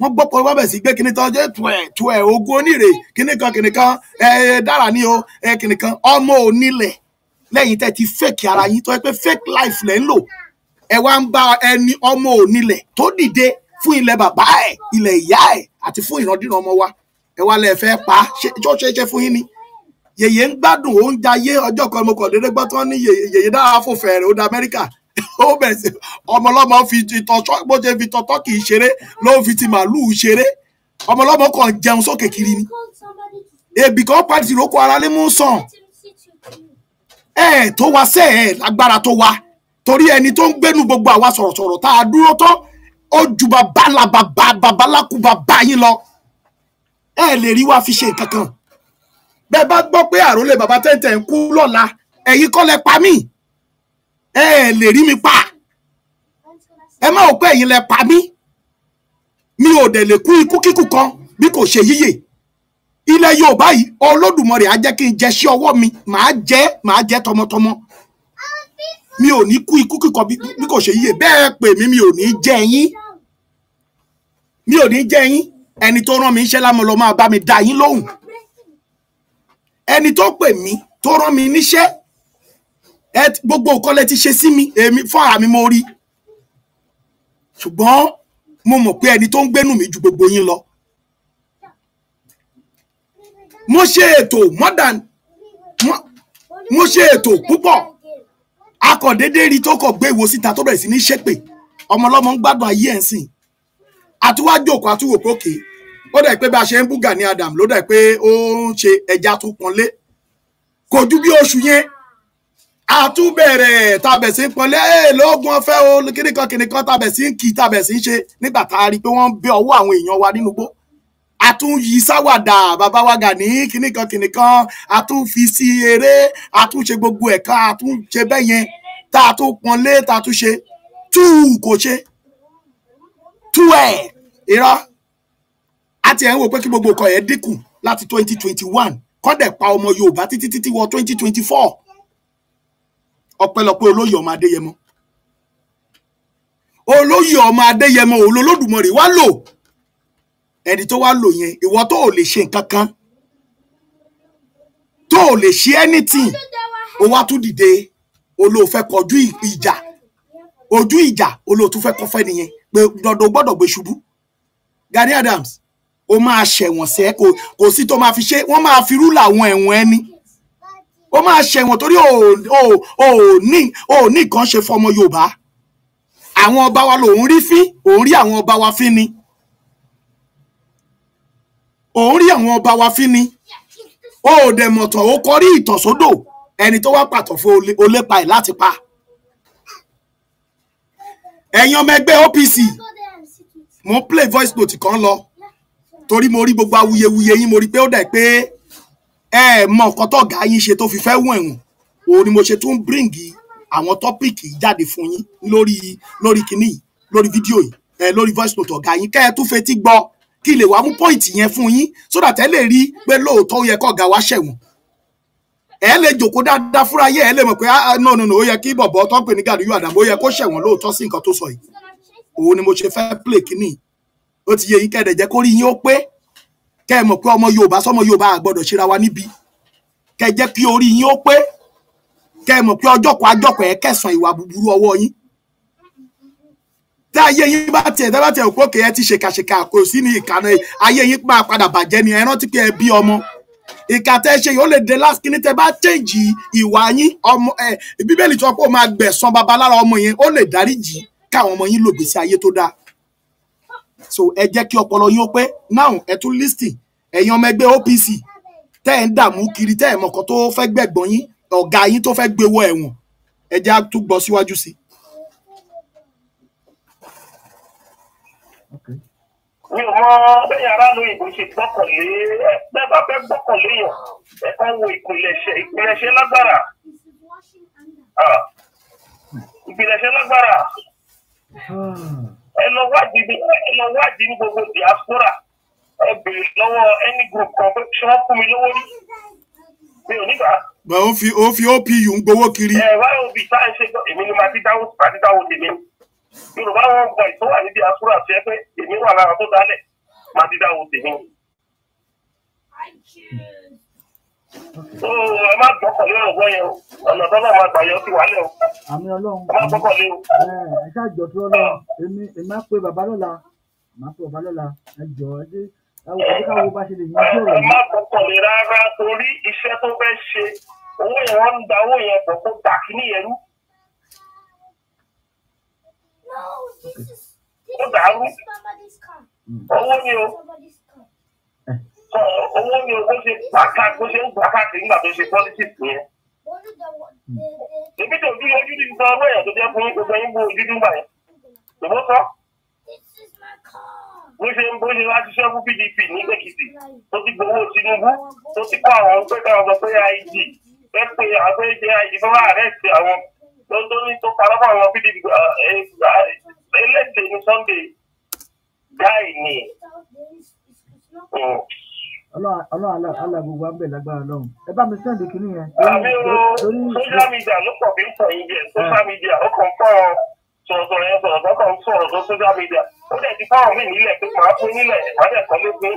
wọ́n gbọ́ pọ̀ wọ́n bẹ̀ sí gbé kíní tán jẹ́ tuẹ̀ tuẹ̀ ogun onírè kíní kan kíní kan ẹ eh, eh, dára ní o ẹ kíní kan ọmọ onílẹ̀ lẹ́yìn tẹ́ ti fake ara yín tó yẹ pé fake life lẹ́ ń lò ẹ wá ń bá ẹni ọmọ onílẹ̀ tó dìde fún ilẹ̀ bàbá ẹ̀ ilẹ̀ ìyá ẹ̀ àti fún ìrandíran ọmọ wa ẹ wá lẹ fẹ́ pa ṣó ṣe ṣe fún yín ni yèyé ń gbádùn ó ń jayé ọjọ́ kan mo kàn déédé gbọ́ tán ní yèyé dára fún fẹ̀rẹ̀ ó da Amẹ́ríkà ó bẹ̀rẹ̀ sí ọmọlọ́mọ fi ìtọ̀ bó ṣe fi tọ́tọ́ kì í ṣeré ló fi ti màlúù ṣeré ọmọlọ́mọ kan jẹun sókè kiri ni èbì kan pàtì lóko ara lé mú sàn ẹ tó wa sẹ ẹ lágbára tó wa torí ẹni tó ń gbénu gbogbo àwa sọ̀rọ̀sọ̀rọ̀ tá a dúró tán ó ju bàbá la bàbá bàbá lákú bàbá yín lọ ẹ lè rí wa fi ṣe nǹkan kan bẹ́ẹ̀ bá gbọ́ pé àròlé bàbá tẹ́ntẹ́ ń kú lọ́la ẹ̀yin kọ́ lẹ pa mí ẹ lè rí mi pa ẹ má ò pé ẹ̀yin lẹ pa mí mi ò dẹ̀ lè kú ikú kíkú kan bí kò ṣe yíyè ilẹ̀ Yorùbá yìí Olódùmarè á jẹ́ kí n jẹ sí ọwọ́ mi màá jẹ màá jẹ tọmọtọmọ mi ò ní kú ikú kíkọ bí kò ṣe yíyè bẹ́ẹ̀ pè mí mi ò ní jẹ yín mi ò ní jẹ yín ẹni tó rán mi iṣẹ́ lámọ́ lọ máa bá mi dá yín lóhùn ẹni tó pè mí tó rán mi níṣẹ́ gbogbo nǹkan lẹ ti ṣe sí mi èmi fọ́ra mi mo rí ṣùgbọ́n mo mọ̀ pé ẹni tó ń gbénú mi ju gbogbo yín lọ mo ṣe ètò more than mo ṣe ètò púpọ̀ akọ̀dédé rí tó kọ̀ gbé ìwo síta tó bẹ̀rẹ̀ sí ní ṣépè ọmọlọ́mọ ń gbádùn ayé ẹ̀ ń sìn àtiwájú òkú àtiwòkókè. Okay ó dẹ̀ pé bá a ṣe ń bú Gani Adam ló dẹ̀ pé ó ń ṣe ẹja tó pọnlé kò ju bí oṣù yẹn àtúbẹ̀rẹ̀ tàbẹ̀ sí pọnlé lóògùn ọ̀fẹ́ o kíníkan kíníkan tàbẹ̀ sí ń kì í tàbẹ̀ sí ń ṣe nígbà tá a rí i pé wọ́n ń bẹ ọwọ́ àwọn èèyàn wa nínú gbó àtúnyí sáwàdà bàbá wa Gani kíníkan kíníkan àtúnfi sí eré àtúnṣe gbogbo ẹ̀ka àtúnṣe bẹ́ẹ̀ yẹn tá a tún pọnlé tá a tún ṣe tú kò ṣe tú ẹ̀ irọ́ àti ẹ̀ ń wò pé kí gbogbo nǹkan yẹn dínkù láti twenty twenty one kọ́dẹ̀ pa ọmọ Yorùbá títí títí wọ twenty twenty four ọpẹ́lọpẹ́ olóyè ọmọ Adéyẹmọ olóyè ọmọ Adéyẹmọ olólódùmarè wá lò ẹni tó wá lò yẹn ìwọ tó ò lè ṣe nǹkan kan tó ò lè ṣe anything ó wá tún dìde olóòfẹ́ kọjú ìjà ojú ìjà olóòtú fẹ́ kọfẹ nìyẹn pé dọdọ gbọ́dọ̀ Gani Adams o máa ṣẹ̀wọ̀n sẹ́ kò kò sí tó máa fi ṣe wọ́n máa fi rúlà àwọn ẹ̀wọ̀n ẹni o máa ṣẹ̀wọ̀n torí o ò ò ní o ò ní nǹkan ṣe fọmọ Yorùbá àwọn ọba wa lòun rí fín òun rí àwọn ọba wa fín ni òun rí àwọn ọba wa fín ni o ò dẹ̀ mọ̀tàn o kọrí ìtànsódò ẹni tó wá pàtó fún olépa ẹ̀ láti pa ẹ̀yin ọmọ ẹgbẹ́ OPC mo play voice note kan lọ torí mo rí gbogbo awuyewuye yín mo rí pé ó dẹ̀ pé ẹ mọ nǹkan tọ́gá yín ṣe tó fi fẹ́ wọ̀n ẹ̀wọ̀n òun ni mo ṣe tún bring àwọn tọ́pìkì jáde fún yín lórí lórí kinní yìí lórí fídíò yìí ẹ lórí voice note ọ̀gá yín kẹ́ ẹ tún fetí gbọ́ kí lè wá mú point yẹn fún yín so that ẹ lè rí pé lóòótọ́ ó yẹ kọ́gá wá ṣẹ̀wọ̀n ẹ lè jòkó dáadáa fúnra yẹ ẹ lè mọ̀ pé ah, ah, no no no ó yẹ kí bọ̀bọ̀ tó ń pè ní Gàdúyù Àdàmú ó yẹ kó ṣẹ̀wọ̀n lóòótọ́ sí nǹkan tó sọ yìí òun ni mo ṣe fẹ́ play kinní yìí ó ti yẹ yín kẹ́ẹ̀dẹ̀ jẹ́ kó rí yín ó pé kẹ́ ẹ mọ̀ pé ọmọ Yorùbá sọmọ Yorùbá àgbọ̀dọ̀ ṣera wa níbi kẹ́ ẹ jẹ́ kí orí yín ó pé kẹ́ ẹ mọ̀ pé ọjọ́kọ̀ ajọ́kọ̀ ẹ kẹsàn ìwà búburú ọwọ́ yín tá ayé yín bá tiẹ̀ tá bá tiẹ̀ òkú òkè ẹ ti ṣèkàṣèkà kò sí ní ìkànnì ayé yín máa padà bàjẹ́ ni ẹ rántí pé ẹ bí ọmọ ìka tẹ ṣe yìí ó lè dé lásìkí ní tẹ bá chẹ́ǹjì ìwà yín ọmọ ẹ bíbélì tí wọn kó máa gbẹ̀san babalára ọmọ yẹn ó lè dáríjì káwọn ọmọ yín lògbèsè ayé tó dáa so ẹ jẹ́ kí ọpọlọ yín ó pé now ẹ tún listing ẹ̀yin ọmọ ẹgbẹ́ OPC tẹ́ ẹ̀ ń dààmú kiri tẹ́ ẹ̀ mọ̀kàn tó fẹ́ gbẹ̀gbọ́n yín ọ̀gá yín tó fẹ́ gbé wọ ẹ̀wọ̀n ẹ jẹ́ á tún gbọ́ síwájú sí. mi ò mọ bẹ́ẹ̀ aráàlú ìbò ṣe gbọ́kànlé bẹ́ẹ̀ bá fẹ́ gbọ́kànlé yàn ẹ wo ìpìlẹ̀ṣẹ̀ ìpìlẹ̀ṣẹ̀ lágbára ah. ìpìlẹ̀ṣẹ̀ lágbára. Ah ẹ lọ wádìí ní ẹ lọ wádìí ní gbogbo diaspora ẹ béèrè lọ́wọ́ any group kan pé ṣé wọ́n fún mi lówó rí mi ò nígbà. bẹ ó fi ó fi opu ń gbowó kiri. ẹ wá òbí tá à ṣe gbọ́ èmi ni màá ti dáwọ́ màá ti dáwọ́ tèmi yorùbá wọn gbọ́ ìtọ́ wà ní diaspora fẹ́ pé èmi wà lára tó dálẹ̀ màá ti dáwọ́ tèmi so ẹ má gbọ́kàn lé ọ̀gbọ́n yẹn o ọ̀nà tó náà máa gbà yọ sí wàhálẹ̀ o àmì ọlọ́run ẹ má gbọ́kàn lé o. ẹ ṣáà jọ tó lọ èmi èmi á pe bàbá lọ́la màá pe bàbá lọ́la ẹ jọ ẹ dé ẹ ká wo bá ṣe lè yín jọ̀rọ̀ yìí. ẹ má gbọ́kàn lé rárá torí iṣẹ́ tó fẹ́ ṣe owó yẹn wọ́n ń da owó yẹn bọ̀ kó tà kí nìyẹn rú. ó dàrú mm. owó ni o owó ni owó ṣe gbà ká ṣe ń gbà káàkiri nígbà tó ṣe politics yẹn. èmi tó dúró ojú ní nǹkan ọwọ́ ẹ̀yà tó jẹ́ fún gbogbo yín bó ojú nígbà yẹn. èmo sọ. bó ṣe ń bó wá ṣiṣẹ́ fún PDP ní Èkìtì tó ti gbowó Tinubu tó ti kọ́ àwọn pẹ́ẹ́tà ọ̀sán pé IG fẹ́ pé àwọn ẹgbẹ́ IG fẹ́ wá àrẹ́sì àwọn tó ní tó parọ́ fún àwọn PDP ẹlẹ́sẹ̀ ní Sunday guy ni. Hmm ọlọ́run alágbogbo abẹ́ lágbára lọ́hùn ẹ bá mi sẹ́ǹdì kínní yẹn. àmì o social media ló pọ̀ bí ń pọ̀ yín jẹ ah. social media ó kàn fọ́ sọ̀rọ̀sọ̀rọ̀ yẹn sọ̀rọ̀ tó kàn fọ́ ọ̀rọ̀ social media ó dẹ̀ ti fáwọn mí nílẹ̀ pé màá fún nílẹ̀ ìpàdé kan ló gbé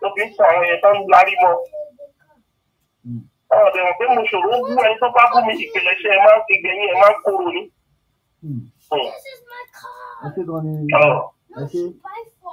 tó fi ń sọ àwọn yẹn tó ń larí mọ́. Hmm. ọ̀dẹ̀ wọ̀ pé mo ṣòro wú ẹni tó bá bú mi ìpìlẹ̀ ẹ máa ń fi gbẹ̀yìn ẹ máa ń kóró ni. Hmm. Hmm. ẹ ṣe gan ni ẹ ṣe.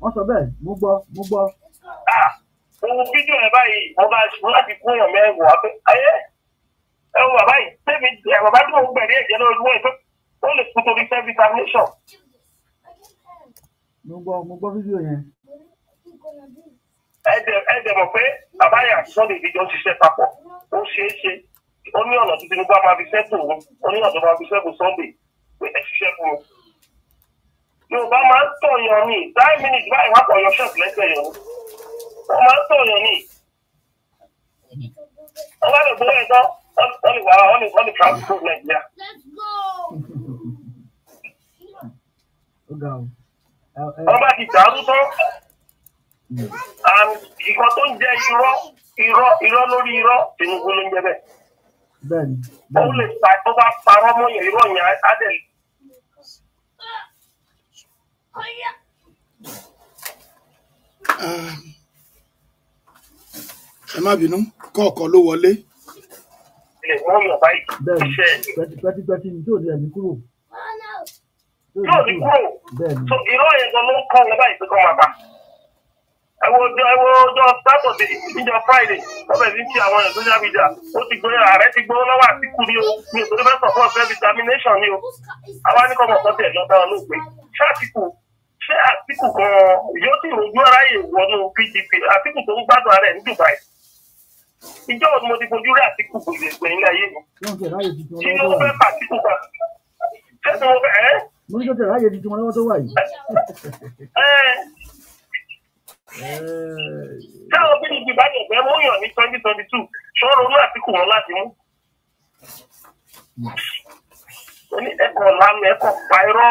wọ́n sọ bẹ́ẹ̀ mo gbọ́ mo gbọ́. Ah, ohun fídíò yẹn báyìí mo máa ṣe láti kún èèyàn mẹ́wàá pé ayé ẹ wo bàbá yìí tẹ́mi bàbá tí mo gbẹ̀rí ẹ̀jẹ̀ náà lọ́wọ́ ìpè ó lè kú torí self determination. mo gbọ́ mo gbọ́ fídíò yẹn. ẹ dẹ̀ ẹ dẹ̀ mọ̀ pé bàbá yà sọ́ọ̀dì ìdíjọ́ ń ṣiṣẹ́ papọ̀ ó ṣeé ṣe ó ní ọ̀nà tí Tinubu á máa fi ṣẹ́kù ó ní ọ̀nà máa fi ṣẹ́kù Sunday pé ẹ ṣiṣẹ́ fún un yorùbá máa ń tọ̀yàn ní five minutes báyìí wọ́n kọ̀ yọ ṣọ́ọ̀tì lẹ́sẹ̀ yòó wọ́n máa ń tọ̀yàn ní. wọ́n bá lè gbowó ẹ̀dán wọ́n lè wà wọ́n lè wọ́n lè transport nàìjíríà. wọ́n bá ti dàrú tán ìkan tó ń jẹ irọ́ irọ́ irọ́ lórí irọ́ Tinubu ló ń jẹ bẹ́ẹ̀. òun lè pa ó bá parọ́ mọ́ yẹn irọ́ yẹn á dẹ̀ ẹ má bínú kọ́ọ̀kan ló wọlé. bẹ́ẹ̀ni pẹtipẹti ni tí ò ní ẹ̀mí kúrò. yóò ní kúrò so irọ́ yẹn gan ló ń kọ́ ọ báyìí pé kọ́ máa pa ẹ wo ọjọ́ ẹ wo ọjọ́ sátọ̀dé níjọ́ friday lọ́bẹ̀ ní ti àwọn èèyàn social media ó ti gbé ààrẹ ti gbówó lọ́wọ́ àtìkù ni o mi ò tó dé fẹ́ sọ̀fọ́ fẹ́ vitamination ni o àwa ní kọ́ mọ̀ sọ́tẹ̀ lọ́tà olóògbé ṣáàtìkù ṣé àtìkù kan yóò sì rojú aráyè wọnú pdp àtìkù tó ń gbádùn ara ẹ̀ ní dubai ìjọ òun mo ti fojú rí àtìkù gbèrè gbèrè ní ayé mi kí ló fẹ́ fà àtìkù kan ṣẹ́ni mo fẹ́ ẹ́. mo ní kókè ráyè tuntun lọ́wọ́ tó wà yìí. táwọn pdp bá yẹ̀ fẹ́ múyàn ní twenty twenty two ṣọ́ ronú àtìkù wọn láti mú ẹ̀kọ́ lánàá ẹ̀kọ́ pa irọ́.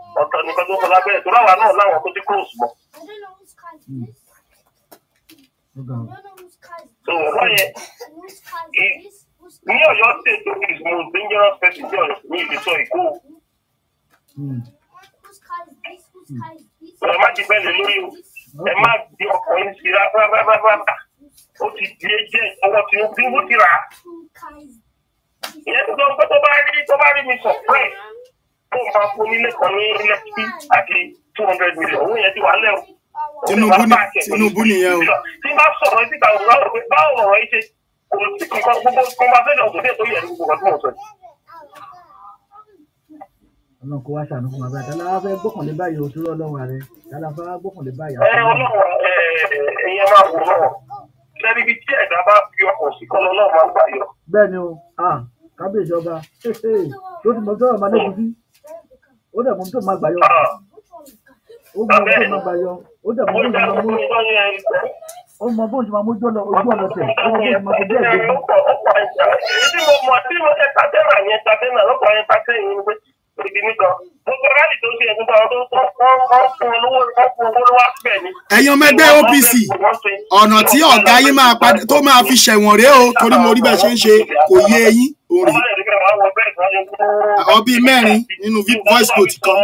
ọ̀tọ̀ nìkan tó ń kọjá bẹ́ẹ̀ tó ráwa náà láwọn tó ti kúrò sùmọ́. so wọ́n yẹ ní Ọ̀yọ́ state tó is most dangerous person jẹ́ ní ìdísọ Èkó. ẹ má ti bẹ́ẹ̀ lé lórí o ẹ má di ọkọ̀ yín sí rárára ó ti di ẹ̀jẹ̀ ọwọ́ tí ó bí wọ́n ti rà. ìyẹn tó tó bá tó bá rí mi sọ pẹ́ẹ́ two hundred million Tinubu ni Tinubu ni yẹn o. tí n bá sọ̀rọ̀ síta òwúrọ̀ rẹ̀ pé báwo ọ̀rọ̀ yìí ṣe kò sí kankan gbogbo conversation kò dé tó yẹ gbogbo kan tó wọ̀ sọ ọlọ́run kó wá ṣàánú fún wa báyìí tálá fẹ́ gbọ́kànlé báyìí òṣèré ọlọ́run rẹ tálá fẹ́ gbọ́kànlé báyìí. ẹ ọlọ́run ẹ ẹyẹ máa wò náà lẹ́ni ibi tí ẹ̀dá bá fi ọkọ̀ sí kọ́ lọ́wọ́ máa ń gbà yọ. bẹ́ẹ̀ o kábíyèsí ọba ló ti mọ sọ́rọ̀ máa lẹ́kùn sí ó dẹ̀ mú tó má ah. gbà yọ ó mọ bóun má gbà yọ ó dẹ̀ mú tó má mú ó mọ bóun ti má mú ojú ọ̀nà ojú ọ̀nà tẹ̀ ó mọ bóun má gbé ẹ̀ gbé. tí mo mọ̀ tí mo ṣe tàtẹ́rà yẹn tàtẹ́rà lọ́kọ̀ yẹn tàtẹ́rà yẹn ibi mi gan gbogbo rally tó ṣe ẹ̀sìn báwọn tó wọ́n fún olówó fún olówó wá bẹ̀ ni. ẹ̀yin ọmọ ẹgbẹ́ OPC ọ̀nà tí ọ̀gá yín máa fi ṣẹ̀wọ̀n rèé o torí mo rí bẹ́ẹ̀ ṣe ń ṣe kò yé eyín orin àwọn bíi mẹ́rin nínú voice note kan.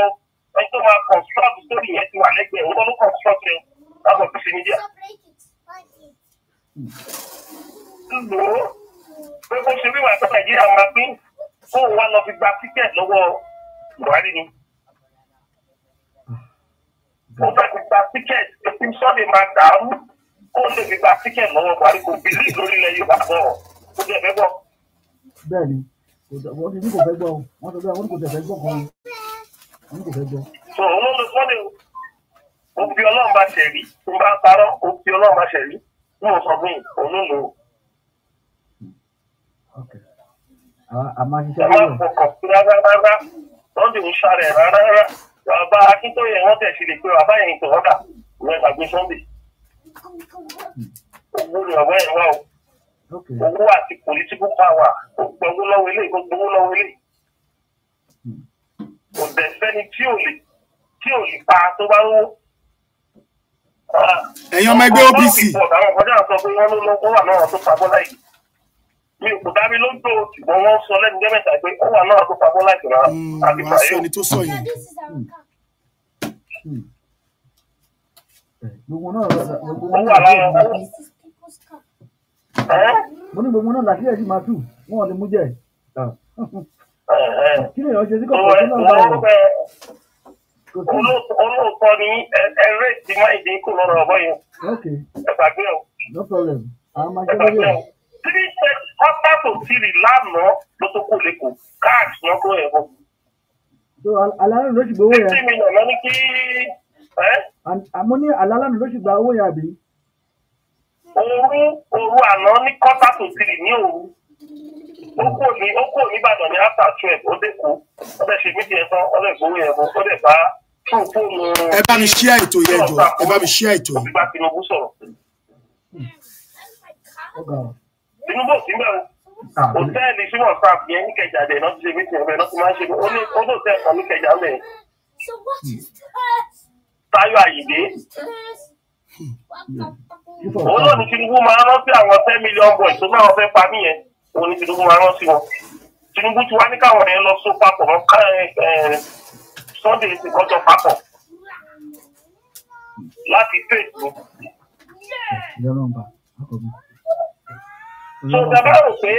ẹni tó máa construct story yẹn ti wà lẹ́gbẹ̀ẹ́ òun ló construct ẹ̀ lábọ̀ tó ṣe media. lò ó pé kó ṣe wíwà tó nàìjíríà máa pín kó wá lọ fi gba ticket lọ́wọ́ buhari ni. ó fẹ́ fi gba bẹ́ẹ̀ ni wọ́n ti ní kò fẹ́ gbọ́ o wọ́n sọ pé àwọn kò tẹ̀fẹ́ gbọ́ kan o wọ́n kò fẹ́ gbọ́. sọ wọn ló o fi ọlọ́run bá ṣe rí n bá parọ́ o fi ọlọ́run bá ṣe rí n ò sọ fún yìí òun ló lò ó. àmọ́ ṣiṣẹ́ lọ́wọ́. wọ́n fọkàn sí rárá rárá wọ́n dì ń ṣàrẹ̀ rárá rárá bàbá akíntóye wọ́n tẹ̀ sí lè pé bàbá yẹn tó ọ̀dà ìwé ìgbàgbé owó àti political power ó gbowó lọ́wọ́ ilé ó gbowó lọ́wọ́ ilé kò dẹ̀ sẹ́ni tí ò lè tí ò lè pa tó bá rówó. ẹ̀yin ọmọ ẹgbẹ́ OPC. àwọn ọ̀gá sọ pé wọ́n ló lọ́wọ́ wà náà tó pa Bọ́lá mi ò kò dá mi lójú o ṣùgbọ́n wọ́n sọ lẹ́nu jẹ́ mẹ́ta pé ó wà náà tó pa Bọ́lá yìí hmm, àti pààyè. wọ́n sọ ni tó mo ní gbogbo náà làkíyè sì máa tù wọn ò ní mú jẹ kí lèèyàn ṣe sí kòkòrò tí náà bá wọ. olóòótọ́ ni ẹrẹ́ ti máa ń dín kù lọ́rọ̀ ọ̀bọ yẹn ẹ̀fàgbé o. no problem àwọn máa jẹ́ lórí ẹ̀. three six quarter to three lánàá ló tó kó lẹ́kọ̀ọ́ káàkiri ọkọ̀ ẹ̀ bọ̀. alárùn ló ṣùgbọ́n owó yẹn. títí mi nà lọ ní kí. àmọ́ ní alárùn ló ṣùgbọ́n owó yẹn àbí òru òru àná ní kọ́tà tó tìrì ní òru ó kúrò ní ó kúrò nìbàdàn ní after twelve ó dé kó ó dẹ̀ ṣe mídìí ẹ̀tàn ó dẹ̀ gbowó yẹn ó dẹ̀ bá tún fóònù. ẹ bá mi share ètò yẹn jọ ẹ bá mi share ètò yẹn. ó Tinubu sọ̀rọ̀. Tinubu ò sí mẹ́rin hòtẹ́ẹ̀lì tí wọ́n sáà fi ẹni kẹjà dẹ̀ náà ṣe mítìn ọ̀bẹ náà máa ń ṣe ní ó ní kẹjà mẹ́rin. Hmm òun náà ni Tinubu máa rán sí àwọn ten million boys tó náà wọ́n fẹ́ pa mí yẹn òun ni Tinubu máa rán sí wọn Tinubu ti wá ní káwọn yẹn lọ so papọ̀ wọn ká Sunday ti kọjọ papọ̀ láti faith mi. so dábàá rò pé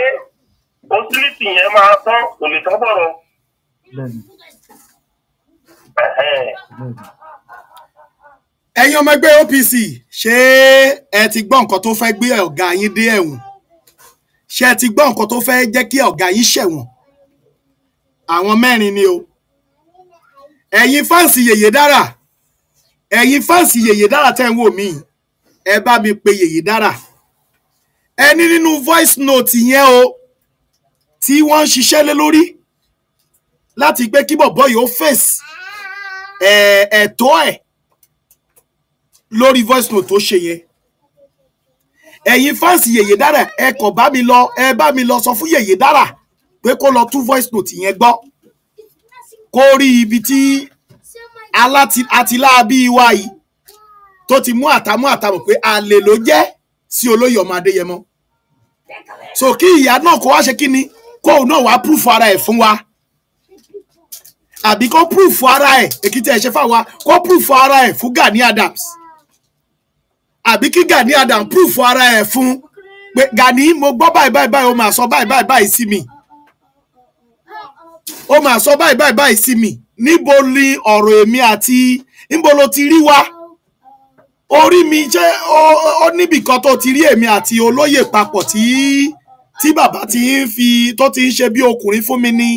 hostility yẹn máa tán kò lè tán bọ̀rọ̀ ẹ̀yin ọmọ ẹgbẹ́ OPC ṣé ẹ ti gbọ́ nǹkan tó fẹ́ gbé ọ̀gá yín dé ẹ̀wọ̀n ṣé ẹ ti gbọ́ nǹkan tó fẹ́ jẹ́ kí ọ̀gá yín ṣẹ̀wọ̀n àwọn mẹ́rin ni o ẹ̀yin fáǹsì yèyé dára ẹ̀yin fáǹsì yèyé dára tẹ́ ń wò mí ẹ bá mi pe yèyé dára ẹni nínú voice note yẹn o tí wọ́n ń ṣiṣẹ́ lé lórí láti pé kí bọ̀bọ́ yìí ó fèsì ẹ̀ẹ́dọ́ ẹ̀. Eh, eh, lórí voice note tó ṣe yẹn ẹ̀yin fáǹsì yèyé dára ẹ kàn bá mi lọ ẹ bá mi lọ sọ fún yèyé dára pé kó lọ tú voice note yẹn gbọ́ kó rí ibi tí aláàbí wa yìí tó ti mú àtàmú àtàmú pé àlè ló jẹ́ sí olóyè ọmọ adéyẹmọ so kí ìyá náà kó wá ṣe kí ni kóun náà wá proof ara ẹ̀ fún wa àbí kó proof ara ẹ̀ èkìtì ẹ̀ ṣe fáwa kó proof ara ẹ̀ fún Gani Adams àbí kí Gani Adam proof ara ẹ̀ fún pé Gani mo gbọ́ báyìí báyìí báyìí o máa sọ báyìí báyìí báyìí sí mi o máa sọ báyìí báyìí báyìí sí mi níbo ni ọ̀rọ̀ èmi àti níbo lo ti rí wa orí mi jẹ́ ọ níbì kan tó ti rí èmi àti olóyè papọ̀ tí tí bàbá ti ń fi tó ti ń ṣe bí ọkùnrin fún mi ni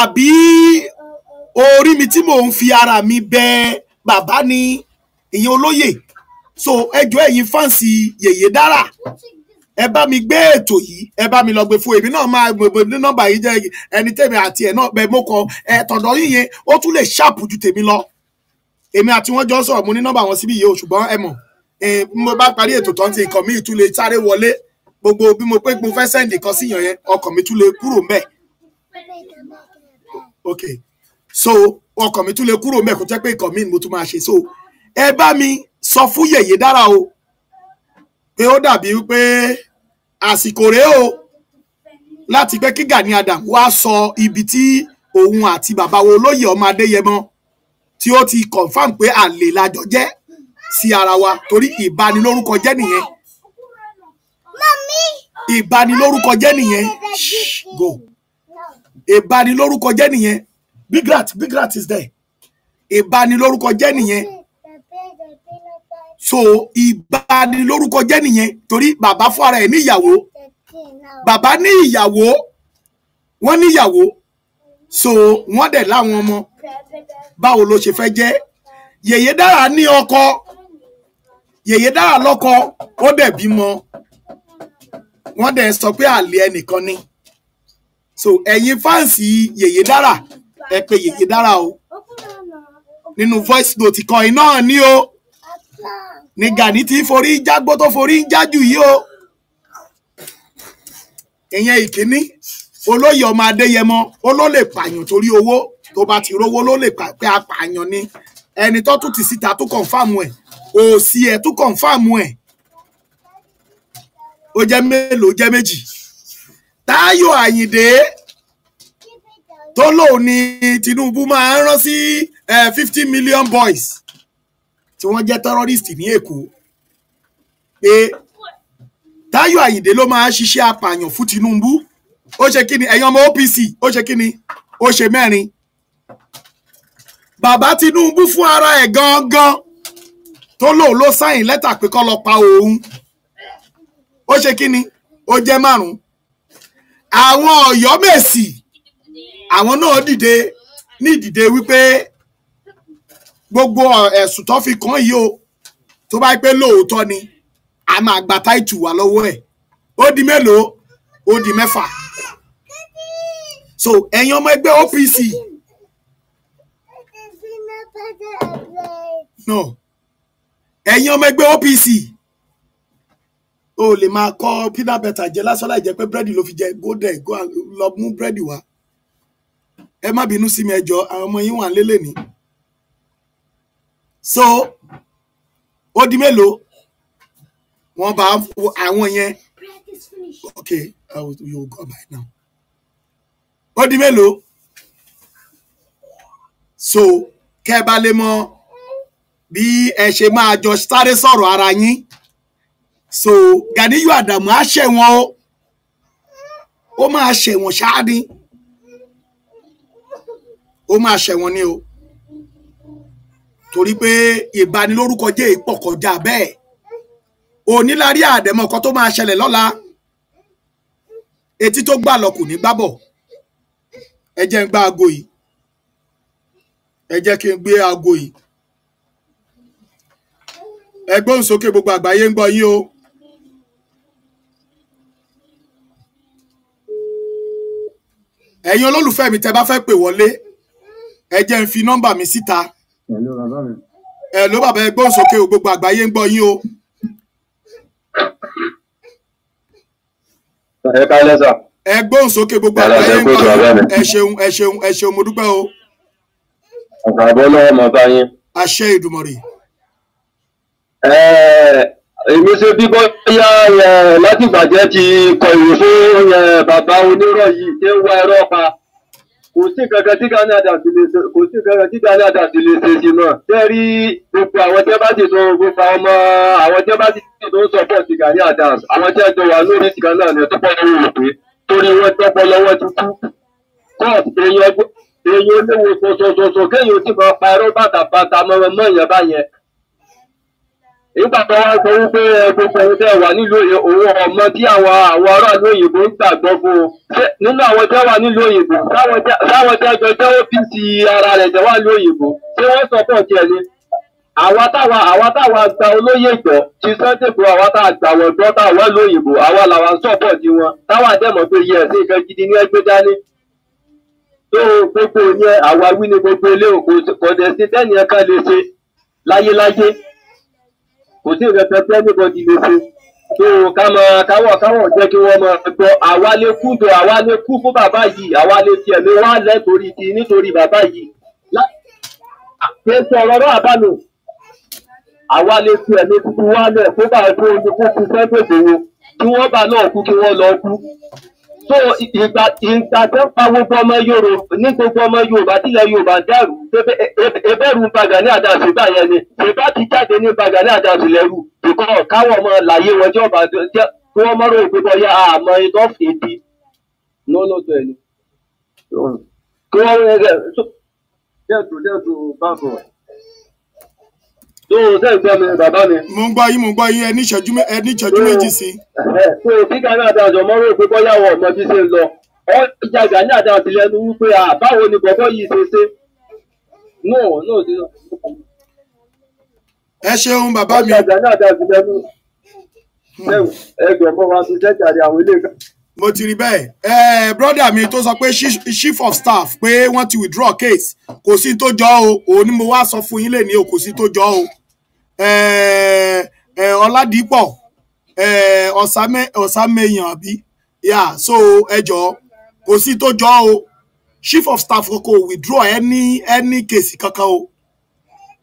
àbí orí mi tí mò ń fi ara mi bẹ bàbá ni ìyẹn olóyè so ẹjọ́ ẹ̀yin fáǹsì yèyé dára ẹ bá mi gbé ètò yìí ẹ bá mi lọ gbé fún èmi náà máa gbogbo ní nọ́mbà yìí jẹ ẹni tèmi àti ẹ náà bẹ mo kọ ẹ tọ̀dọ̀ yín yẹn ó tún lè ṣàpù ju tèmi lọ èmi àti wọn jọ sọ̀rọ̀ mo ní nọ́mbà wọn síbí yìí o ṣùgbọ́n ẹ mọ̀ mo bá parí ètò tó ń ti nǹkan mi tún lè sáré wọlé gbogbo bí mo pé mo fẹ́ sẹ́ǹdì kan síyàn yẹn ọkàn mi tún lè kúrò mbẹ̀ ok so ọkàn mi tún lè kúrò mbẹ̀ kó jẹ́ pé nǹkan mi ni mo tún máa ṣe so ẹ bá mi sọ fún yèyé dára o pé ó dàbí wípé àsìkò rèé o láti pé kí Gani Adam wá sọ ibi tí òun àti bàbá wo olóyè ọmọ Adéyẹmọ tí ó ti confam pé àlè lajọ jẹ́ sí ara wa torí ìbanilórúkọ jẹ́ nìyẹn ìbanilórúkọ jẹ́ nìyẹn go ìbanilórúkọ jẹ́ nìyẹn big bigrat big is there ìbanilórúkọ jẹ́ nìyẹn so ìbanilórúkọ jẹ́ nìyẹn torí bàbá fún ara ẹ̀ ní bàbá ní ìyàwó wọ́n níyàwó so wọ́n dẹ̀ láwọn ọmọ báwo ló ṣe fẹ́ jẹ́ yèyé dára ní ọkọ yèyé dára lọ́kọ ó dẹ̀ bímọ wọ́n dẹ̀ sọ pé àlè ẹnìkan ni so ẹ̀yin fáǹsì yèyé dára ẹ pè yèyé dára o nínú voice note kan iná ni o ni Gani ti forí jágbó tó forí ń jájú yìí o ìyẹn ìkíní olóyè ọmọ adéyẹmọ ó ló lè pààyàn torí owó tó bá ti rówó ló lè pé apààyàn ni ẹni tó tún ti síta tó kọ̀ǹfàmù ẹ̀ òsì ẹ̀ tó kọ̀ǹfàmù ẹ̀ ó jẹ́ mélòó jẹ́ méjì táyọ̀ àyìndé tó lóun ni tinubu máa ń rán sí eh, fifty million boys tí wọ́n jẹ́ tẹ́rọ́rìstì ní Èkó pé Táyọ̀ Àyìndé ló máa ṣiṣẹ́ apààyàn fún Tinubu ó ṣe kí ni ẹ̀yin ọmọ OPC ó ṣe kí ni ó ṣe mẹ́rin bàbá Tinubu fún ara ẹ̀ gangan tó lóun ló sáyìn lẹ́tà pé kọ́ lọ pa òun ó ṣe kí ni ó jẹ́ márùn àwọn Ọ̀yọ́ Mèsì àwọn náà dìde ní ìdìde wípé gbogbo ẹ̀sùn tó fi kàn yìí o tó bá pẹ́ lóòótọ́ ni a máa gba táìtù wà lọ́wọ́ ẹ̀ ó di mélòó ó di mẹ́fà so ẹ̀yin ọmọ ẹgbẹ́ OPC. no ẹ̀yin ọmọ ẹgbẹ́ OPC o lè máa kọ́ peanut butter jẹ lásán láì jẹ́ pé búrẹ́dì ló fi jẹ go there go lọ mú búrẹ́dì wá ẹ má bínú sí mi ẹ jọ̀ọ́ àwọn ọmọ yín wà lélẹ̀ so ó di mélòó wọ́n bá àwọn yẹn okay I will, you go by now ó di mélòó so kẹ́ ẹ bá lè mọ bí ẹ ṣe máa jọ sáré sọ̀rọ̀ ara yín so Ganiyu Adamu á ṣẹ̀wọ̀n o ó máa ṣẹ̀wọ̀n ṣáá ó máa ṣẹ̀wọ̀n ni o torí pé ìbanilórúkọ jẹ́ ìpọ̀ kọjá bẹ́ẹ̀ onílárí àdẹ̀mọ̀kọ tó máa ṣẹlẹ̀ lọ́la etí tó gbà lọ kù ní gbábọ̀ ẹ jẹ́ ń gbá aago yìí ẹ jẹ́ kí n gbé aago yìí ẹ gbóhùn gbogbo àgbáyé ń gbọ́ yín o. ẹ̀yin olólùfẹ́ mi tẹ́ bá fẹ́ pè wọlé ẹ jẹ́ ń fi nọ́mbà mi síta. Si Hello bàbá mi. Hello bàbá ẹ gbóhùn sókè o gbogbo àgbáyé ń gbọ́ yín o. ẹ káyọ̀ sà. ẹ gbóhùn sókè gbogbo àgbáyé ń gbọ́ yín ẹ ṣeun ẹ ṣeun ẹ ṣeun mo dúpẹ́ o. àgbàbọ̀ lọ́wọ́ mọ̀ bá yín. àṣẹ Ìdùmarè. èmi ṣe bí bóyá látìgbàjẹ́ ti kọ ìwé fún bàbá onírọ̀ yìí ṣé ń wá ẹ̀rọ pa kò sí kankan tí Gani Adams lè ṣe kò sí kankan tí Gani Adams lè ṣe sí náà tẹ́ rí gbogbo àwọn tí wọ́n bá sì tó gbogbo àwọn ọmọ àwọn tí wọ́n bá sì tó ń sọpọ̀ sí Gani Adams àwọn tí wọ́n jọ wà lórí ìsìnkà náà ni ọtọ́pọ̀ lọ́wọ́ rò pé torí wọ́n tọ́pọ̀ lọ́wọ́ ti kú court èèyàn olówó sọ̀sọ̀sọ̀sọ̀ kéèyàn ti máa pa ẹ̀rọ bàtàbàtà mọ́ nígbà tó wá sọ wípé gbogbo ẹni tẹ́ wà nílùú òye òun ọmọ tí àwọn àwọn aráàlú òyìnbó ń gbàgbọ́ fún un nínú àwọn tẹ́ wà nílùú òyìnbó táwọn tẹ́ jọ jẹ́ OPC ara rẹ̀ tẹ́ wà nílùú òyìnbó tí wọ́n sọpọ̀ tiẹ̀ ni àwa táwa àwa táwa gba olóyè gbọ́ ti sunday gbọ́ àwa tá a gbà wọ́n gbọ́ táwa lóyìnbó àwa làwa sọpọ̀ ti wọn táwa dẹ̀mọ̀ pé yẹ ẹ̀sìn ìfẹ́ gidi ní ẹgbẹ́ dání tó gbogbo yẹn àwa wí ni gbogbo ilé òkú kò dẹ̀ sí tẹ́nìyàn kan lè ṣe láyéláyé kò sí nǹkan kan tí anybody lè ṣe tó ká mọ káwọ káwọ jẹ kí wọn mọ gbọ àwa lè kú jọ àwa lè kú fún bàbá yìí àwa lè tiẹ̀ lé wá lẹ́ torí ti nítorí bàbá yìí pé sọ̀rọ̀ náà àbálò àwa lè tiẹ̀ lé kúkú wá lẹ̀ kó bá ẹ̀kọ́ kó kú fẹ́ gbèsè wo kí wọ́n bá náà kú kí wọ́n lọ kú so ìgbà ìgbà tó pa gbogbo ọmọ yorùbá ní gbogbo ọmọ yorùbá tílẹ̀ yorùbá dàrú ebẹ́rù ń bagà ní àdá ṣùgbà yẹn ni ṣùgbà ti jáde ní bagà ní àdá ṣùlẹ̀rù ìkọ́ káwọn ọmọ làyé wọn jẹ́ ọba jẹ́ kí wọ́n mọ́rọ̀ òpin bọ́ yá àmọ́ ikọ́ fèdí lọ́lọ́dọ̀ ẹ̀ ni kí wọ́n rẹ̀ dẹ́ẹ̀dù dẹ́ẹ̀dù báàbò rẹ̀ lóhùn sẹ́ ń gbọ́ mi bàbá mi. mo ń gbọ́ yín mo ń gbọ́ yín ẹ ní ìṣẹ́jú ẹ ní ìṣẹ́jú méjì sí. ṣé o kíkà náà da àjọmọ́ rò pé bọ́yá wọ̀ bí ṣe ń lọ ọ́n ìjà Gani Adams lẹ́nu wípé àbáwo ni bọ̀bọ́ yìí ṣe ṣe. no no ẹ bàbá mi. ìjà Gani Adams lẹ́nu ẹgbẹ̀rún mọ́ wa ti sẹ́jàre àwọn ilé mo ti rí bẹ́ẹ̀ ẹ brọ́dà mi tó sọ pé chief of staff pé wọ́n ti withdraw case kò sí tó jọ o òun ni mo wá sọ fún yín lè ní o kò sí tó jọ o ọládìpọ̀ eh, eh, ọ̀sàmẹ́yàn eh, àbí yà so ẹjọ́ kò sí tó jọ o chief of staff kò withdraw any any case kankan o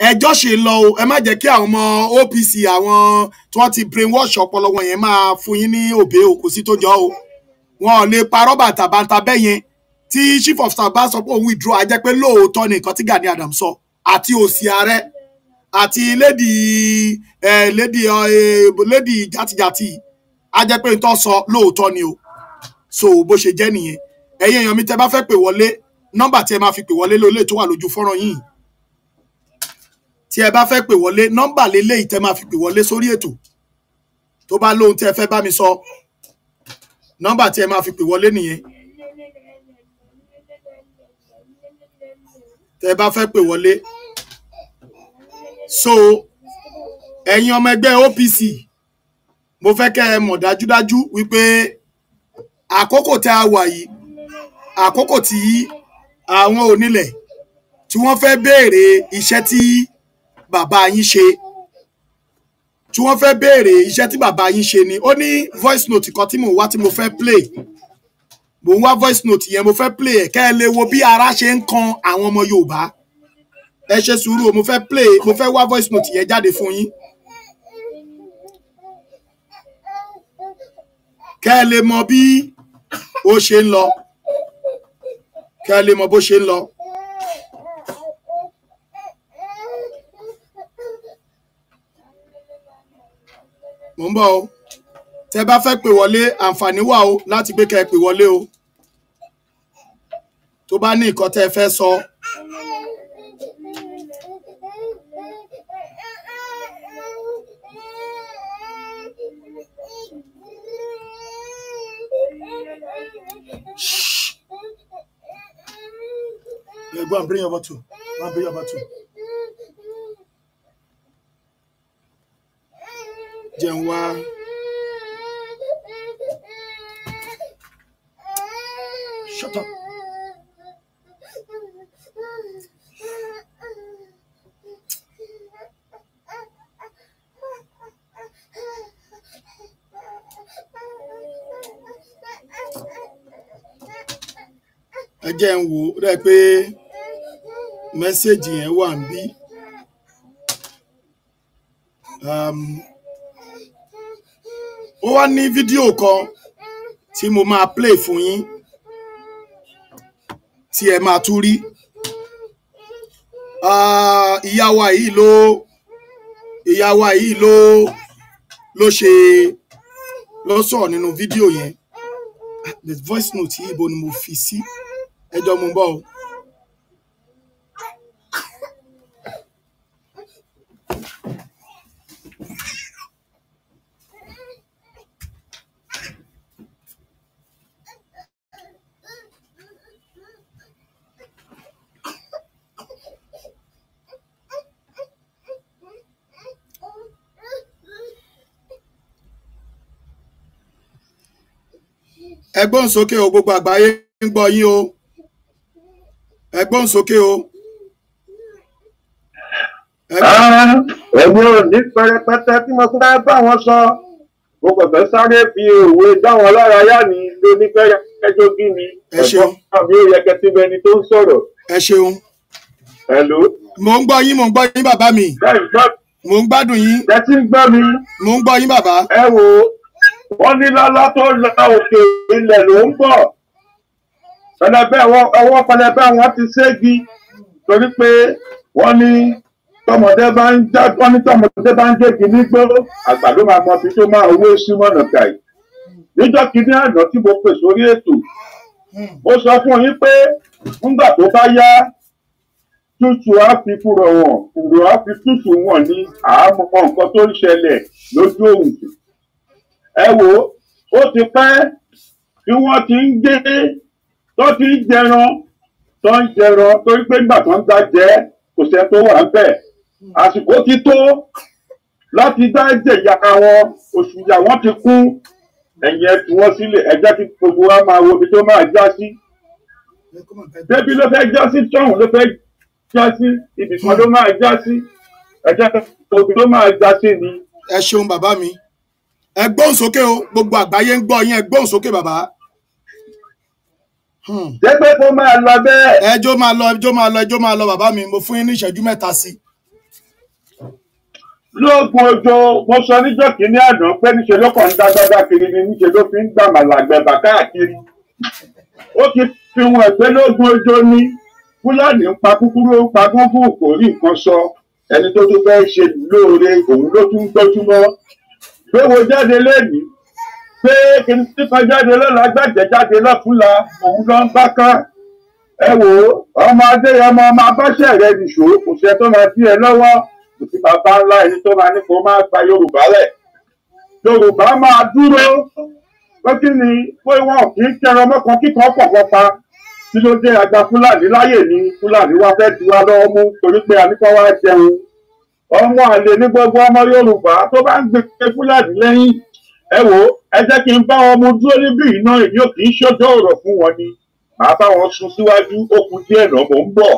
ẹjọ́ ṣe ń lọ o ẹ má jẹ́ kí àwọn ọmọ OPC àwọn tí wọ́n ti brainwash ọpọlọ wọn yẹn máa fún yín ní òbí o kò sí tó jọ o wọn ò lè parọ́ bàtà bàtà bẹ́ẹ̀ yẹn tí chief of staff bá sọ pé òun withdraw a jẹ́ pé lóòótọ́ ni nǹkan tí Gani Adams sọ àti òsì ààrẹ àti lady eh lady ẹ lady jatijati a jẹ́ pé n tó sọ lóòótọ́ ni o so bó ṣe jẹ́ nìyẹn ẹ̀yin èèyàn mi tẹ́ bá fẹ́ pè wọlé nọ́mbà tí ẹ máa fi pè wọlé lólè tó wà lójú fọ́nrán yìí tí ẹ bá fẹ́ pè wọlé nọ́mbà lélẹ́yìí tẹ́ máa fi pè wọlé sórí ètò tó bá lóhun tí ẹ fẹ́ bá mi sọ nọ́mbà tí ẹ máa fi pè wọlé nìyẹn tẹ́ bá fẹ́ pè wọlé so ẹ̀yin ọmọ ẹgbẹ́ OPC mo fẹ́ kẹ́ ẹ mọ̀ dájúdájú wípé àkókò tá a wà yìí àkókò tí àwọn onílẹ̀ tí wọ́n fẹ́ béèrè iṣẹ́ tí bàbá yín ṣe tí wọ́n fẹ́ béèrè iṣẹ́ tí bàbá yín ṣe ni ó ní voice note kan tí mò ń wá tí mo fẹ́ play mò ń wá voice note yẹn mo fẹ́ play ẹ̀ kẹ́ ẹ lè wo bí ara ṣe ń kan àwọn ọmọ Yorùbá ẹ ṣe sùúrù mo fẹ́ play mo fẹ́ wá voice note yẹn jáde fún yín. kẹ́ ẹ lè mọ bí ó ṣe ń lọ kẹ́ ẹ lè mọ bó ṣe ń lọ. mo ń bọ̀ o tẹ́ bá fẹ́ pè wọlé àǹfààní wà o láti gbé kẹ́ ẹ pè wọlé o tó bá ní nǹkan tẹ́ ẹ fẹ́ sọ. So Shh. Yeah, go and bring your two. Go and bring your two. Jẹun Shut up. ẹ jẹ́ ń wo rẹ pé mẹ́sẹ̀gì yẹn wà ń bí um, ó wá ní fídíò kan tí mo máa play fún yín tí ẹ máa tún rí ah, ìyá wa yìí ló ìyá wa yìí ló ló ṣe ló sọ̀rọ̀ nínú fídíò yẹn ah, the voice note yìí ibo ni mo fi sí. Si ẹjọ́ mú bọ́ o. ẹgbọ́n sókè o gbogbo àgbáyé ń gbọ́ yín o ẹgbọ́n sókè o. ẹ̀gbọ́n ah, ní pẹrẹpẹtẹ tí mo tún bá bá wọn sọ mo kàn fẹ́ sáré fi òwe dá wọn lára yá ni lóní fẹ́rẹ́ ẹjọ́ bí mi ẹ̀gbọ́n àbí òyẹ̀kẹ́ tí bẹni tó ń sọ̀rọ̀. ẹ ṣeun. Hello. mo ń gbọ́ yín mo ń gbọ́ yín bàbá mi. mo ń gbádùn yín. ẹ ti ń gbọ́ mi. mo ń gbọ́ yín bàbá. ẹ wo wọ́n ní lọ́lá tó lọ òkè ilẹ̀ ló ń bọ̀ pẹlẹbẹ ọwọ́ pẹlẹbẹ wọn ti ségi torí pé wọ́n ní tọmọdé bá ń já wọ́n ní tọmọdé bá ń gégi nígbó àgbà ló máa mọ ibi tó máa owó símọ́nà gàì níjọ́ kìíní àná tí mo pè sórí ètò ó sọ fún yín pé nígbà tó bá yá tútù á fi kúrò wọn kúrò á fi tútù wọn ní àámọ́ nǹkan tó ń ṣẹlẹ̀ lójú òun ẹ wò ó ti pẹ́ tí wọ́n ti ń gbé tó ti ń jẹran tó ń jẹran torí pé nígbà tó ń dá jẹ kò sẹ́ tó wà ń bẹ̀ àsìkò ti tó láti dá ẹ̀jẹ̀ ìyàká wọn oṣù ìyà wọn ti kú ẹ̀yìn ẹ̀ tí wọ́n sílẹ̀ ti gbogbo wa máa wo ibi tó máa já sí débi ló fẹ́ já sí tọ́hún ló fẹ́ já sí ibì kan ló máa já sí ẹ̀jẹ̀ tóbi ló máa já sí ni. ẹ ṣeun bàbá mi ẹ gbóhùn sókè o gbogbo àgbáyé ń gbọ́ yín ẹ gbóhùn sókè bàbá. Hmm. jẹ́ pé kó máa lọ bẹ́ẹ̀. ẹjọ́ máa lọ ẹjọ́ máa lọ ẹjọ́ máa lọ bàbá mi mo fún yín ní ìṣẹ́jú mẹ́ta sí i lóògùn ojo mo sọ níjọ́ kìíní àná pé níṣe ló kàn ń dá gbádá kiri ni níṣe ló fi ń gbà màlàgbẹ bàkáàkiri ó ti fi wọn ẹgbẹ lóògùn ojo ní fúlàní ń pa kúkúrú ń pa gúngún kò rí nǹkan sọ ẹni tó tún fẹ́ẹ́ ṣe lóore òun ló tún gbójúmọ́ gbéwo jáde lẹ́nìí pé kíkan jáde lọ́la gbẹ̀jẹ̀ jáde lọ́túnla òun ló ń bá kán ẹ wò ó ọmọ adéyẹmọ ọmọ abáṣẹ rẹ nìṣó kò ṣe tó máa bí ẹ lọ́wọ́ kò sí bàbá ńlá ẹni tó máa ní kó máa gba yorùbá lẹ̀ yorùbá máa dúró pé ni pé wọn kì í kẹran ọmọkan kíkan pọ̀pọ̀ pa tí ló dé àgbà fúlàní láyè ní fúlàní wá fẹ́ ti wá lọ́wọ́ mú torí pé àníkọ́ wá jẹun ọmọ àlè ní gbogbo ọmọ yorùbá tó bá ń gbé fúlàní lẹ́yìn ẹ wo ẹ jẹ́ kí n bá wọn mú dúró níbí iná èmi ò kì í ṣọjọ́ ọ̀rọ̀ fún wọn ni màá bá wọn sún síwájú ó kù díẹ̀ náà mò ń bọ̀.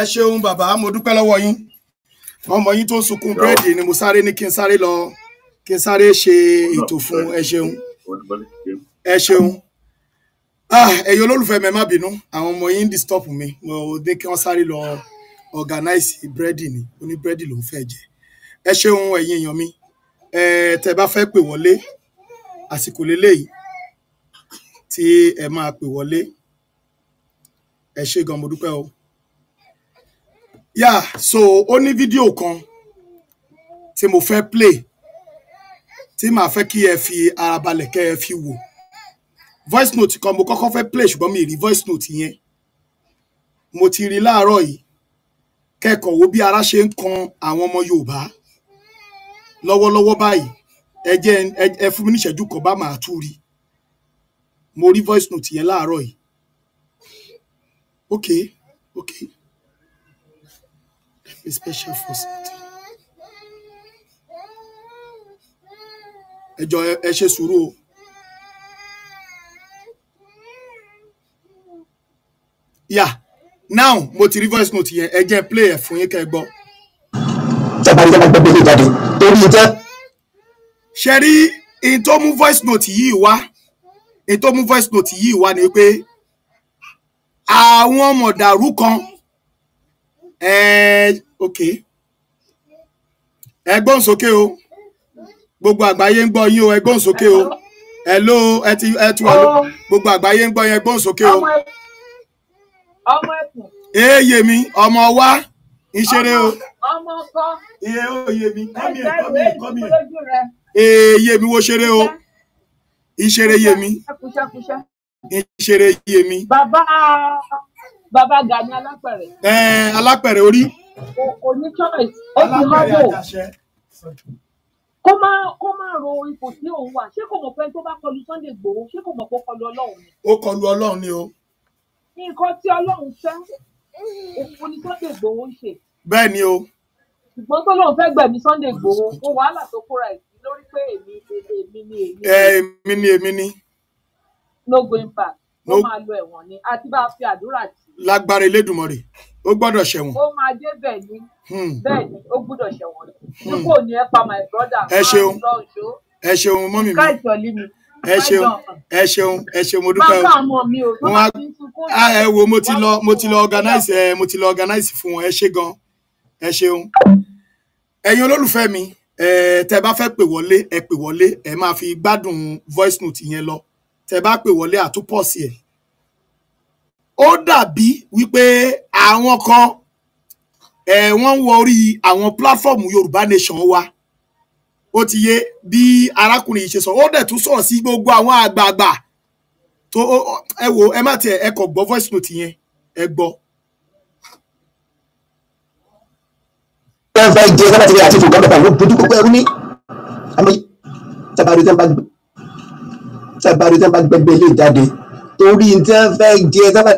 ẹ ṣeun bàbá mo dúpẹ́ lọ́wọ́ yín ọmọ yín tó ń sunkún búrẹ́dì ni mo sáré ní kí n sáré lọ kí n sáré ṣe ètò fún ẹ ṣeun ẹ ṣeun ah ẹ̀yin olólùfẹ́ mi ẹ má bínú àwọn ọmọ yín disturb mi mo dé kí wọ́n sáré lọ organize búrẹ́dì ni oní búrẹ́dì ló ń fẹ́ jẹ ẹ ṣeun ẹ̀yin èèyàn mi ẹ tẹ́ bá fẹ́ pè wọlé àsìkò lélẹ́yìí tí ẹ máa pè wọlé ẹ ṣé gan mo dúpẹ́ o yà yeah, so ó ní fídíò kan tí mo fẹ́ play tí màá fẹ́ kí ẹ fi ara balẹ̀ kẹ́ ẹ fi wò voice note kan mo kọ́kọ́ fẹ́ play ṣùgbọ́n mi ì rí voice note yẹn mo ti rí láàárọ̀ yìí kẹ́kọ̀ọ́ wo bí ara ṣe ń kan àwọn ọmọ Yorùbá lọ́wọ́lọ́wọ́ báyìí ẹ jẹ́ ẹ fún mi níṣẹ́jú kan bá máa tú rí mo rí voice note yẹn láàárọ̀ yìí okay okay a special force ẹ jọ̀ọ́ ẹ ṣe sùúrù o. yeah now mo ti rí voice note yẹn ẹ jẹ́ play ẹ̀ fún yín kẹ́ ẹ gbọ́. ìjọba ìjọba gbogbo ilé jáde torí ìjẹ́. ṣe rí in tó mú voice note yìí wá in tó mú voice note yìí wá ni pé àwọn mọ̀dàrú kan ok ẹ gbóhùn sókè o gbogbo àgbáyé ń gbọ́ yín o ẹ gbóhùn sókè o hello ẹ ti ẹ ti wà lọ gbogbo àgbáyé ń gbọ́ yín ẹ gbóhùn sókè o ọmọ ẹkùn. èèyè mi ọmọ wa ìṣeré o. ọmọ ọkọ. iye òye mi kọ́mi ẹ̀ kọ́mi ẹ̀ kọ́mi ẹ̀. èèyè mi wo ṣeré o ìṣeré yé mi ìṣeré yé mi. bàbá bàbá Gani alápẹrẹ. ẹ alápẹrẹ orí. o ní choice ó ti má wò kó má kó má ro ipò tí òun wà ṣé kò mọ̀ pé tó bá kọlu Sunday Igboho ṣé kò mọ̀ pé ó kọlu Ọlọ́run ni. ó kọlu Ọlọ́run ni o nǹkan tí ọlọ́run fẹ́ òun ni Sunday Igboho ń ṣe. bẹ́ẹ̀ ni o. ṣùgbọ́n tó lóun fẹ́ gbẹ̀mí Sunday Igboho ó wàhálà tó kóra ẹ̀ sí lórí pé èmi èmi ni èmi. ẹ èmi ni èmi ni. no going back ó máa lo ẹ̀wọ̀n ni àti bá a fi àdúrà tì. lágbára Elédùmarè ó gbọ́dọ̀ ṣẹ̀wọ̀n. ó máa dé bẹ́ẹ̀ ni hmm. bẹ́ẹ̀ ni ó gbọ́dọ̀ ṣẹ̀wọ̀n ni. Hmm. dípò ní ẹ pa my brother. ẹ ṣeun ẹ ṣeun mọ́mì mi. ká ẹ ṣeun ẹ ṣeun ẹ ṣeun mo dúpẹ́ o ah, ẹ wo mo ti lọ mo ti lọ organize ẹ mo ti lọ organize fún wọn ẹ ṣe gan ẹ ṣeun ẹ̀yin olólùfẹ́ mi ẹ tẹ bá fẹ́ pè wọlé ẹ pè wọlé ẹ máa fi gbádùn voice note yẹn lọ tẹ bá pè wọlé àtúpọ̀ sí ẹ ó dàbí wípé àwọn kan wọ́n wọrí àwọn platform Yorùbá Nation wa ó ti yé bí arákùnrin yìí ṣe sọ ó dẹ̀ tún sọ̀rọ̀ sí gbogbo àwọn àgbààgbà tó ẹ wo ẹ má tiẹ̀ ẹ kọ̀ gbọ́ voice note yẹn ẹ gbọ́. wọ́n fẹ́ jẹ́ sábà tẹ̀lé àti ìfowópamọ́ pàpà ló dojú kókó ẹrú ní àmì tábàrí tẹ́ bá gbẹgbẹ́ ilé ìjáde torí tẹ́ fẹ́ jẹ́ sábà.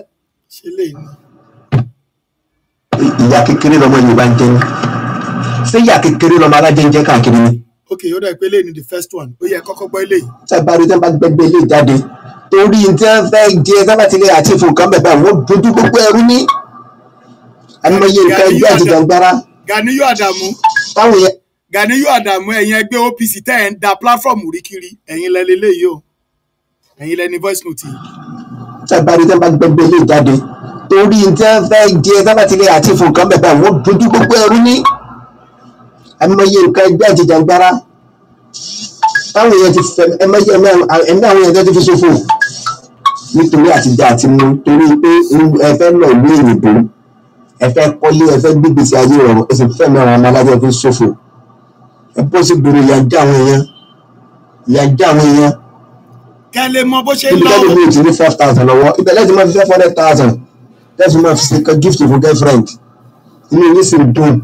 ìyá kékeré lọmọ Yorùbá ń jẹ ní ṣé ìyá kékeré lọmọ alájẹ ń jẹ káàkiri ni ok ó dà pé eléyìí the first one ó yẹ kọ́kọ́ gbọ́ eléyìí. sábà rí sábà gbẹgbẹ ilé ìjáde torí tí wọ́n fẹ́ jẹ sábà ti lè àti ìfowópamọ́ bẹ̀rẹ̀ wọ́n dojú gbogbo ẹrú ní àmọye nǹkan ẹgbẹ́ àti gbàngbára. Ganiyu Adamu Ganiyu Adamu ẹ̀yin ẹgbẹ́ OPC tẹ́ ẹ̀ ń da platform rí kiri ẹ̀yin lẹ́ni eléyìí o ẹ̀yin lẹ́ni voice note yìí. sábà rí sábà gbẹgbẹ ilé ìjáde torí tí wọ́n fẹ́ jẹ sábà ti lè àti ìfowópamọ́ bẹ̀rẹ̀ ẹmọye nǹkan ẹgbẹ́ àjẹjàgbara táwọn èèyàn ti fẹ ẹmọye ẹmí àwọn èèyàn tó ti fi ṣòfò nítorí àtijọ́ àti mú torí pé ẹ fẹ́ lọ ìlú òyìnbó ẹ fẹ́ kọ́lé ẹ fẹ́ gbígbèsè ayé rọrùn ẹ sì fẹ́ mi àwọn alájọ fi ṣòfò ẹ bọ́ sí gbòòrò ìyá já àwọn èèyàn ìyá já àwọn èèyàn. kẹ́ lè mọ bó ṣe ń lọ. ibi tẹ́lẹ̀ mi ò ti ní five thousand lọ́wọ́ ibẹ̀ lẹ́sìn máa fi fẹ́ four hundred thousand lẹ́sìn máa fi ṣe gift fún girlfriend inú yìí sì dùn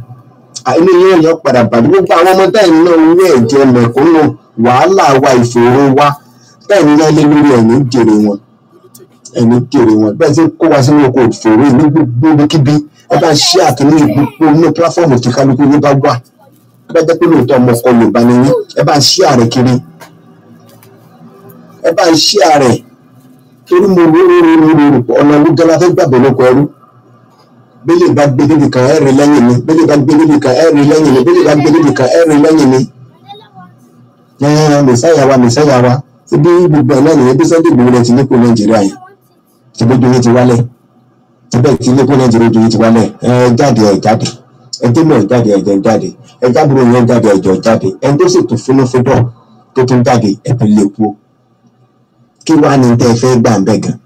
inú yẹn yẹn padà bàjẹ́ gbogbo àwọn ọmọ bẹ́ẹ̀ náà owó ẹ̀jẹ̀ mẹ̀kúnnù wàhálà wa ìṣòro wa bẹ́ẹ̀ ni náà lé lórí ẹ̀mí jèrè wọn ẹ̀mí jèrè wọn bẹ́ẹ̀ ti kó wa sínú oko ìṣòro ìlú gbogbo kíbi ẹ bá ṣí àtúnyẹ gbogbo inú pílàfọ́ọ̀mù tí kálukú ní bá wà ẹ bá jẹ́ pé lóòótọ́ ọmọ ọkọ Yorùbá ni yín ẹ bá ṣí ààrẹ kiri ẹ bá ṣí ààrẹ torí mo rò rò rò rò ọ̀nà ìlú bẹ́lẹ̀ bá gbé débi kan ẹ̀rì lẹ́yìn mi bẹ́lẹ̀ bá gbé débi kan ẹ̀rì lẹ́yìn mi bẹ́lẹ̀ bá gbé débi kan ẹ̀rì lẹ́yìn mi. yẹn mẹsàyà wa mẹsàyà wa ti bí gbogbo ẹ̀ náà nìyẹn bí Sunday Igboho rẹ ti ní kó Nàìjíríà yìí ti bí ojú yẹn ti wálẹ̀ ti bẹ́ẹ̀ ti ní kó Nàìjíríà ojú yẹn ti wálẹ̀ ẹ jáde ẹ jáde ẹ dé mọ̀ ẹ jáde ẹ jẹ́ jáde ẹ jábúrò yẹn jáde ẹ jọ jáde ẹ tó sì tún fúnú fún dọ̀ tó tún jáde ẹ fi lè po kí wàá ní tẹ́ ẹ fẹ́ gbà ń bẹ̀ gan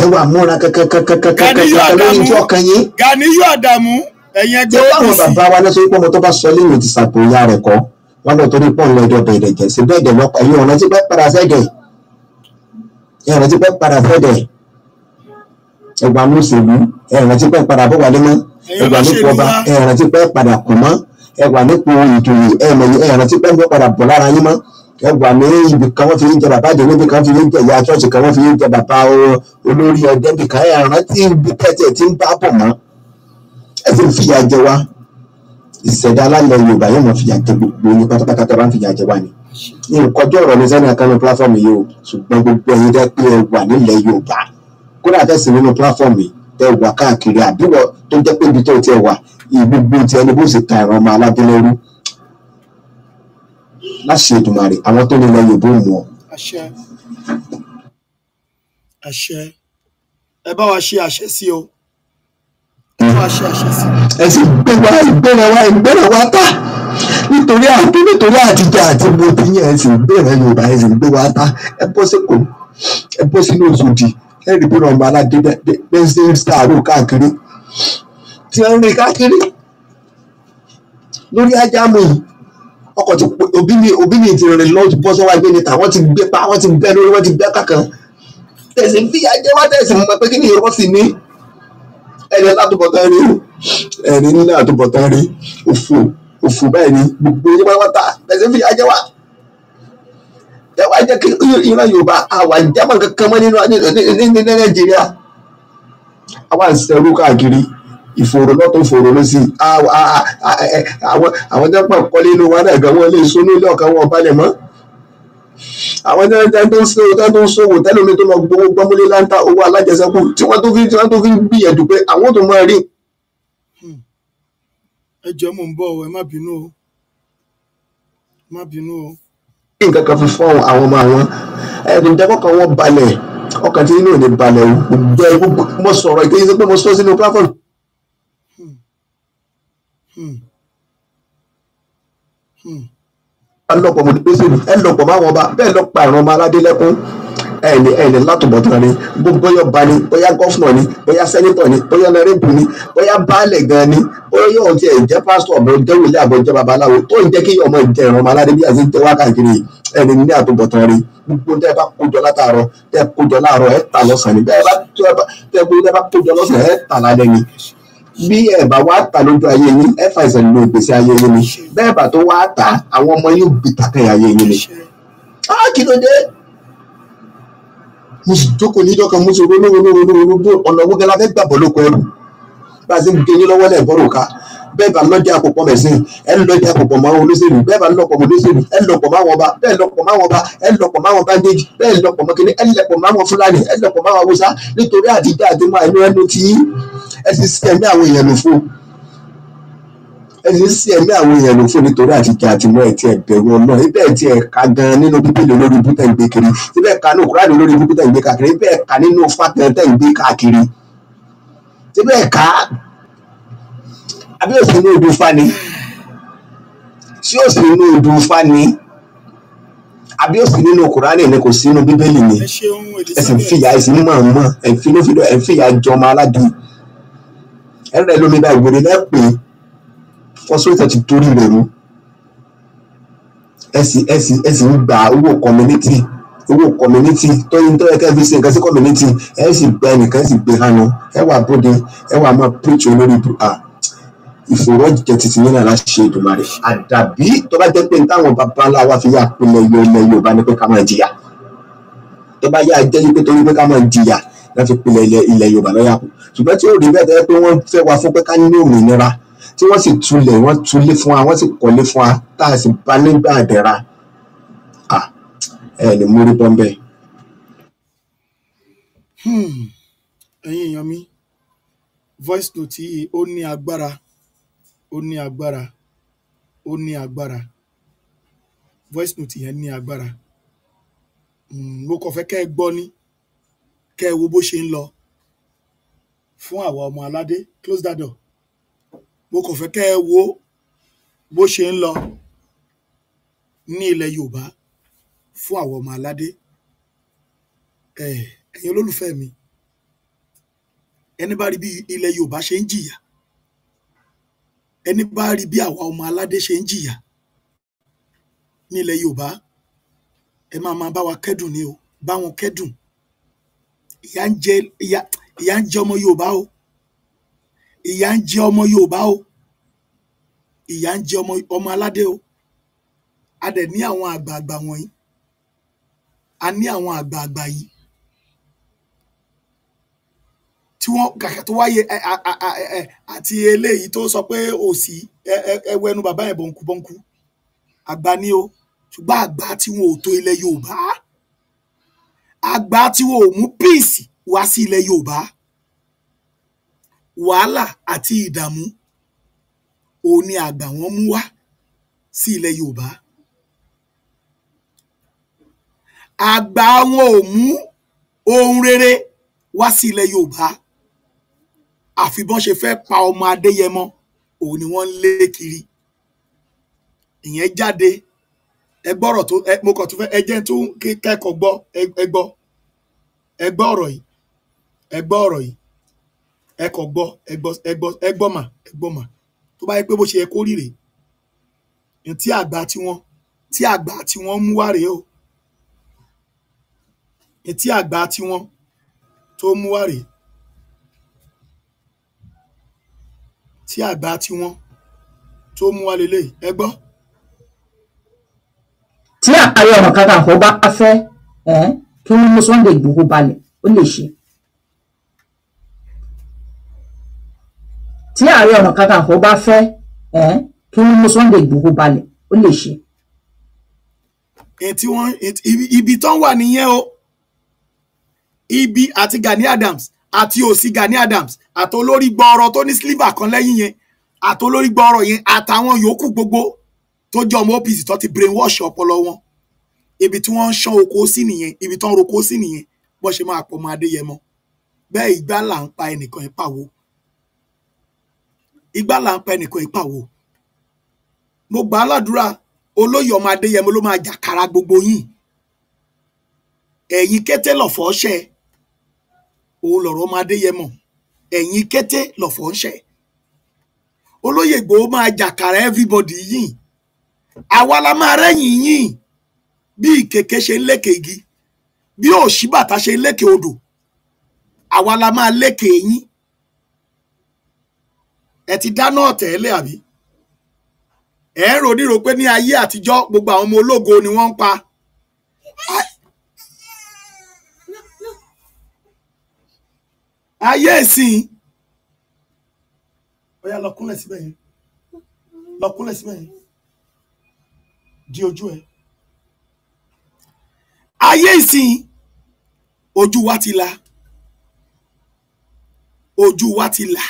ẹ wà múra kankan kankan kankan kankan lórí ìjọ kan yín. Ganiyu Adamu ẹ̀yin ẹgbẹ́ òkùnrin. tí wọ́n bàbá wa lọ́sọ wípé ọmọ tó bá sọ lẹ́yìn ti sàpò ìyá rẹ̀ kọ́ wọn lọ torí pọ́n lọ́jọ́ bẹ̀rẹ̀ jẹ́ sí bẹ́ẹ̀ dẹ̀ lọ́pàá ẹ̀yin ọ̀nà pẹ́ padà sẹ́dẹ̀ ẹ̀yin ọ̀nà pẹ́ padà sẹ́dẹ̀ ẹ̀gbà ló ṣèlú ẹ̀yin ọ̀nà pẹ́ padà bọ́ wálé mọ́ ẹ̀gbà ló pọ̀ bá ẹ̀yin ọ̀nà pẹ́ padà kùn mọ́ ẹ̀gbà ló pọ̀ ìjòyè ẹ̀yin ọ̀nà ti pẹ́ padà bọ̀ lára yín mọ́ ẹgbà mi ibì kan wọ́n fi ń jẹ bàbá níbi kan fi ń jẹ ìyá ṣọ́ọ̀ṣì kan wọ́n fi ń jẹ bàbá olórí ọdẹ kan ẹ̀ràn tí ibi tẹ́tẹ̀ ti ń bá bọ̀ mọ́ ẹ sì ń fìyà jẹ wá ìṣẹ̀dá alálẹ̀ yorùbá yóò máa fìyà jẹ gbogbo yín pátápátá tó bá ń fìyà jẹ wá ni ní ìkọjọ́ ọ̀rọ̀ mi sẹ́ni àkànnì pílàfọ́ọ̀mù yìí o ṣùgbọ́n gbogbo ẹ̀yin dẹ́ pé ẹ wà nílẹ̀ yorùbá kódà tẹ̀sí nínú pílàfọ́ọ̀mù yìí tẹ wà káàkiri àbíwọ̀ tó jẹ́ pé ibi tó ti wà gbogbo ti ẹni bó ṣe ta ẹ̀rọ ọmọ aládélẹ́rú láṣẹ Èdùmàrè àwọn tó nílẹ̀ yorùbá ò mọ̀ àṣẹ àṣẹ ẹ bá wa ṣe àṣẹ sí o ẹ̀sìn gbẹ̀wá ìgbẹ̀rẹ̀wá ìgbẹ̀rẹ̀wá tá nítorí àti nítorí àtijọ́ àti mo ti yẹn ẹ̀sìn gbẹ̀rẹ̀ Yorùbá ẹ̀sìn gbẹ̀wá tá ẹ bọ́ sí kò ẹ bọ́ sínú Òṣòdì ẹ rí bí nọ́mbà aládé bẹ́ẹ̀ ṣe ń sàárò káàkiri tí wọ́n ń rìn káàkiri lórí ajá mi ọkọ̀ tí òbí mi òbí mi ti rìn lọ́ọ́ bọ́ sọ́wọ́ ẹgbẹ́ níta wọ́n ti gbé pa wọ́n ti bẹ́ lórí wọ́n ti bẹ́ kankan tẹ̀sí fìyà jẹ wá tẹ̀sí mọ̀ pé kí ni ìrọ́sì ní ẹni látúbọ̀tán rí ẹni ní látúbọ̀tán rí òfò òfò báyìí ni gbogbo yín pátápátá ẹsẹ̀ fi ajẹ́ wá ẹ wá jẹ́ kí ìran Yorùbá àwa jámà kankan mọ́ nínú Nàìjíríà àwa ń sẹ́rú káàkiri ìfòrò lọ́tọ̀ ìfòrò ló sì àwọn àwọn jápà kọ́lé inú wa náà gan wọn lè sọ ní ilé ọ̀kan wọn balẹ̀ mọ́ àwọn ẹni tó ń ṣòwò tẹ́lẹ̀ tó ń ṣòwò tẹ́lẹ̀ omi tó máa gbowó gbọ́múlé láńtà owó alájẹsẹ́kù tí wọ́n tó fi tí wọ́n tó fi ń gbìyànjú pé àwọn tó máa rí. Hmm. ẹ jẹ́ mò ń bọ̀ ẹ má bínú o má bínú o. nǹkan kan fi fún àwọn ọmọ àwọn ẹni jẹ́kọ̀ kan wọ́n balẹ̀ ọkàn tí inú ò ní balẹ̀ o mo sọ̀rọ̀ ìkéyìí sí pé mo sọ sínú platform. Hmm. Hmm. Hmm ẹlọpọ mọdìpẹsẹlú ẹlọpọ máwọn ọba bẹ́ẹ̀ lọ pa ìran ọmọ aládé lẹ́kún ẹni ẹni látọ̀bọ̀tán ni bóyá ọba ni bóyá gọ́fúnà ni bóyá sẹ́nitọ̀ ni bóyá nẹ́rẹ́bù ni bóyá baálẹ̀ gan ni bóyá ọ̀hún tiẹ̀ jẹ́ pásítọ̀ ọ̀bẹ jẹ́wìlẹ̀ àbọ̀ jẹ́ babaláwo tó ń jẹ́ kí ọmọ ìjẹ ìran ọmọ aládé bí àti ń tẹwá káàkiri ẹni ní àtọ̀bọ̀tán rí gbogbo tẹ́ ẹ bá kójọ látàárọ̀ tẹ́ ẹ kójọ láàárọ̀ ẹ tà lọ́sàn-án ni tẹ́ ẹ bá kójọ lọ́sàn ẹ tà lálẹ́ ni bí ẹ bá wá tà lójú ayé yín ẹ fà ìsẹ̀lẹ̀ lo ìgbésí ayé yín ni bẹ́ẹ̀ bá tó wá tà àwọn ọmọ yín bí takẹ́ ayé yín ni. á ah, kí ló dé mo sì jókòó níjọ́ kan mo sì ronú ronú ronú ronú bó ọ̀nà owó gẹ́lá fẹ́ gbàbọ̀ lóko ẹrù bá a ṣe ń gbé yín lọ́wọ́ lẹ́ẹ̀bọ́rò ká bẹ́ẹ̀ bá lọ́jà àpòpọ̀ mẹ̀sìn ẹ lọ́jà àpòpọ̀ mọ́ olóṣèlú bẹ́ẹ̀ bá lọ́pọ̀ mọ́ olóṣèlú ẹ lọ́pọ̀ máwọn ọba bẹ́ẹ̀ lọ́pọ̀ máwọn ọba ẹ lọ́pọ̀ máwọn bandage bẹ́ẹ̀ lọ́pọ̀ mọ́ kínní ẹ lọ́pọ̀ máwọn fúlàní ẹ lọ́pọ̀ máwọn haúsá nítorí àtijọ́ àti máa inú ẹnu tí ẹ ti sí ẹ̀mí àwọn èèyàn lò fún ẹ ti sí ẹ̀mí àwọn èèyàn lò fún nítorí àtijọ́ àti mọ́ ẹ ti ẹ̀bẹ̀rù ọ̀nà ibẹ̀ ti ẹ̀ka gan nínú bíbélì olórí ibú tẹ̀ ń gbé kiri ibẹ̀ ka nínú kúránì olórí ibú tẹ̀ ń gbé káàkiri ibẹ̀ ka nínú fatẹ̀ tẹ̀ ń gbé káàkiri ibẹ̀ ka àbí òsì inú odò Ifá ni ṣé òsì inú odò Ifá ni àbí òsì nínú Kùránì ni kò sí inú Bíbélì ni ẹ sì ń fìyà ẹ sì ń mọ̀ ń mọ̀ ẹ ń fi lófin ẹ ń fìyà jọmọ aládùn ẹ lómi bá ìwéré lẹ́pẹ́ fọ́sọ́rẹ́tà ti torí rẹ̀ mú ẹ sì ẹ sì ẹ gba owó community owó community tọ́yìn tó yẹ ká fi nǹkan sí community ẹ sì gba ẹnìkan ẹ sì gbé hànú ẹ wà bóde ẹ máa preach olórí ah ìfòrọ̀ jẹ́ titi yín náà láti ṣe Èdùmàrè àdàbí tó bá jẹ́ pé táwọn bàbá ńlá wa fi yá pinnu ẹyọ ọmọ Yorùbá ni pé ká máa jìyà tó bá yá jẹ́ pé torí pé ká máa jìyà láti pinnu ilẹ̀ Yorùbá lọ́yà kù ṣùgbọ́n tí yóò rí bẹ́ẹ̀ tẹ́lẹ̀ pé wọ́n fẹ́ wa fún pé ká ní òmìnira tí wọ́n sì tulẹ̀ wọ́n tulé fún wa wọ́n sì kọ́lé fún wa tá a sì bá nígbà hmm. voice note yìí ó ní agbára ó ní agbára ó ní agbára voice note yẹn ní agbára hmm, mo kàn fẹ́ kẹ́ ẹ gbọ́ ni kẹ́ ẹ wo bó ṣe ń lọ fún àwa ọmọ aládé close that door mo kàn fẹ́ kẹ́ ẹ wo bó ṣe ń lọ ní ilẹ̀ Yorùbá fún àwa ọmọ aládé ẹ̀yin olólùfẹ́ mi ẹni bá rí bí ilẹ̀ Yorùbá ṣe ń jìyà ẹni bá rí bí àwa ọmọ aládé ṣe ń jìyà nílẹ̀ yorùbá ẹ máa máa bá wa kẹ́dùn ni o bá wọn kẹ́dùn ìyà ń jẹ ìyà ìyà ń jẹ ọmọ yorùbá o ìyà ń jẹ ọmọ yorùbá o ìyà ń jẹ ọmọ ọmọ aládé o a dẹ̀ ní àwọn àgbààgbà wọ̀nyí a ní àwọn àgbààgbà yìí tí wọ́n kàkà tó wáyé àti eléyìí tó sọ pé òsì ẹwẹ́ ẹnu bàbá ẹ̀ bọ̀nkú bọ̀nkú àgbà ni o ṣùgbọ́n àgbà tí wọn ò tó ilẹ̀ Yorùbá àgbà tí wọn ò mú píìsì wá sí ilẹ̀ Yorùbá wàhálà àti ìdààmú òun ni àgbà wọn mú wá sí ilẹ̀ Yorùbá àgbà wọn ò mú ohun rere wá sí ilẹ̀ Yorùbá àfi bọ́n ṣe fẹ́ pa ọmọ adéyẹmọ òun ni wọ́n ń lé kiri ìyẹn jáde ẹ gbọ́rọ̀ tó ẹ mo kàn tún fẹ́ ẹ jẹ́ tún kẹ́kọ̀ọ́ gbọ́ ẹ gbọ́ ẹ gbọ́ ọ̀rọ̀ yìí ẹ gbọ́ ọ̀rọ̀ yìí ẹ kọ̀ gbọ́ ẹ gbọ́ ẹ gbọ́ ẹ gbọ́ mà ẹ gbọ́ mà tó bá yẹ pé bó ṣe yẹ kó rí rèé tí àgbà tí wọ́n tí àgbà tí wọ́n mú wá rèé o tí àgbà tí wọ́n tó mú wá rèé tí àgbà tiwọn tó mú wá leléyìí ẹ gbọ́. tí ààrẹ ọ̀nà kakanfò bá fẹ́ kí wọ́n mú Sunday Igboho balẹ̀ ó lè ṣe. tí ààrẹ ọ̀nà kakanfò bá fẹ́ kí wọ́n mú Sunday Igboho balẹ̀ ó lè ṣe. ibi tán wà nìyẹn o ibi àti Gani Adams àti òsì Gani Adams àtolórí gbọọrọ tó ní sliver kan lẹ́yìn yẹn àtolórí gbọọrọ yẹn àtàwọn yòókù gbogbo tó jẹ́ ọmọ OPC tó ti brainwash ọpọlọ wọn ibi tí wọ́n ń ṣán oko sí nìyẹn ibi tí wọ́n roko sí nìyẹn bọ́n ṣe máa pọ̀ mọ́ Adéyẹmọ bẹ́ẹ̀ ìgbà là ń pa ẹnìkan ìpàwọ ìgbà là ń pa ẹnìkan ìpàwọ mo gbà á ládùúrà olóyè ọmọ Adéyẹmọ ló máa jàkàrà gbogbo yín ẹ̀yin kété lọfọ ọṣẹ òun lọ̀rọ̀ ọmọ adéyẹmọ ẹ̀yìn kété lọ̀fọ̀ ń ṣẹ̀ olóyè Ìgbòho máa jàkàrà everybody yìí àwa la máa rẹ́yìn yìí bí ìkèké ṣe ń lékè igi bí òṣìbàtà ṣe ń lékè odò àwa la máa lékè yín ẹ ti dáná ọ̀tẹ̀ẹ́lẹ̀ àbí ẹ ń ronírò pé ní ayé àtijọ́ gbogbo àwọn ọmọ ológo ni wọ́n ń pa ayé ìsìn ọyá lọ kúnlẹ̀ síbẹ̀ yẹn lọ kúnlẹ̀ síbẹ̀ yẹn di ojú ẹ ayé ìsìn ojú wa ti la ojú wa ti là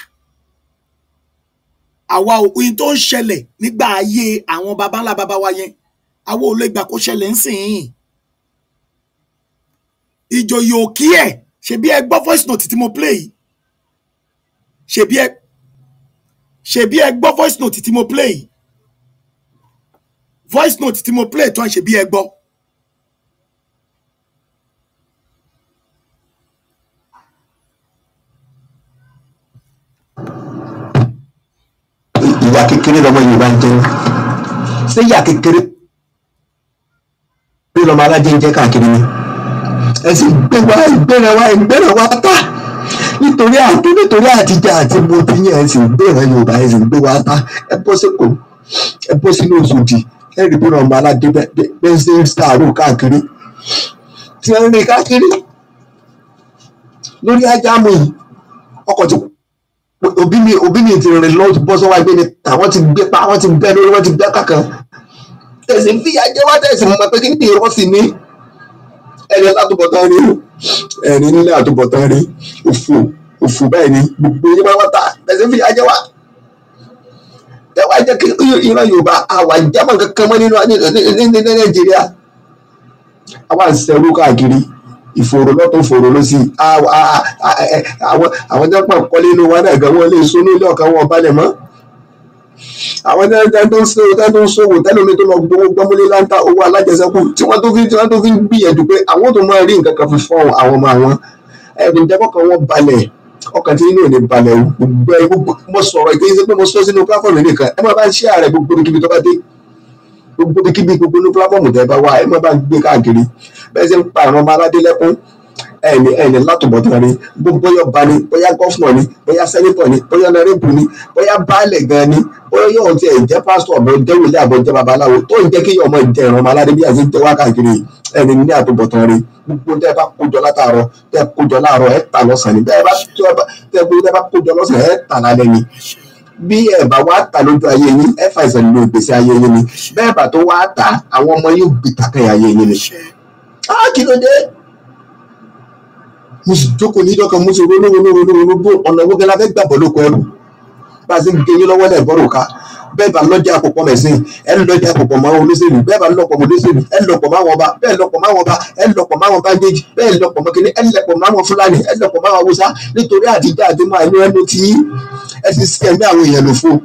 àwa òkúyin tó ń ṣẹlẹ̀ nígbà ayé àwọn baba ńlá baba wa yẹn àwọn olóògbà kó ṣẹlẹ̀ ń sìn ìjòyè òkí ẹ̀ ṣebí ẹ gbọ́ voice note tí mo play yìí ṣebí ẹ ṣebí ẹ gbọ́ voice note tí mo play yìí voice note tí mo play tán ṣebí ẹ gbọ́. ìyá kékeré lọmọ yorùbá ń jẹ ṣé ìyá kékeré lọmọ alájẹ ń jẹ káàkiri ni ẹ sì gbé wá ìgbéra wá ìgbéra wá tá nítorí àti nítorí àtijọ́ àti mo ti yẹn ẹ sì gbéra Yorùbá ẹ gbé wá tá ẹ bọ́ sí kò ẹ bọ́ sínú Òṣòdì ẹ rí bí ọmọ aládé bẹ́ẹ̀ ṣe ń sàárò káàkiri tí wọ́n ń rìn káàkiri lórí ajá mi ọkọ̀ ti òbí mi òbí mi ti rìn lọ́wọ́ bọ́ sọ́wọ́ ẹgbẹ́ mi àwọn ti gbé pa àwọn ti bẹ́ lórí wọ́n ti bẹ́ kankan tẹ̀sí ń fìyà jẹ wá tẹ̀sí mọ̀ pé kí ni ìrọ́sì ni ẹni látúbọ̀tán rí ẹni nílẹ̀ àtúbọ̀tán rí òfò òfò báyìí ni gbogbo yín máa wá ta ẹsẹ̀ fi ajẹ́ wa ẹ wá jẹ́ kí ìran Yorùbá àwa jámọ̀ kankan mọ́ nínú Nàìjíríà àwa ń sẹ́rú káàkiri ìfòrò lọ́tún fòrò ló sì àwọn àwọn àwọn jápọ̀ kọ́lé inú wa náà gan wọ́n lè sunú ilé ọ̀kan wọn balẹ̀ mọ́ àwọn ẹni tó ń ṣòwò tẹ́lẹ̀ tó ń ṣòwò tẹ́lẹ̀ omi tó lọ gbowó gbọ́mọlé láńtà owó alájẹsẹ́kù tí wọ́n tó fi tí wọ́n tó fi ń gbìyànjú pé àwọn tó máa rí nǹkan kan fi fọ́ àwọn ọmọ àwọn ẹ̀rù ìjẹ́kọ̀kan wọn balẹ̀ ọkàn tí inú ò ní balẹ̀ gbogbo ẹ gbogbo mo sọ̀rọ̀ ìgbé ṣe pé mo sọ sínú pláfọ̀mù nìkan ẹ máa bá ń ṣe ààrẹ gbogbo ibikíbi tó bá dé gbogbo ibikíbi gbogbo inú pláfọ̀mù tẹ́ bá wà ẹ máa bá ń gbé káàkiri bẹ́ẹ̀ ṣe ń pa àwọn ọmọ aládé lẹ́kún ẹni ẹni látọ̀bọ̀tán ni bóyá ọba ni bóyá gọ́fúnà ni bóyá sẹ́nitọ̀ ni bóyá nẹ́rẹ́bù ni bóyá baálẹ̀ gan ni bóyá yóò ti ẹ̀ jẹ́ pásítọ̀ ọ̀bẹ jẹ́ wòlé àbọ̀ jẹ́ babaláwo tó ń jẹ́ kí ọmọ ìjẹ́ ìran ọmọ aládé bí àti jẹ́ wá káàkiri ẹni ní àtọ̀bọ̀tán ni gbogbo tẹ́ ẹ bá kójọ látàárọ̀ tẹ́ ẹ kójọ láàárọ̀ ẹ tà lọ́sàn ni tẹ́ ẹ bá kójọ lọ́sàn ẹ tà lálẹ́ ni bí ẹ bá wá tà lójú ayé yín ẹ fà ìsàn nínú ìgbésí ayé yín ni bẹ́ẹ̀ bá tó wá tà àwọn ọmọ yín gbìtàkẹ́yà ayé yín ni. á kí ló dé mo sì jókòó níjọ́ kan mo sì ronú ronú ronú ronú bó ọ̀nà owó gẹ́lá fẹ́ gbàgbọ́ lóko ẹrù bá a ṣe ń gé yín lọ́wọ́ lẹ́ẹ̀gbọ́rò ká bẹ́ẹ̀ bá lọ́jà àpòpọ̀ mẹ̀sìn ẹ̀ ń lọ́jà àpòpọ̀ mọ́ olóṣèlú bẹ́ẹ̀ bá lọ́pọ̀ mọ́ olóṣèlú ẹ̀ lọ́pọ̀ máwọn ọba bẹ́ẹ̀ lọ́pọ̀ máwọn ọba ẹ̀ lọ́pọ̀ máwọn bandage bẹ́ẹ̀ lọ́pọ̀ mọ́ kínní ẹ̀ lọ́pọ̀ máwọn fúlàní ẹ̀ lọ́pọ̀ máwọn haúsá nítorí àtijọ́ àti máa ẹnu ẹnu tí ẹ ti sẹ́mi àwọn èèyàn lò fún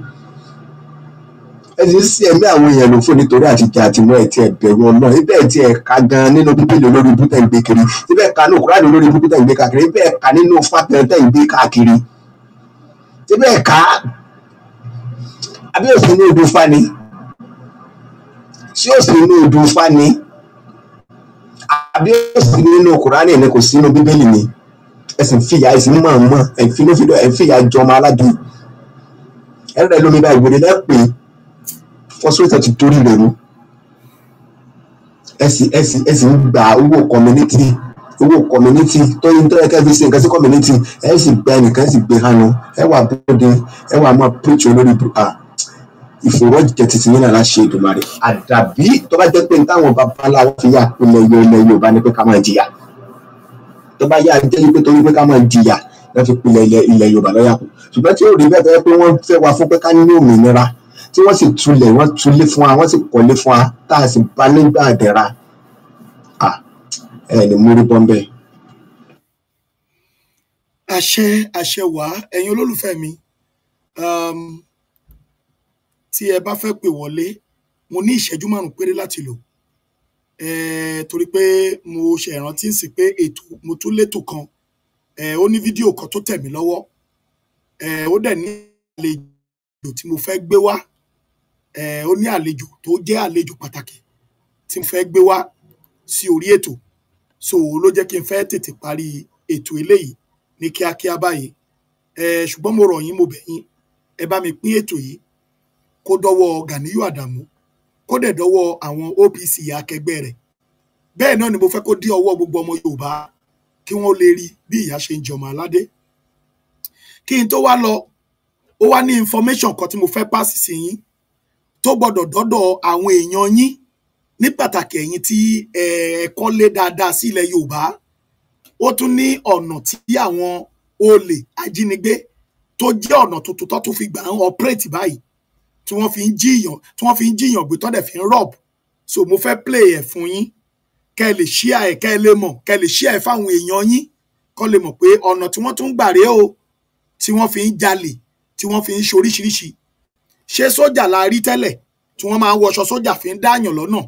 ẹ ti sí ẹ̀mí àwọn èèyàn ló fún nítorí àtijẹ àtìmọ́ ẹ̀ tí ẹ bẹ̀rù ọ̀nà ibẹ̀ tí ẹ ka gan nínú bíbélì olórí ibú tẹ̀ ń gbé kiri ibẹ̀ ka ní òkúrádì olórí ibú tẹ̀ ń gbé káàkiri ibẹ̀ ka nínú fàtẹ̀ tẹ̀ ń gbé káàkiri ibẹ̀ ka àbí òsì ní odò fani tí òsì ní odò fani àbí òsì nínú òkúrádì ni kò sí nínú bíbélì ni ẹ sì ń fìyà ẹ sì ń mọ̀ ọ́n mọ̀ ẹ̀ ń fìyà jọmọ aládùn ẹ̀rọ ẹ̀ lómi bá ìgbèrè lẹ́pẹ́ frustrate ti torí rẹ̀ nu ẹ̀sìn ẹ̀sìn ẹ̀sìn ń gba owó community owó community tó yín tó yẹ ká fi ṣe nǹkan sí community ẹ̀ sì gba ẹnìkan sì gbé hànú ẹ̀ wà bóde ẹ̀ wà máa preach olórí buka ìfòrọ́jẹ títí nínú aláṣẹ ìdùnmarè àdàbí tó bá jẹ́ pé táwọn babaláwo fi yà pé lẹ́yọ lẹ́yọ bá ní pé ká máa jìyà tó bá yà jẹ́ pé torí pé ká máa jìyà lọ́ fi pilẹ̀ ilẹ̀ Yorùbá lọ́yà kù ṣùgbọ́n tí ó rí bẹ́ẹ̀ fẹ́ pé wọ́n fẹ́ wá fún pé ká ní òmìnira tí wọ́n sì tulẹ̀ wọ́n tulé fún wa wọ́n sì kọ́lé fún wa tá a sì bá nígbà àdẹ̀ra ẹ ní múrí bọ́ńbẹ́. àṣẹ àṣẹ wá ẹ̀yin olólùfẹ́ mi um, tí ẹ bá fẹ́ pè wọlé mo ní ìṣẹ́jú márùn-ún péré láti lò torí pé mo ṣe ìrántí sí pé ètò mo tún létò kan ó ní fídíò kan tó tẹ̀ mí lọ́wọ́ ó dẹ̀ ní àlejò tí mo fẹ́ gbé wá ó ní àlejò tó jẹ́ àlejò pàtàkì tí mo fẹ́ gbé wá sí orí ètò so ló jẹ́ kí n fẹ́ tètè parí ètò eléyìí ní kíákíá báyìí ṣùgbọ́n mo rọ̀ yín mo bẹ̀ yín ẹ bá mi pín ètò yìí kó dọ́wọ́ Gàníyù Àdàmú kó dẹ̀ dọ́wọ́ àwọn OPC akẹgbẹ́ rẹ̀ bẹ́ẹ̀ náà ni mo fẹ́ kó dí ọwọ́ gbogbo ọmọ Yorùbá kí wọ́n lè rí bí ìyá ṣe ń jọmọ aládé kí n tó wá lọ ó wá ní information kan tí mo fẹ́ pass sí yín tó gbọ́dọ̀ dọ́dọ̀ àwọn èèyàn yín ní pàtàkì ẹ̀yin tí ẹ kọ́lé dáadáa sí ilẹ̀ Yorùbá ó tún ní ọ̀nà tí àwọn olè ajínigbé tó jẹ́ ọ̀nà tuntun tó tún fi gbà ń operate báyìí tí wọ́n fi ń jiyàn tí wọ́n fi ń jiyàn gbé tọ́dẹ̀ fi ń rob so mo fẹ́ play ẹ̀ fún yín kẹ́ ẹ lè share ẹ̀ kẹ́ ẹ lè mọ̀ kẹ́ ẹ lè share ẹ̀ fáwọn èèyàn yín kọ́ lè mọ̀ pé ọ̀nà tí wọ́n tún gbà rèé o tí wọ́n fi ń jalè tí wọ́n fi ń ṣe oríṣiríṣi ṣé sójà la rí tẹ́lẹ̀ tí wọ́n máa ń wọṣọ sójà fi ń dáàyàn lọ́nà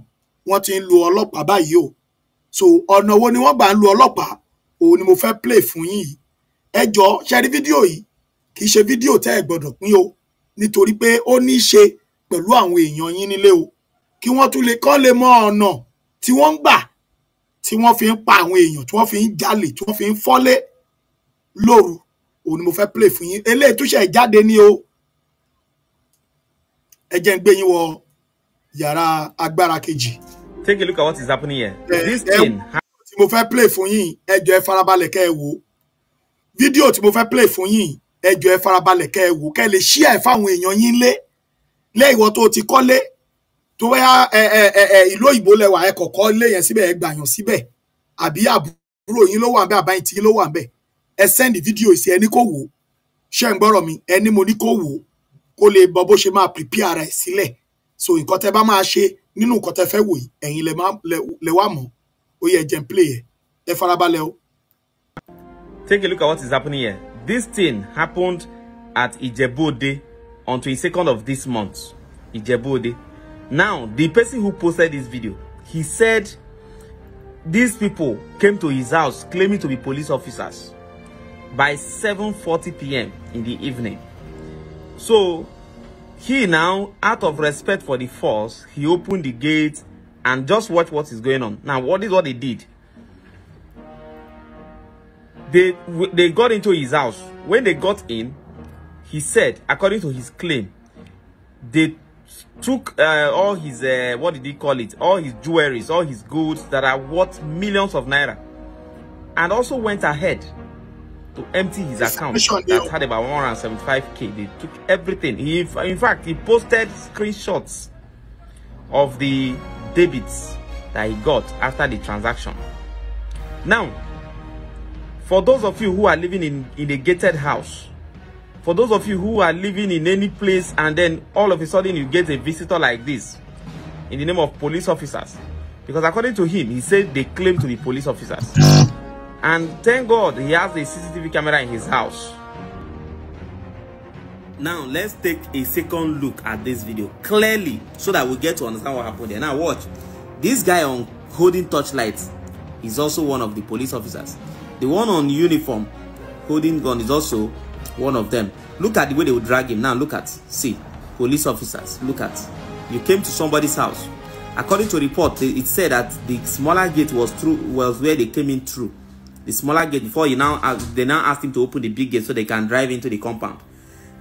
wọ́n ti ń lu ọlọ́pàá báyìí o so ọ̀nà wo ni wọ́n gbà ń lu ọlọ́pàá òun ni mo fẹ́ play fún yín yìí ẹ jọ ṣe rí fídíò yìí kì í ṣe fídíò tẹ́ ẹ gbọ́dọ̀ pín o nítorí pé ó ní í ṣe pẹ̀lú àwọn èèyàn yín nílé o kí wọ́n tún lè kọ́ lè mọ ọ̀nà tí wọ́n ń gbà tí wọ́n fi ń pa àwọn èèyàn tí wọ́n fi ń jalè tí wọ́n fi ń fọ́lé lóru òun ni mo fẹ́ play fún yín eléyìí túṣẹ̀ jáde ní o ẹ ń gbé yín wọ yàrá agbára kejì. take a look at what is happening here. ẹ this thing. tí mo fẹ́ play fún yín ẹ ẹ farabalẹ̀ kẹ́ ẹ wò fídíò tí mo fẹ́ play fún yín ẹ ẹ farabalẹ̀ kẹ́ ẹ wò kẹ́ ẹ lè ṣí ẹ̀ fáwọn èèyàn yín lé lé ìwọ tó ti kọ́lé tó bá ìlú òyìnbó lẹ́wà ẹ kọ̀kọ́ lé yẹn síbẹ̀ ẹ gbàyàn síbẹ̀ àbí àbúrò yín ló wà ń àbáyìntì yín ló wà ń ẹ sẹ́ndì fídíò ìsì ẹni kò wò ṣẹ́ ń gbọ́rọ̀ mi ẹni mo ní kò wò kó lè bọ bó ṣe máa prepare rẹ̀ sílẹ̀ so nǹkan tẹ bá máa ṣe nínú nǹkan tẹ fẹ́ wò yìí ẹ̀yin lẹ wá mọ̀ ó yẹ jẹ́ play yẹ ẹ farabalẹ̀ o. Take a look at what is happening here. This thing happened at Ijebu-Ode on 22nd of this month. Ijebu-Ode. Now, the person who posted this video, he said these people came to his house claiming to be police officers by 7.40 p.m. in the evening. So he now, out of respect for the force, he opened the gate and just watch what is going on. Now, what is what they did? They, they got into his house. When they got in, he said, according to his claim, they took uh, all his, uh, what did he call it? All his jewelries, all his goods that are worth millions of naira. And also went ahead to empty his it's account that deal. had about 175k. They took everything. He, in fact, he posted screenshots of the debits that he got after the transaction. Now, for those of you who are living in, in a gated house, for those of you who are living in any place and then all of a sudden you get a visitor like this in the name of police officers, because according to him, he said they claim to be police officers. And thank God he has a CCTV camera in his house. Now, let's take a second look at this video clearly so that we get to understand what happened there. Now, watch. This guy on holding torchlights is also one of the police officers. The one on uniform holding gun is also one of them. Look at the way they would drag him. Now, look at. See, police officers. Look at. You came to somebody's house according to report it said that the smaller gate was through was where they came in through the smaller gate before you now asked, they now ask him to open the big gate so they can drive into the compound.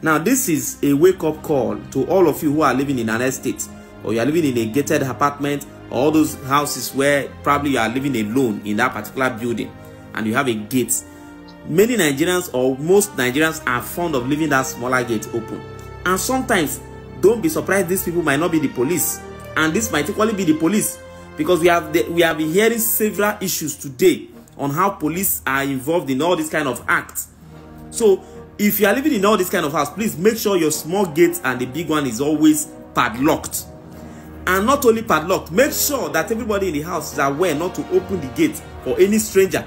Now, this is a wake-up call to all of you who are living in an estate or you are living in a gated apartment or all those houses where probably you are living alone in that particular building and you have a gate. Many Nigerians or most Nigerians are fond of leaving that smaller gate open. And sometimes, don't be surprised, these people might not be the police. And this might equally be the police because we have, the, we have been hearing several issues today on how police are involved in all these kind of acts. So if you are living in all this kind of house, please make sure your small gate and the big one is always padlocked. And not only padlocked, make sure that everybody in the house is aware not to open the gate for any stranger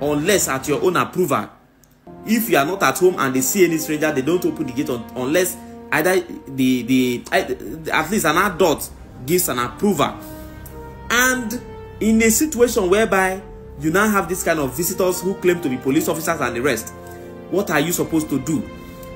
unless at your own approval. If you are not at home and they see any stranger, they don't open the gate un unless either the, the, at least an adult gives an approval. And in a situation whereby you now have this kind of visitors who claim to be police officers and the rest what are you supposed to do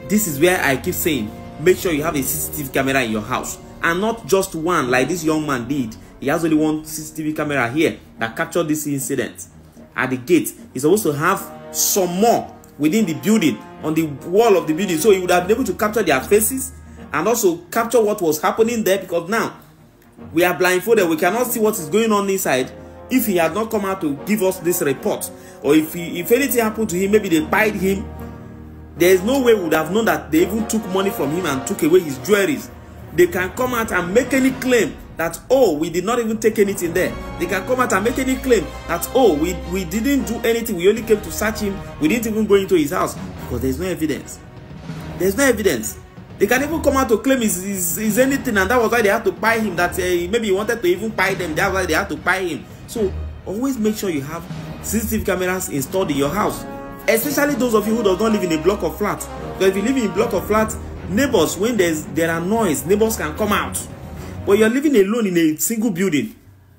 this is where i keep saying make sure you have a cctv camera in your house and not just one like this young man did he has only one cctv camera here that captured this incident at the gate he's supposed to have some more within the building on the wall of the building so he would have been able to capture their faces and also capture what was happening there because now we are blindfolded we cannot see what is going on inside if he had not come out to give us this report or if he if anything happened to him maybe they pied him there is no way we would have known that they even took money from him and took away his jewelries they can come out and make any claim that oh we did not even take anything there they can come out and make any claim that oh we we didn't do anything we only came to search him we didn't even go into his house because there's no evidence there's no evidence they can even come out to claim is is is anything and that was why they had to buy him that uh, maybe he wanted to even buy them that's why they had to buy him So always make sure you have CCTV cameras installed in your house, especially those of you who does not live in a block of flat. Because if you live in a block of flat, neighbors, when there's there are noise, neighbors can come out. But you're living alone in a single building,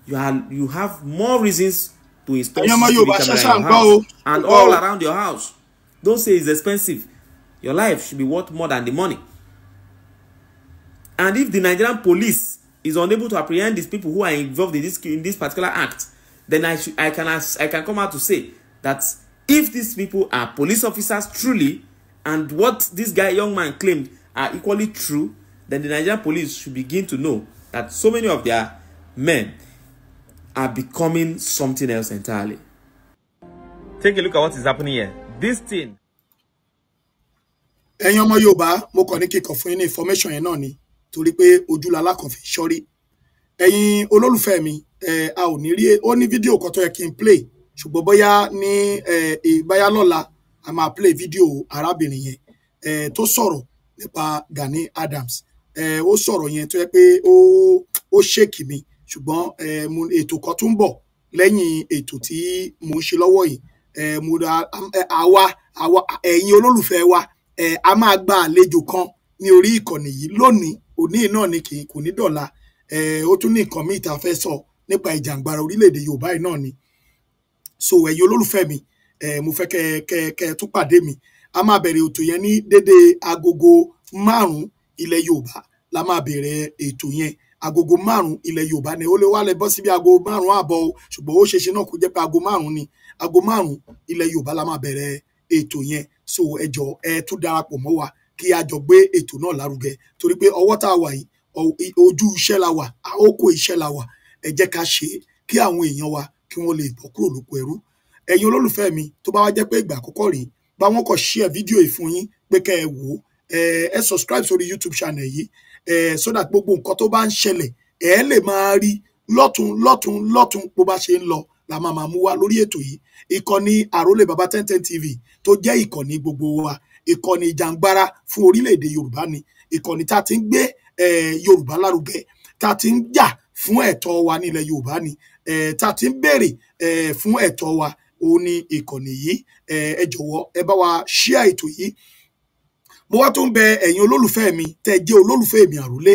you are you have more reasons to install CCTV cameras in your house and all around your house. Don't say it's expensive. Your life should be worth more than the money. And if the Nigerian police is unable to apprehend these people who are involved in this in this particular act, then I should I can I can come out to say that if these people are police officers truly, and what this guy young man claimed are equally true, then the Nigerian police should begin to know that so many of their men are becoming something else entirely. Take a look at what is happening here. This thing. ẹ̀yin ọmọ Yorùbá mo kàn ní kíkọ fún yín ní information yẹn náà ni torí pé ojú la lákàn fi ṣọ́rí ẹ̀yin olólùfẹ́ mi a ò ní rí ó ní fídíò kan tó yẹ kí n play ṣùgbọ́n bóyá ní ìbáyá lọ́la a máa play fídíò arábìnrin yẹn tó sọ̀rọ̀ nípa Gani Adams ó sọ̀rọ̀ yẹn tó yẹ pé ó ṣèkì mi ṣùgbọ́n ètò kan tó ń bọ̀ lẹ́yìn ètò tí mò ń ṣe lọ́wọ́ yìí mo ra àwa àwa ẹ̀yin olólùfẹ́ wa a máa gba àlejò kan ní orí ìkànnì yìí lónìí òní náà ni kì í kò ní dọ̀la ó tún ní nǹkan míì tá a fẹ́ sọ nípa ìjàǹgbara orílẹ̀-èdè Yorùbá yìí náà ni so ẹ̀yin olólùfẹ́ mi mo fẹ́ kẹ́ kẹ́ kẹ́ tún pàdé mi a máa bẹ̀rẹ̀ ètò yẹn ní dédé agogo márùn-ún ilẹ̀ Yorùbá la máa bẹ̀rẹ̀ ètò yẹn agogo márùn ilẹ̀ yorùbá ni ó lè wá lè bọ́ síbi ago márùn àbọ̀ o ṣùgbọ́n ó ṣeéṣe náà kó jẹ́ pé ago márùn ni agogo márùn ilẹ̀ yorùbá la máa bẹ̀rẹ̀ ètò yẹn so ẹ jọ̀ọ́ ẹ tún darapọ̀ mọ́ wa kí a jọ gbé ètò náà lárugẹ torí pé ọwọ́ tá a wà yìí ojú iṣẹ́ la wà àókò iṣẹ́ la wà ẹ jẹ́ ká ṣe kí àwọn èèyàn wa kí wọ́n lè bọ́ kúrò lóko ẹrú ẹ̀yin olólùfẹ́ mi tó bá wá jẹ́ pé ìgbà àkọ́kọ́ rèé bá wọn kàn share fídíò yìí fún yín pé kẹ́ ẹ wò ó ẹ subscribe sórí YouTube channel yìí ẹ so that gbogbo nǹkan tó bá ń ṣẹlẹ̀ ẹ lè máa rí lọ́tún lọ́tún lọ́tún bó bá ṣe ń lọ la máa máa mú wá lórí ètò yìí ìkànnì àrólé baba ten ten tv tó jẹ́ ìkànnì gbogbo wa ìkànnì ìjàngbara fún orílẹ̀-èdè yorùbá ni ìkànnì tá a ti ń gbé yorùbá lárugẹ tá a ti ń jà fún ẹ̀tọ́ wa nílẹ̀ yorùbá ni tá a ti ń béèrè fún ẹ̀tọ́ wa òun ni ìkànnì yìí ẹ jọ̀wọ́ ẹ bá wa ṣíà ètò yìí mo wá tó ń bẹ ẹ̀yin olólùfẹ́ mi tẹ́ ẹ jẹ́ olólùfẹ́ mi àrólé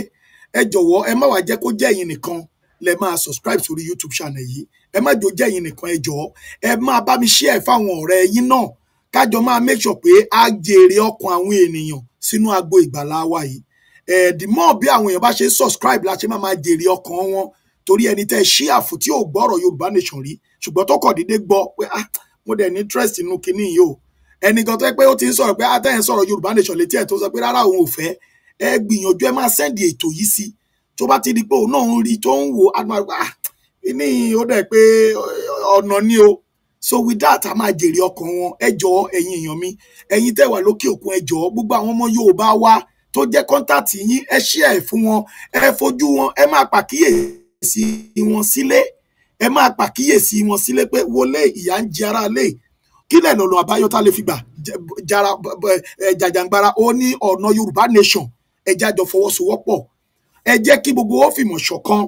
ẹ jọ̀wọ́ ẹ má wàá jẹ́ kó jẹ́ ẹ̀yin nìkan lẹ máa subscribe sórí youtube channel yìí ẹ má jò jẹ́ ẹ̀yin nìkan ẹ jọ̀ọ́ ẹ máa bá mi ṣíà fáwọn ọ̀rẹ́ yín náà kájọ máa make sure pé a jèrè ọkàn àwọn ènìyàn sínú agbo ìgbàlá wa yìí ẹ̀ẹ́dìmọ́ bí àwọn èèyàn bá ṣe subscribe la ṣe máa máa jèrè ọkàn wọn torí ẹni tẹ́ ṣí àfò tí ò gbọ́rọ̀ Yorùbá Nation rí ṣùgbọ́n tó kọ̀ déédéé gbọ́ pé ah mo dẹ̀ ní interest inú kinní yìí o ẹni gan tó yẹ pé ó ti ń sọ̀rọ̀ pé atẹ́yìn ah, sọ̀rọ̀ Yorùbá Nation létí ẹ̀ tó sọ pé rárá òun ò fẹ́ ẹ gbìyànjú ẹ máa sẹ́ndì ètò yìí sí tó bá ti di pé òun náà ń rí tó ń wo adúmọ̀ ah ní ó dẹ̀ pé ọ̀nà ni o so with that a máa jèrè ọkàn wọn ẹ jọ̀ọ́ ẹ̀yin èèyàn mi ẹ̀yin tẹ́ wà lókè òkun ẹ jọ̀ọ́ gbogbo àwọn ọmọ Yorùbá wa tó jẹ́ kọ́ńtàtì yín ẹ ṣíà ẹ̀ fún wọn ẹ fojú wọn ẹ máa pàkíyèsí wọn sílé ẹ máa pàkíyèsí wọn sílé pé wọlé ìyá ń jẹ ara lé kílẹ̀ lọ́nà àbáyọ tá lè fi gbà jara jàjàngbara ó ní ọ̀nà Yorùbá nation ẹ jájọ fọwọ́sowọ́pọ̀ ẹ jẹ́ kí gbogbo ó fìmọ̀ ṣọ̀kan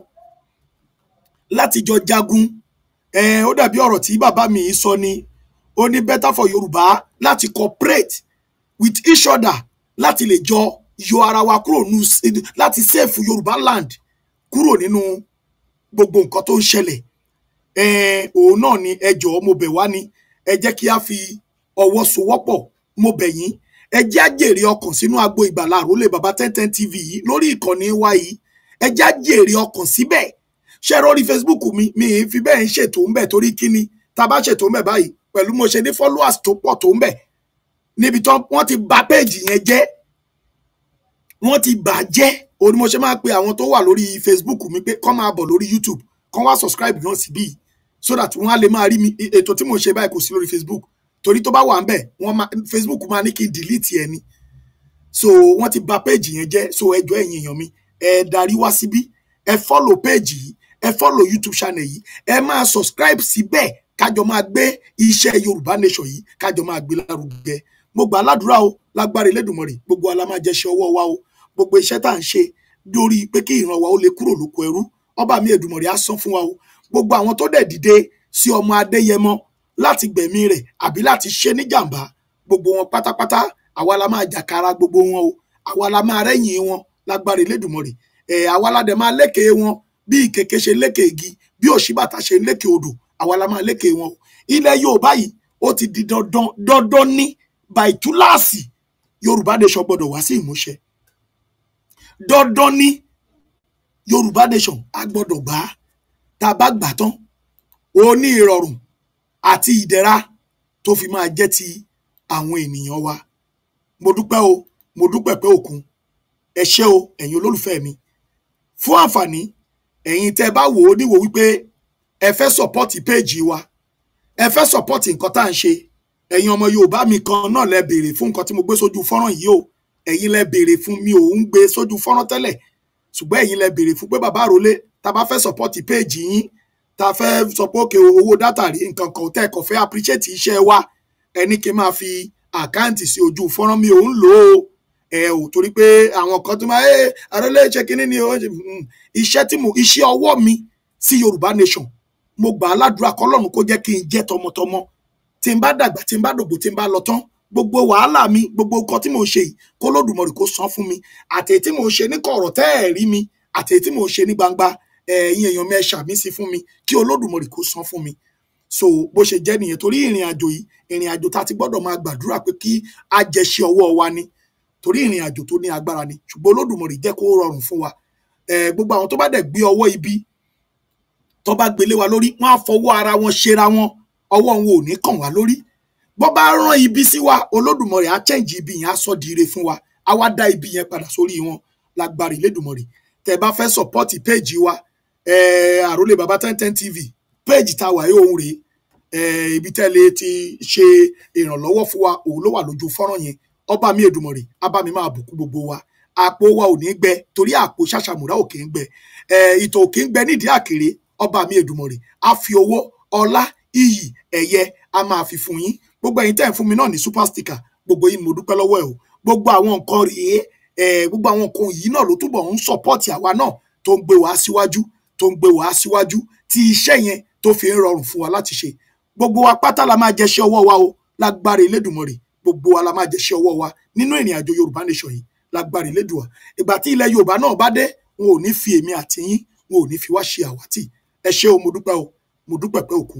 láti jagun ó dàbí ọ̀rọ̀ tí bàbá mi yìí sọ ni ó ní better for Yorùbá láti cooperate with each other láti lè jọ yọ ara wa kúrò nù láti save Yorùbá land kúrò nínú gbogbo nǹkan tó ń ṣẹlẹ̀ òun náà ni ẹ jọ̀ọ́ mo bẹ̀ wá ni ẹ jẹ́ kí a fi ọwọ́ sowọ́pọ̀ mo bẹ̀ yín ẹ jẹ́ àjèrè ọkàn sínú agbo ìgbàlà àrólé baba ten ten tv yìí lórí ìkànnì wa yìí ẹ jẹ́ àjèrè ọkàn síbẹ̀ ṣé lórí facebook mi mi ì fi bẹ́ẹ̀ ń ṣètò ń bẹ̀ torí kíni tá a bá ṣètò ń bẹ̀ báyìí pẹ̀lú mo ṣe ní followers tó pọ̀ tó ń bẹ̀ níbi tán wọ́n ti bà péèjì yẹn jẹ́ wọ́n ti bà jẹ́ òun ni mo ṣe máa pe àwọn tó wà lórí facebook mi pé kọ́ máa bọ̀ lórí youtube kọ́ wá subscribe náà síbí so that wọ́n á lè máa rí mi e, ètò tí mo ṣe báyìí kò sí lórí facebook torí tó bá wà ń bẹ̀ wọ́n máa facebook máa ní kí n delete ẹ ni so wọ́n ti bà péèjì yẹn jẹ́ so ẹjọ́ ẹ̀yin èèyàn mi ẹ darí wá síbí ẹ follow page yìí ẹ follow youtube channel yìí ẹ máa subscribe síbẹ̀ kájọ máa gbé iṣẹ́ yorùbá nation yìí kájọ máa gbé lárugẹ mo gbà ládùúrà o lágbára elédùnmọ̀rì gbogbo alámájẹṣẹ ọwọ́ wa o gbogbo iṣẹ́ tá à ń ṣe dórí pé kí ìran wa ó lè kúrò lóko ẹrú ọba mi èdùmọ̀rì á san fún wa o gbogbo àwọn tó dẹ̀ dìde sí ọmọ adéyẹmọ láti gbẹ̀mí rẹ̀ àbí láti ṣe níjàmbá gbogbo wọn pátápátá àwa la máa jàkàrà gbogbo wọn o àwa la máa rẹ́yìn wọn lágbára elédùnmọ̀rì ẹ̀ àwa la dẹ̀ máa lékè wọn bí ìkèké ṣe lékè igi bí òṣìbàtà ṣe lékè odò àwa la máa lékè wọn o ilẹ̀ yorùbá yìí ó ti di dandan dandan ní bàìtúláàsì yorùbá nation gbọ́dọ̀ wá sí ìmúṣẹ dandan ní yorùbá nation a gbọ́dọ̀ gbà á tá a bá gbà tán ó ní ìrọ̀rùn àti ìdẹ̀ra tó fi máa jẹ́ ti àwọn ènìyàn wa mo dúpẹ́ o mo dúpẹ́ pé òkun ẹ ṣé o ẹ̀yin olólùfẹ́ mi fún àǹfààní ẹ̀yin tẹ́ bá wò ó níwò wípé ẹ fẹ́ sọ̀pọ́tì péèjì wa ẹ fẹ́ sọ̀pọ́tì nǹkan tá à ń ṣe ẹ̀yin ọmọ Yorùbá mi kan náà lẹ béèrè fún nǹkan tí mo gbé sójú fọ́nrán yìí o ẹ̀yin lẹ béèrè fún mi ò ń gbé sójú fọ́nrán tẹ́lẹ̀ ṣùgbọ́n ẹ̀yin lẹ béèrè fún pé bàbá àròlé tá bá fẹ́ sọ̀pọ́tì péèjì yín tá fẹ́ sọ pé òkè owó dátà rí nǹkan kan tẹ́ ẹ̀kọ́ fẹ́ appreciate iṣẹ́ wa ẹni kí n máa fi àkáǹtì sí ojú fọ́nrán mi ò ń lò ó ẹ ò torí pé àwọn kan tó máa ẹ àrẹlẹ ṣe kínní ni hmm, iṣẹ́ tí mo iṣẹ́ ọwọ́ mi sí Yorùbá nation mo gbà á ládùúrà kọ́lọ́run kó jẹ́ kí n jẹ́ tọmọtọmọ tí n bá dàgbà tí n bá dògbò tí n bá lọ tán gbogbo wàhálà mi gbogbo nǹkan tí mò ń ṣe yìí kó lódùmọ̀rì kó san fún mi àtẹ̀yí tí mò ń ṣe ní kọ̀rọ̀ tẹ́ ẹ̀ rí mi àtẹ̀yí tí mò ṣe ní gbangba ẹ̀yin èèyàn mẹ́ṣà mi sí fún mi kí olódùmọ̀rì kó san fún mi so bó ṣe jẹ́ nìyẹn torí ìrìn àjò yìí ìrìn àjò tá a ti gbọ́dọ̀ máa gbàdúrà pé kí a ọwọ́ wa ni torí ìrìn àjò tó ní agbára ni ṣùgbọ́n olódùmarè jẹ́ kó rọrùn fún wa gbogbo àwọn tó bá dẹ̀ gbé ọwọ́ ibi tó bá gbélé wa lórí wọ́n á fọwọ́ ara wọn ṣera wọn ọwọ́ wọn ò ní kàn wá lórí bó bá rán ibi sí wa olódùmarè á chẹ́ǹjì ibi yẹn á sọ di fún wa á wá dá ibi yẹn padà sórí wọn lágbára ìlédùmarè tẹ́ bá fẹ́ sọ̀pọ́tì péèjì wa àrólé baba ten ten tv péèjì tá a wà yóò ń rèé ibi tẹ́lẹ̀ ti ṣe ìrànlọ́wọ́ fún wa òun ló wà lójú fọ́nrán yẹn ọba mi Èdùmàrè á bá mi máa bùkún gbogbo wa àpò wa ò ní gbẹ torí àpò ṣàṣàmùrà ò kì í gbẹ ìtò ò kì í gbẹ nídìí àkèrè ọba mi Èdùmàrè á fi owó ọlá iyì ẹ̀yẹ á máa fi fún yín gbogbo ẹ̀yin tẹ́ ń fún mi náà ní super sticker gbogbo yín mo dúpẹ́ lọ́wọ́ ẹ̀ o gbogbo àwọn nǹkan rèé gbogbo àwọn nǹkan yìí náà ló túbọ̀ ń sọ̀pọ̀tì àwa náà tó ń gbé wa síwájú tó ń gbé wa síwájú tí iṣẹ́ yẹn tó fi ń rọrùn fún wa láti ṣe gbogbo wa la máa jẹ iṣẹ́ ọwọ́ wa o lágbára Elédùmarè gbogbo wa la máa jẹ iṣẹ́ ọwọ́ wa nínú ìrìn àjò yorùbá nation yìí lágbára ìlédùà ìgbà tí ilẹ̀ yorùbá náà bá dé wọn ò ní fi èmi àti yín wọn ò ní fi wá ṣe àwátì ẹ ṣé o mo dúpẹ́ o mo dúpẹ́ pé òkú.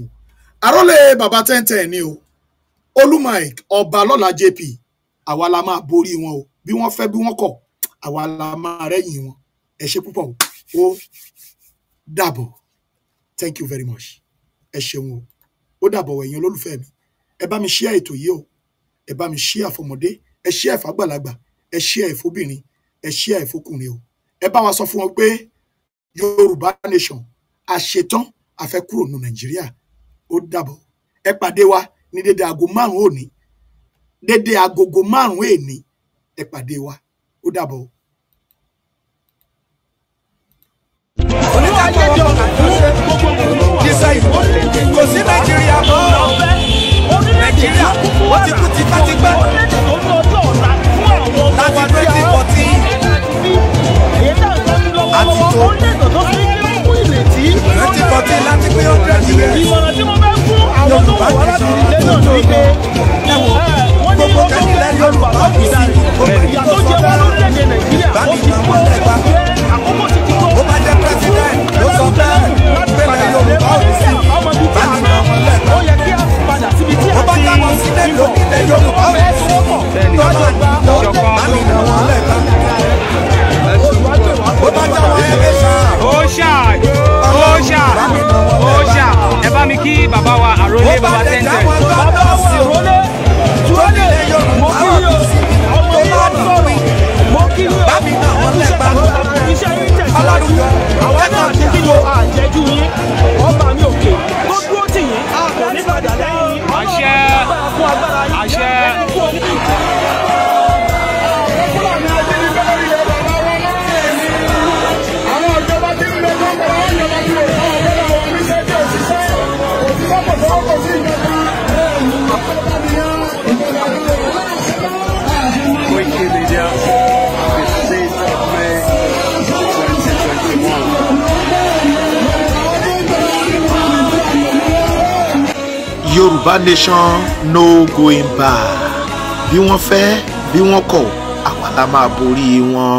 àròlé bàbá tẹ́ntẹ́n ni o olúmọ̀ẹ́k ọba lọ́la jp àwa la máa borí wọn o bí wọ́n fẹ́ bí wọ́n kọ̀ àwa la máa rẹ́yìn wọn ẹ ṣé púpọ̀ o dàbọ̀ thank you very much ẹ ṣeun o ó dàbọ̀ ẹ̀yin olólùfẹ́ mi ẹ bá mi share ètò yìí o ẹ bá mi ṣí àfọmọdé ẹ ṣí àfàgbàlagbà ẹ ṣí àìfóbìnrin ẹ ṣí àìfókùnrin o ẹ bá wa sọ fún wọn pé yorùbá nation àṣetán àfẹkúrò nù nàìjíríà ó dàbọ̀ ẹ pàdé wa ní dédé aago márùn òní dédé agogo márùn èní ẹ pàdé wa ó dàbọ̀. onídàájọ́ kò sí nàìjíríà mọ́ nàìjíríà ó ti kú tipẹ́tipẹ́. orí ọjọ́ ọ̀la fún tó twenty fourteen láti pé hundred years. ìmọ̀ràn tí mo fẹ́ fún àwọn tó wà láti yorùbá lọ́kùn ìdarí ìyà tó jẹ wọn lórílẹ̀‐èdè nàìjíríà ó ti kú àkókò ó bá jẹ pírẹsidẹ́ntì ló sọ bẹ́ẹ̀ pé yorùbá ò ní sí i padà síbi tí a ti ń bọ̀ yorùbá fẹ́ sọ́kọ̀ tọ́jọ́ gba ọjọ́ mami náà wọ́n lẹ́ẹ̀kan. ẹ bá mi kí bàbá wa àrólé bàbá tẹ́ńtẹ́. bàbá wa àrólé túwọ́lé mo kí yóò ọmọ ìlú ọ̀dọ́rùn mo kí yóò bàbá mi iṣẹ́ yìí tẹ̀síwájú àwọn náà ti kí yóò. yorùbá nation no going back bí wọ́n fẹ́ bí wọ́n kọ̀ àwa la máa borí wọn.